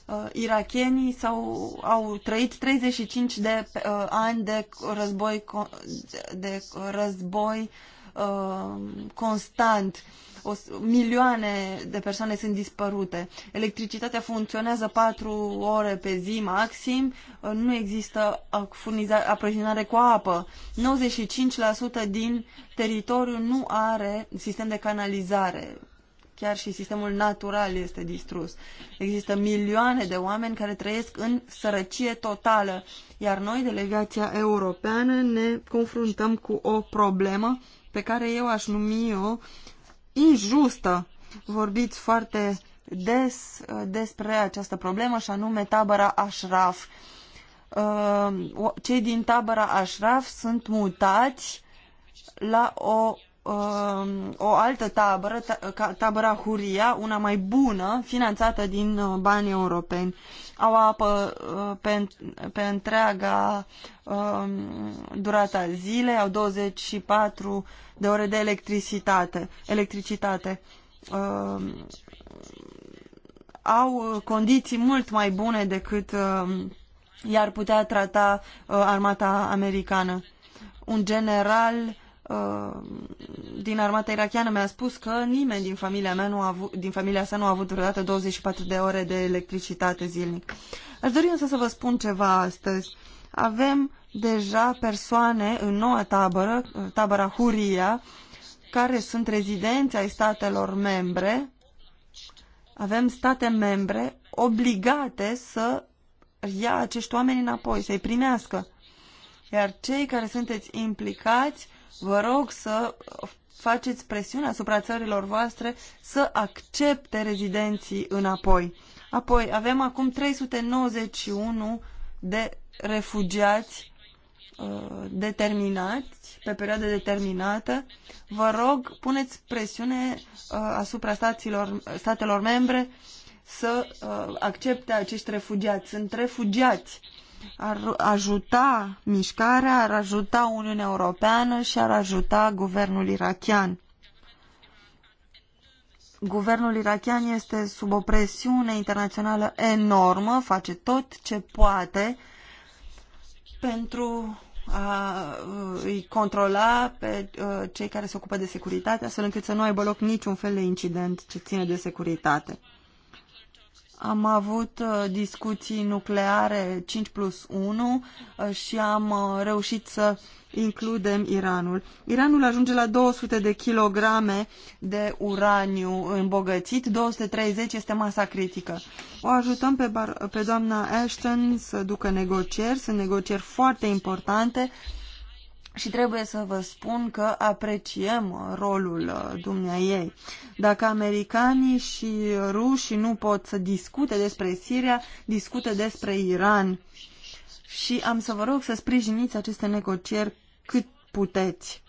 Uh, irachienii s-au, au trăit 35 de uh, ani de război, de război uh, constant. Uh, o, milioane de persoane sunt dispărute. Electricitatea funcționează 4 ore pe zi maxim, uh, nu există uh, aprovizionare cu apă. 95% din teritoriu nu are sistem de canalizare. Chiar și sistemul natural este distrus. Există milioane de oameni care trăiesc în sărăcie totală, iar noi, delegația europeană, ne confruntăm cu o problemă pe care eu aș numi-o uh, injustă. Vorbiți foarte des uh, despre această problemă și anume tabăra Ashraf. Uh, cei din tabăra Ashraf sunt mutați la o Um, o altă tabără, tabăra Huria, una mai bună, finanțată din uh, bani europeni. Au apă uh, pe, pe întreaga um, durata zilei, au 24 de ore de electricitate. electricitate. Um, au uh, condiții mult mai bune decât i-ar putea trata armata americană. Un general Uh, din armata irachiană mi-a spus că nimeni din familia, mea nu a avut, din familia sa nu a avut vreodată 24 de ore de electricitate zilnic. Aș dori însă să vă spun ceva astăzi. Avem deja persoane în noua tabără, tabăra Huria, care sunt rezidenți ai statelor membre. Avem state membre obligate să ia acești oameni înapoi, să-i primească. Iar cei care sunteți implicați Vă rog să faceți presiune asupra țărilor voastre să accepte rezidenții înapoi. Apoi, avem acum 391 de refugiați uh, determinați, pe perioadă determinată. Vă rog, puneți presiune uh, asupra staților, statelor membre să uh, accepte acești refugiați. Sunt refugiați ar ajuta mișcarea, ar ajuta Uniunea Europeană și ar ajuta guvernul irachian. Guvernul irachian este sub o presiune internațională enormă, face tot ce poate pentru a uh, îi controla pe uh, cei care se ocupă de securitate, astfel încât să nu aibă loc niciun fel de incident ce ține de securitate. Am avut uh, discuții nucleare 5 plus 1 uh, și am uh, reușit să includem Iranul. Iranul ajunge la 200 de kilograme de uraniu îmbogățit, 230 este masa critică. O ajutăm pe, bar- pe doamna Ashton să ducă negocieri, sunt negocieri foarte importante și trebuie să vă spun că apreciem rolul uh, dumneaei. Dacă americanii și rușii nu pot să discute despre Siria, discute despre Iran. Și am să vă rog să sprijiniți aceste negocieri cât puteți.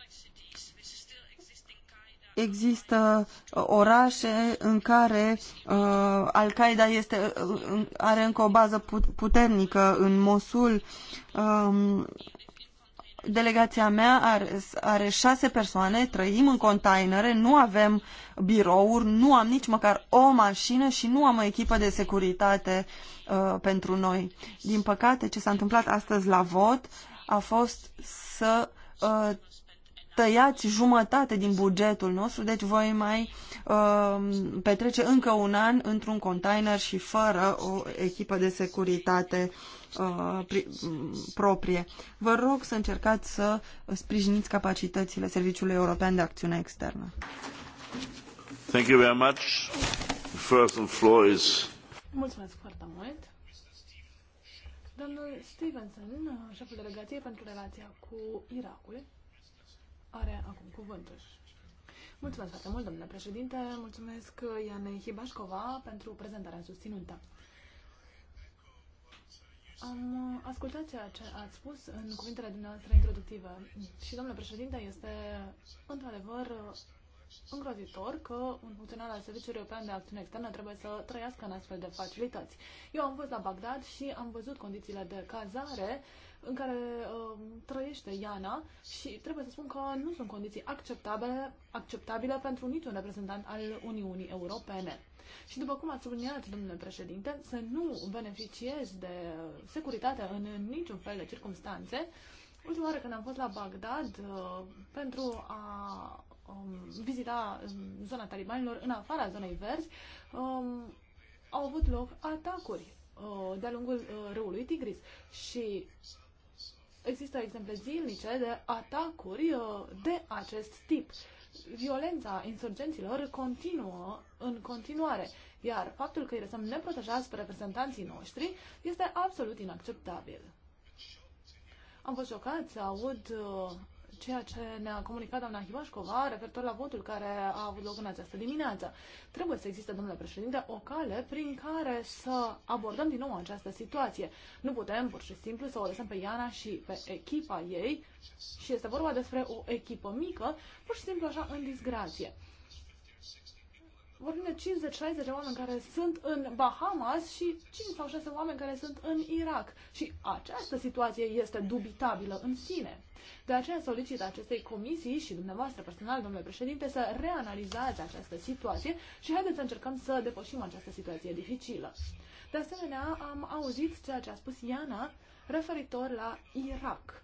Există uh, orașe în care uh, Al-Qaeda este, uh, are încă o bază puternică în Mosul. Uh, Delegația mea are, are șase persoane, trăim în containere, nu avem birouri, nu am nici măcar o mașină și nu am o echipă de securitate uh, pentru noi. Din păcate, ce s-a întâmplat astăzi la vot a fost să uh, tăiați jumătate din bugetul nostru, deci voi mai uh, petrece încă un an într-un container și fără o echipă de securitate Uh, proprie. Vă rog să încercați să sprijiniți capacitățile Serviciului European de Acțiune Externă. Thank you very much. First on floor is... Mulțumesc foarte mult. Domnul Stevenson, șeful delegației pentru relația cu Irakul, are acum cuvântul. Mulțumesc foarte mult, domnule președinte. Mulțumesc Ianei Hibașcova pentru prezentarea susținută. Am uh, ascultat ceea ce ați spus în cuvintele dumneavoastră introductive și, domnule președinte, este într-adevăr uh, îngrozitor că un funcționar al Serviciului European de Acțiune Externă trebuie să trăiască în astfel de facilități. Eu am fost la Bagdad și am văzut condițiile de cazare uh, în care um, trăiește Iana și trebuie să spun că nu sunt condiții acceptabile, acceptabile pentru niciun reprezentant al Uniunii Europene. Și după cum ați subliniat, domnule președinte, să nu beneficiezi de securitate în niciun fel de circunstanțe. Ultima oară când am fost la Bagdad uh, pentru a um, vizita um, zona talibanilor în afara zonei verzi, um, au avut loc atacuri uh, de-a lungul uh, râului Tigris și Există exemple zilnice de atacuri uh, de acest tip. Violența insurgenților continuă în continuare, iar faptul că îi lăsăm neprotejați pe reprezentanții noștri este absolut inacceptabil. Am fost șocat să aud uh, ceea ce ne-a comunicat doamna Hivașcova referitor la votul care a avut loc în această dimineață. Trebuie să existe, domnule președinte, o cale prin care să abordăm din nou această situație. Nu putem pur și simplu să o lăsăm pe Iana și pe echipa ei și este vorba despre o echipă mică, pur și simplu așa în disgrație vorbim de 50-60 de oameni care sunt în Bahamas și 5 sau 6 oameni care sunt în Irak. Și această situație este dubitabilă în sine. De aceea solicit acestei comisii și dumneavoastră personal, domnule președinte, să reanalizați această situație și haideți să încercăm să depășim această situație dificilă. De asemenea, am auzit ceea ce a spus Iana referitor la Irak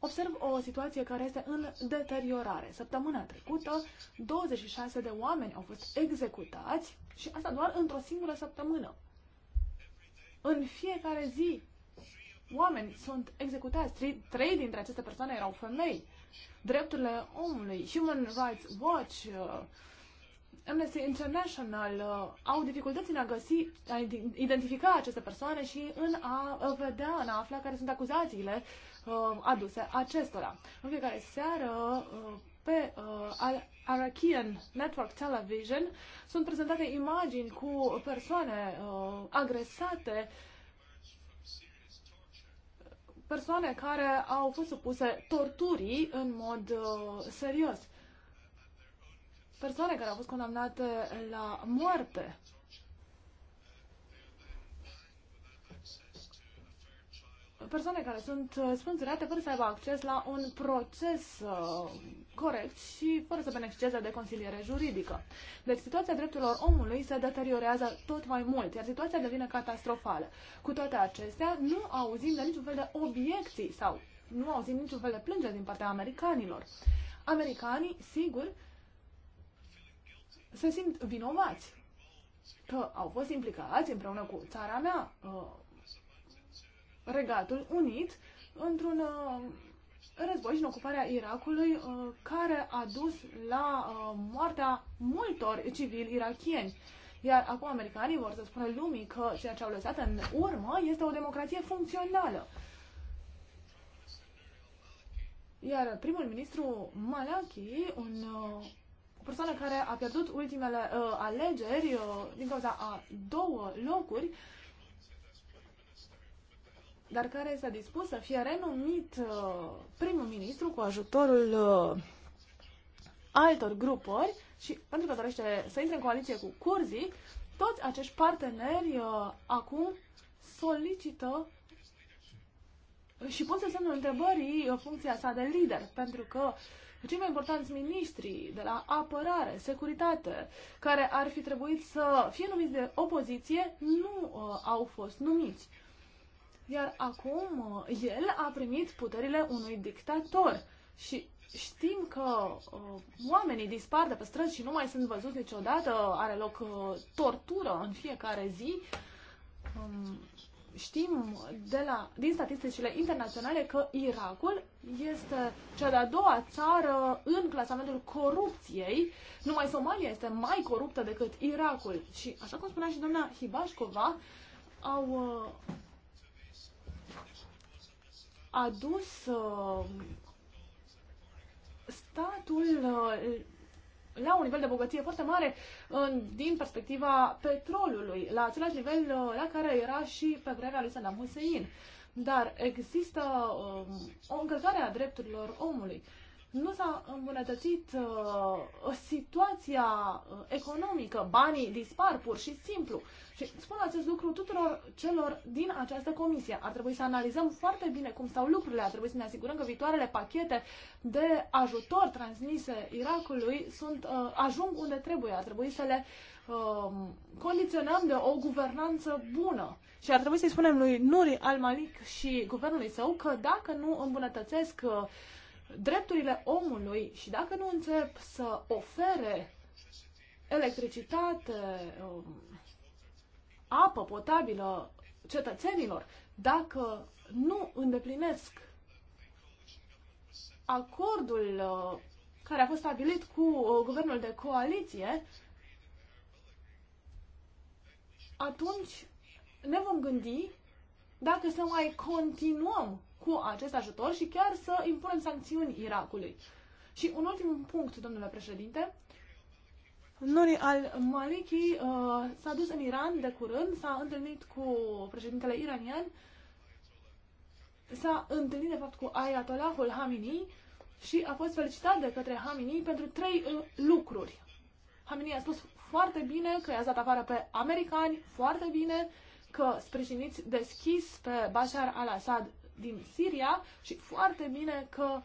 observ o situație care este în deteriorare. Săptămâna trecută, 26 de oameni au fost executați și asta doar într-o singură săptămână. În fiecare zi, oameni sunt executați. Trei, trei dintre aceste persoane erau femei. Drepturile omului, Human Rights Watch, uh, Amnesty International uh, au dificultăți în a găsi, a identifica aceste persoane și în a uh, vedea, în a afla care sunt acuzațiile Um, aduse acestora. În fiecare seară uh, pe uh, Arakian Network Television sunt prezentate imagini cu persoane uh, agresate, persoane care au fost supuse torturii în mod uh, serios, persoane care au fost condamnate la moarte. persoane care sunt uh, spânzurate fără să aibă acces la un proces uh, corect și fără să beneficieze de consiliere juridică. Deci situația drepturilor omului se deteriorează tot mai mult, iar situația devine catastrofală. Cu toate acestea, nu auzim de niciun fel de obiecții sau nu auzim niciun fel de plângeri din partea americanilor. Americanii, sigur, se simt vinovați că au fost implicați împreună cu țara mea, uh, Regatul Unit într-un uh, război și în ocuparea Irakului uh, care a dus la uh, moartea multor civili irakieni. Iar acum americanii vor să spună lumii că ceea ce au lăsat în urmă este o democrație funcțională. Iar primul ministru Malachi, un, o persoană care a pierdut ultimele uh, alegeri uh, din cauza a două locuri, uh, dar care s-a dispus să fie renumit uh, primul ministru cu ajutorul uh, altor grupuri, și pentru că dorește să intre în coaliție cu curzii, toți acești parteneri uh, acum solicită și pun să semnul întrebării funcția sa de lider, pentru că cei mai importanți miniștri de la apărare, securitate, care ar fi trebuit să fie numiți de opoziție, nu uh, au fost numiți. Iar acum uh, el a primit puterile unui dictator și știm că uh, oamenii dispar de pe străzi și nu mai sunt văzuți niciodată, are loc uh, tortură în fiecare zi. Um, știm de la, din statisticile internaționale că Irakul este cea de-a doua țară în clasamentul corupției. Numai Somalia este mai coruptă decât Irakul. Și, așa cum spunea și doamna Hibașcova, au uh, adus uh, statul uh, la un nivel de bogăție foarte mare din perspectiva petrolului, la același nivel uh, la care era și pe vremea lui Saddam Hussein. Dar există o încălcare a drepturilor omului nu s-a îmbunătățit uh, situația uh, economică, banii dispar pur și simplu. Și spun acest lucru tuturor celor din această comisie. Ar trebui să analizăm foarte bine cum stau lucrurile, ar trebui să ne asigurăm că viitoarele pachete de ajutor transmise Irakului sunt, uh, ajung unde trebuie, ar trebui să le uh, condiționăm de o guvernanță bună. Și ar trebui să-i spunem lui Nuri al-Malik și guvernului său că dacă nu îmbunătățesc uh, drepturile omului și dacă nu încep să ofere electricitate, um, apă potabilă cetățenilor, dacă nu îndeplinesc acordul uh, care a fost stabilit cu uh, guvernul de coaliție, atunci ne vom gândi dacă să mai continuăm cu acest ajutor și chiar să impunem sancțiuni Irakului. Și un ultim punct, domnule președinte, Nuri al-Maliki uh, s-a dus în Iran de curând, s-a întâlnit cu președintele iranian, s-a întâlnit de fapt cu Ayatollahul Hamini și a fost felicitat de către Hamini pentru trei uh, lucruri. Hamini a spus foarte bine că i-a dat afară pe americani, foarte bine că sprijiniți deschis pe Bashar al-Assad din Siria și foarte bine că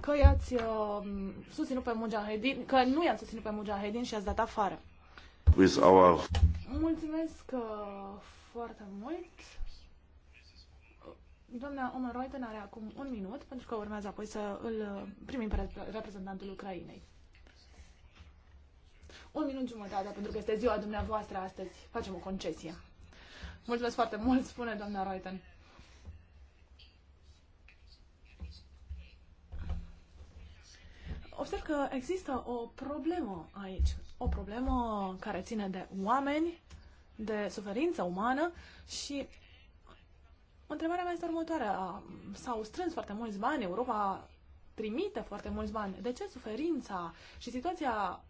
că i-ați uh, susținut pe Mujahedin, că nu i-ați susținut pe Mujahedin și i-ați dat afară. With our... Mulțumesc uh, foarte mult. Doamna Omar Reuten are acum un minut, pentru că urmează apoi să îl primim pe reprezentantul Ucrainei. Un minut jumătate, pentru că este ziua dumneavoastră astăzi. Facem o concesie. Mulțumesc foarte mult, spune doamna Reuten. Observ că există o problemă aici. O problemă care ține de oameni, de suferință umană și Întrebarea mea este următoarea. S-au strâns foarte mulți bani, Europa trimite foarte mulți bani. De ce suferința și situația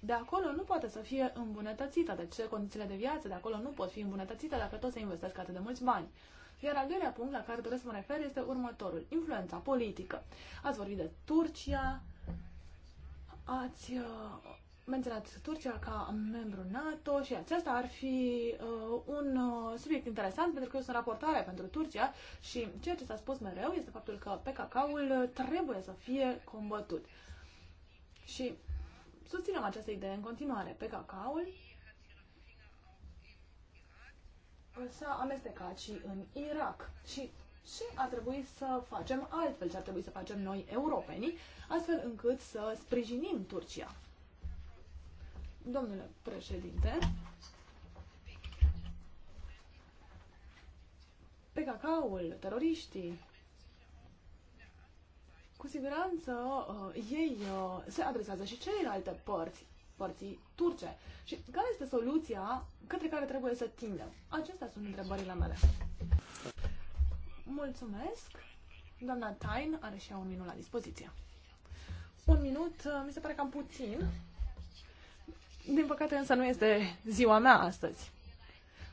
de acolo nu poate să fie îmbunătățită? De ce condițiile de viață de acolo nu pot fi îmbunătățite dacă tot se investesc atât de mulți bani? Iar al doilea punct la care doresc să mă refer este următorul. Influența politică. Ați vorbit de Turcia, ați uh, menționat Turcia ca membru NATO și acesta ar fi uh, un uh, subiect interesant pentru că eu sunt raportare pentru Turcia și ceea ce s-a spus mereu este faptul că PKK-ul uh, trebuie să fie combătut. Și susținem această idee în continuare. PKK-ul s-a amestecat și în Irak. Și ce ar trebui să facem altfel, ce ar trebui să facem noi europenii, astfel încât să sprijinim Turcia. Domnule președinte, pe cacaul, teroriștii, cu siguranță uh, ei uh, se adresează și celelalte părți, părții turce. Și care este soluția către care trebuie să tindem? Acestea sunt întrebările mele. Mulțumesc. Doamna Tain are și ea un minut la dispoziție. Un minut, uh, mi se pare cam puțin. Din păcate însă nu este ziua mea astăzi.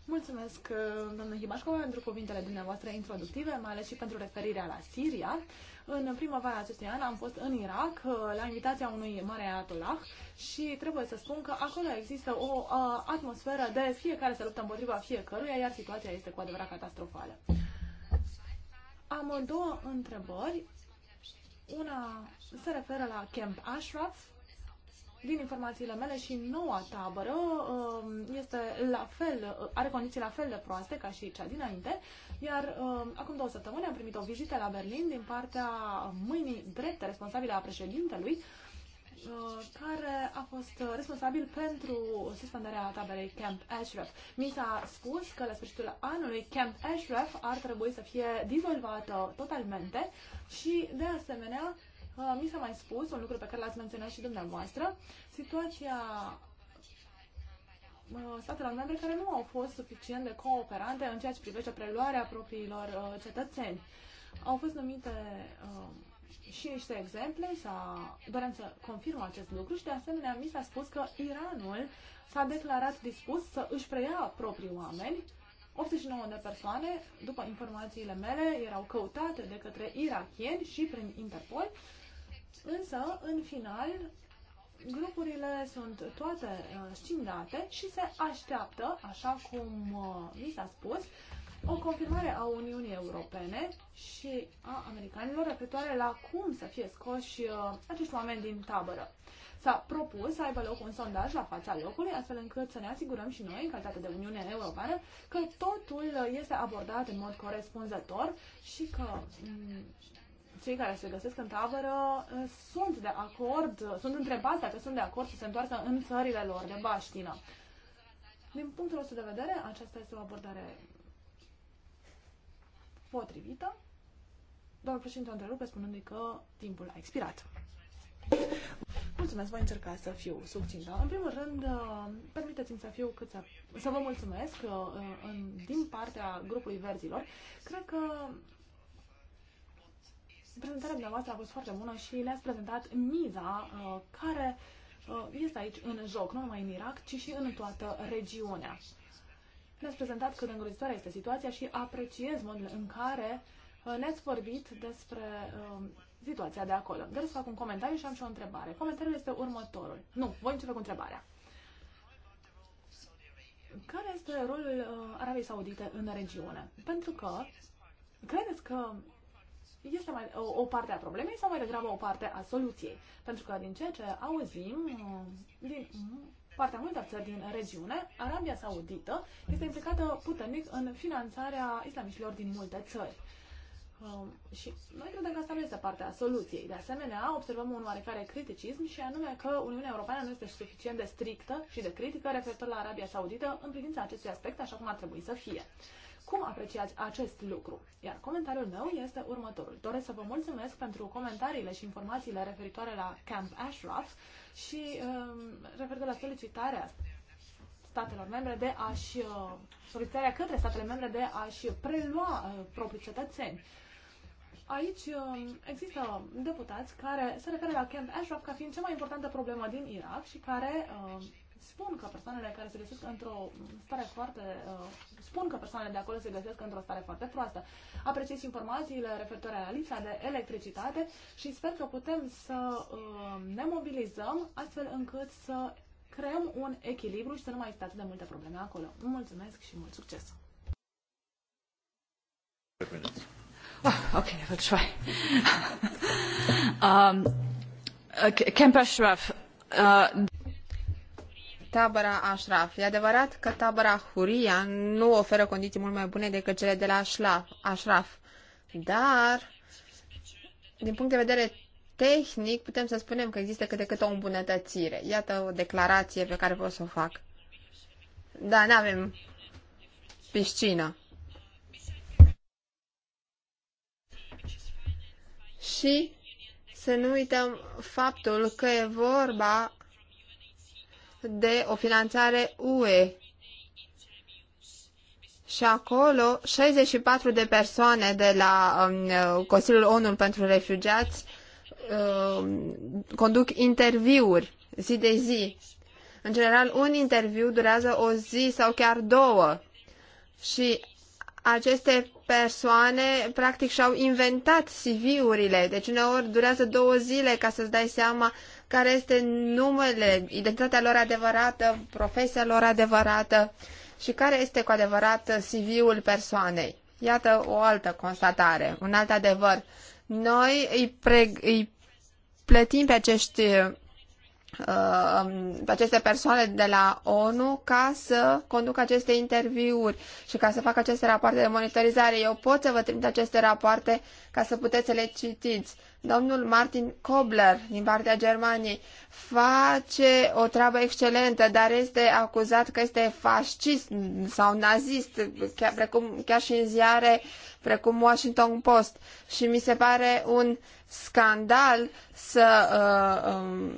Mulțumesc, uh, doamnă Hibașcova, pentru cuvintele dumneavoastră introductive, mai ales și pentru referirea la Siria. În primăvara acestui an am fost în Irak uh, la invitația unui mare atolah și trebuie să spun că acolo există o a, uh, atmosferă de fiecare se luptă împotriva fiecăruia, iar situația este cu adevărat catastrofală. Am două întrebări. Una se referă la Camp Ashraf din informațiile mele și noua tabără um, este la fel, are condiții la fel de proaste ca și cea dinainte, iar um, acum două săptămâni am primit o vizită la Berlin din partea mâinii drepte responsabile a președintelui, uh, care a fost responsabil pentru suspendarea taberei Camp Ashraf. Mi s-a spus că la sfârșitul anului Camp Ashraf ar trebui să fie dizolvată totalmente și, de asemenea, Uh, mi s-a mai spus un lucru pe care l-ați menționat și dumneavoastră, situația uh, statelor membre care nu au fost suficient de cooperante în ceea ce privește preluarea propriilor uh, cetățeni. Au fost numite și niște exemple, dorem să confirm acest lucru și de asemenea mi s-a spus că Iranul s-a declarat dispus să își preia proprii oameni 89 de persoane, după informațiile mele, erau căutate de către irachieni și prin Interpol Însă, în final, grupurile sunt toate uh, scindate și se așteaptă, așa cum uh, mi s-a spus, o confirmare a Uniunii Europene și a americanilor referitoare la cum să fie scoși uh, acești oameni din tabără. S-a propus să aibă loc un sondaj la fața locului, astfel încât să ne asigurăm și noi, în calitate de Uniune Europeană, că totul este abordat în mod corespunzător și că mm, cei care se găsesc în tabără uh, sunt de acord, uh, sunt întrebați dacă sunt de acord să se întoarcă în țările lor de baștină. Din punctul nostru de vedere, aceasta este o abordare potrivită. Doamna președinte, o întrerupe spunându-i că timpul a expirat. Mulțumesc, voi încerca să fiu subțintă. În primul rând, uh, permiteți-mi să fiu cât să, să vă mulțumesc în, din partea grupului verzilor. Cred că Prezentarea dumneavoastră a fost foarte bună și le ați prezentat miza uh, care uh, este aici în joc, nu numai în Irak, ci și în toată regiunea. Ne-ați prezentat cât de îngrozitoare este situația și apreciez modul în care uh, ne-ați vorbit despre uh, situația de acolo. Vreau să fac un comentariu și am și o întrebare. Comentariul este următorul. Nu, voi începe cu întrebarea. Care este rolul uh, Arabiei Saudite în regiune? Pentru că credeți că este mai, o, o parte a problemei sau mai degrabă o parte a soluției. Pentru că din ceea ce auzim din partea multor țări din regiune, Arabia Saudită este implicată puternic în finanțarea islamiștilor din multe țări. Um, și noi credem că asta nu este partea soluției. De asemenea, observăm un oarecare criticism și anume că Uniunea Europeană nu este suficient de strictă și de critică referitor la Arabia Saudită în privința acestui aspect, așa cum ar trebui să fie. Cum apreciați acest lucru? Iar comentariul meu este următorul. Doresc să vă mulțumesc pentru comentariile și informațiile referitoare la Camp Ashraf și um, referitor la solicitarea statelor membre de a-și uh, solicitarea către statele membre de a-și prelua uh, proprii cetățeni. Aici uh, există deputați care se referă la Camp Ashraf ca fiind cea mai importantă problemă din Irak și care uh, spun că persoanele care se găsesc într-o stare foarte... Uh, spun că persoanele de acolo se găsesc într-o stare foarte proastă. Apreciez informațiile referitoare la lipsa de electricitate și sper că putem să uh, ne mobilizăm astfel încât să creăm un echilibru și să nu mai există atât de multe probleme acolo. Mulțumesc și mult succes! Oh, okay, I try. um, uh, Camp Ashraf, uh, tabăra Ashraf. E adevărat că tabăra Huria nu oferă condiții mult mai bune decât cele de la Ashraf, dar din punct de vedere tehnic putem să spunem că există câte cât o îmbunătățire. Iată o declarație pe care pot să o fac. Da, nu avem piscină. Și să nu uităm faptul că e vorba de o finanțare UE. Și acolo 64 de persoane de la um, Consiliul ONU pentru Refugiați um, conduc interviuri zi de zi. În general, un interviu durează o zi sau chiar două. Și aceste persoane practic și-au inventat CV-urile, deci uneori durează două zile ca să-ți dai seama uh, care este numele, identitatea lor adevărată, profesia lor adevărată și care este cu adevărat CV-ul persoanei. Iată o altă constatare, un alt adevăr. Noi îi, pre, îi plătim pe acești uh, pe aceste persoane de la ONU ca să conducă aceste interviuri și ca să facă aceste rapoarte de monitorizare. Eu pot să vă trimit aceste rapoarte ca să puteți să le citiți. Domnul Martin Kobler, din partea Germaniei, face o treabă excelentă, dar este acuzat că este fascist sau nazist, chiar, precum, chiar și în ziare precum Washington Post. Și mi se pare un scandal să uh, um,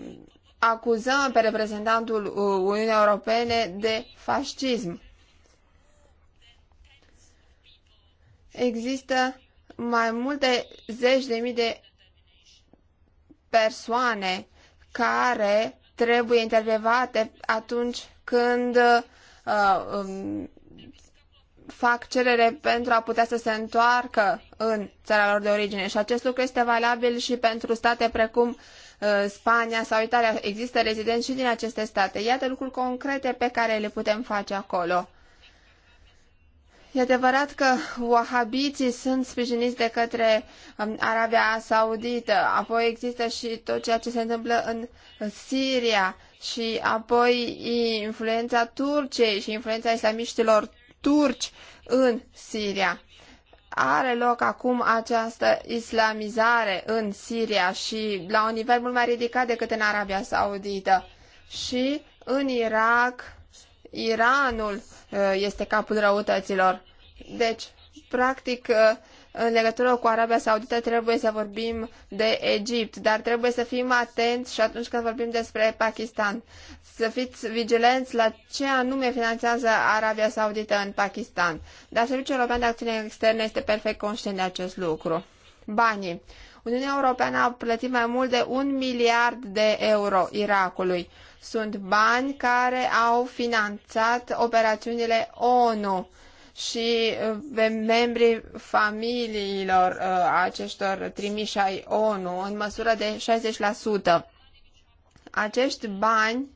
acuzăm pe reprezentantul uh, Uniunii Europene de fascism. Există mai multe zeci de mii de persoane care trebuie intervievate atunci când uh, um, fac cerere pentru a putea să se întoarcă în țara lor de origine. Și acest lucru este valabil și pentru state precum uh, Spania sau Italia. Există rezidenți și din aceste state. Iată lucruri concrete pe care le putem face acolo. E adevărat că wahabiții sunt sprijiniți de către um, Arabia Saudită, apoi există și tot ceea ce se întâmplă în Siria și apoi influența Turciei și influența islamiștilor turci în Siria. Are loc acum această islamizare în Siria și la un nivel mult mai ridicat decât în Arabia Saudită. Și în Irak, Iranul uh, este capul răutăților. Deci, practic, uh, în legătură cu Arabia Saudită trebuie să vorbim de Egipt, dar trebuie să fim atenți și atunci când vorbim despre Pakistan. Să fiți vigilenți la ce anume finanțează Arabia Saudită în Pakistan. Dar Serviciul European de Acțiune Externă este perfect conștient de acest lucru. Banii. Uniunea Europeană a plătit mai mult de un miliard de euro Irakului. Sunt bani care au finanțat operațiunile ONU și uh, membrii familiilor uh, aceștor trimiși ai ONU în măsură de 60%. Acești bani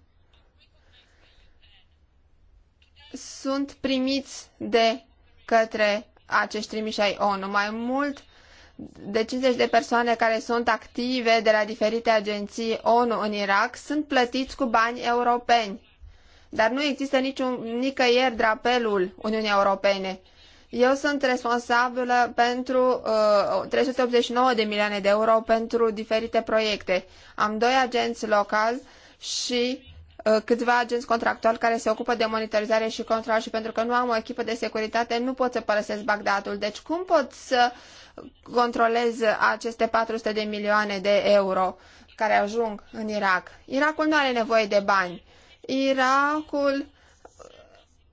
sunt primiți de către acești trimiși ai ONU. Mai mult de 50 de persoane care sunt active de la diferite agenții ONU în Irak sunt plătiți cu bani europeni. Dar nu există niciun, nicăieri drapelul Uniunii Europene. Eu sunt responsabilă pentru uh, 389 de milioane de euro pentru diferite proiecte. Am doi agenți locali și uh, câțiva agenți contractuali care se ocupă de monitorizare și control și pentru că nu am o echipă de securitate nu pot să părăsesc Bagdadul. Deci cum pot să controlez aceste 400 de milioane de euro care ajung în Irak? Irakul nu are nevoie de bani. Irakul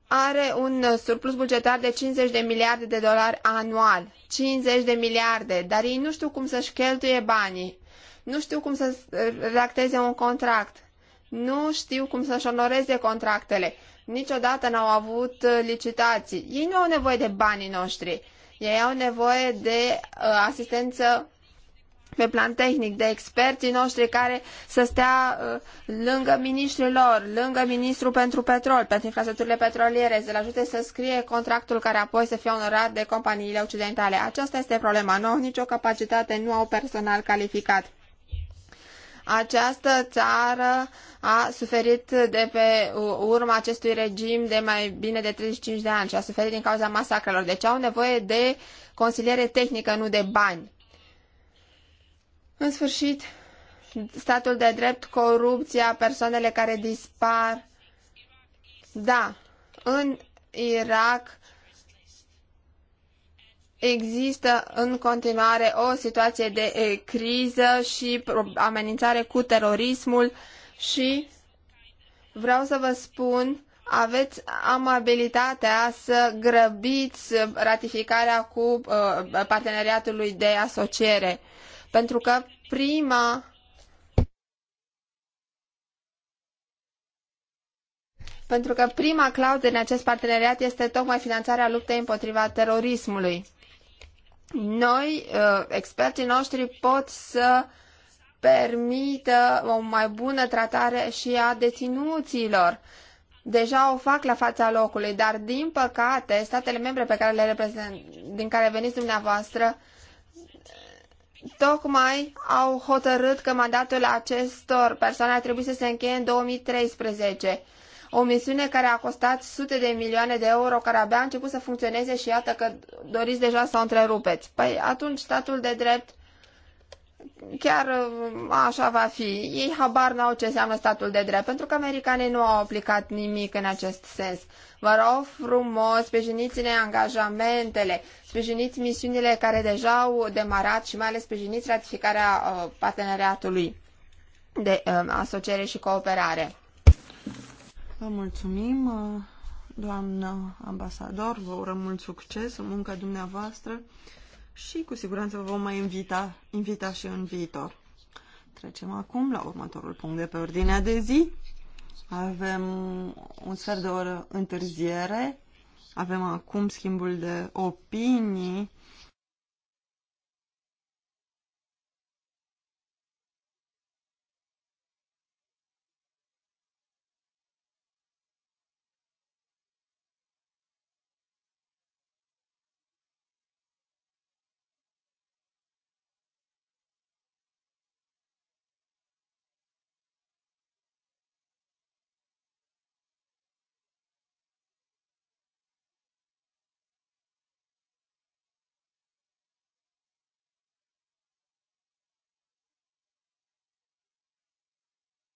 are un surplus bugetar de 50 de miliarde de dolari anual. 50 de miliarde, dar ei nu știu cum să-și cheltuie banii. Nu știu cum să redacteze un contract. Nu știu cum să-și onoreze contractele. Niciodată n-au avut uh, licitații. Ei nu au nevoie de banii noștri. Ei au nevoie de uh, asistență pe plan tehnic, de experții noștri care să stea uh, lângă ministrii lor, lângă ministrul pentru petrol, pentru infrastructurile petroliere, să-l ajute să scrie contractul care apoi să fie onorat de companiile occidentale. Aceasta este problema. Nu au nicio capacitate, nu au personal calificat. Această țară a suferit de pe urma acestui regim de mai bine de 35 de ani și a suferit din cauza masacrelor. Deci au nevoie de consiliere tehnică, nu de bani. În sfârșit, statul de drept, corupția, persoanele care dispar. Da, în Irak există în continuare o situație de criză și amenințare cu terorismul și vreau să vă spun, aveți amabilitatea să grăbiți ratificarea cu uh, parteneriatului de asociere pentru că prima pentru că prima clauză din acest parteneriat este tocmai finanțarea luptei împotriva terorismului. Noi, uh, experții noștri, pot să permită o mai bună tratare și a deținuților. Deja o fac la fața locului, dar din păcate, statele membre pe care le reprezent, din care veniți dumneavoastră, uh, tocmai au hotărât că mandatul acestor persoane ar trebui să se încheie în 2013. O misiune care a costat sute de milioane de euro, care abia a început să funcționeze și iată că doriți deja să o întrerupeți. Păi atunci statul de drept chiar uh, așa va fi. Ei habar n-au ce înseamnă statul de drept, pentru că americanii nu au aplicat nimic în acest sens. Vă rog frumos, sprijiniți-ne angajamentele, sprijiniți misiunile care deja au demarat și mai ales sprijiniți ratificarea uh, parteneriatului de uh, asociere și cooperare. Vă mulțumim, uh, doamnă ambasador, vă urăm mult succes în munca dumneavoastră și cu siguranță vă vom mai invita, invita și în viitor. Trecem acum la următorul punct de pe ordinea de zi. Avem un sfert de oră întârziere. Avem acum schimbul de opinii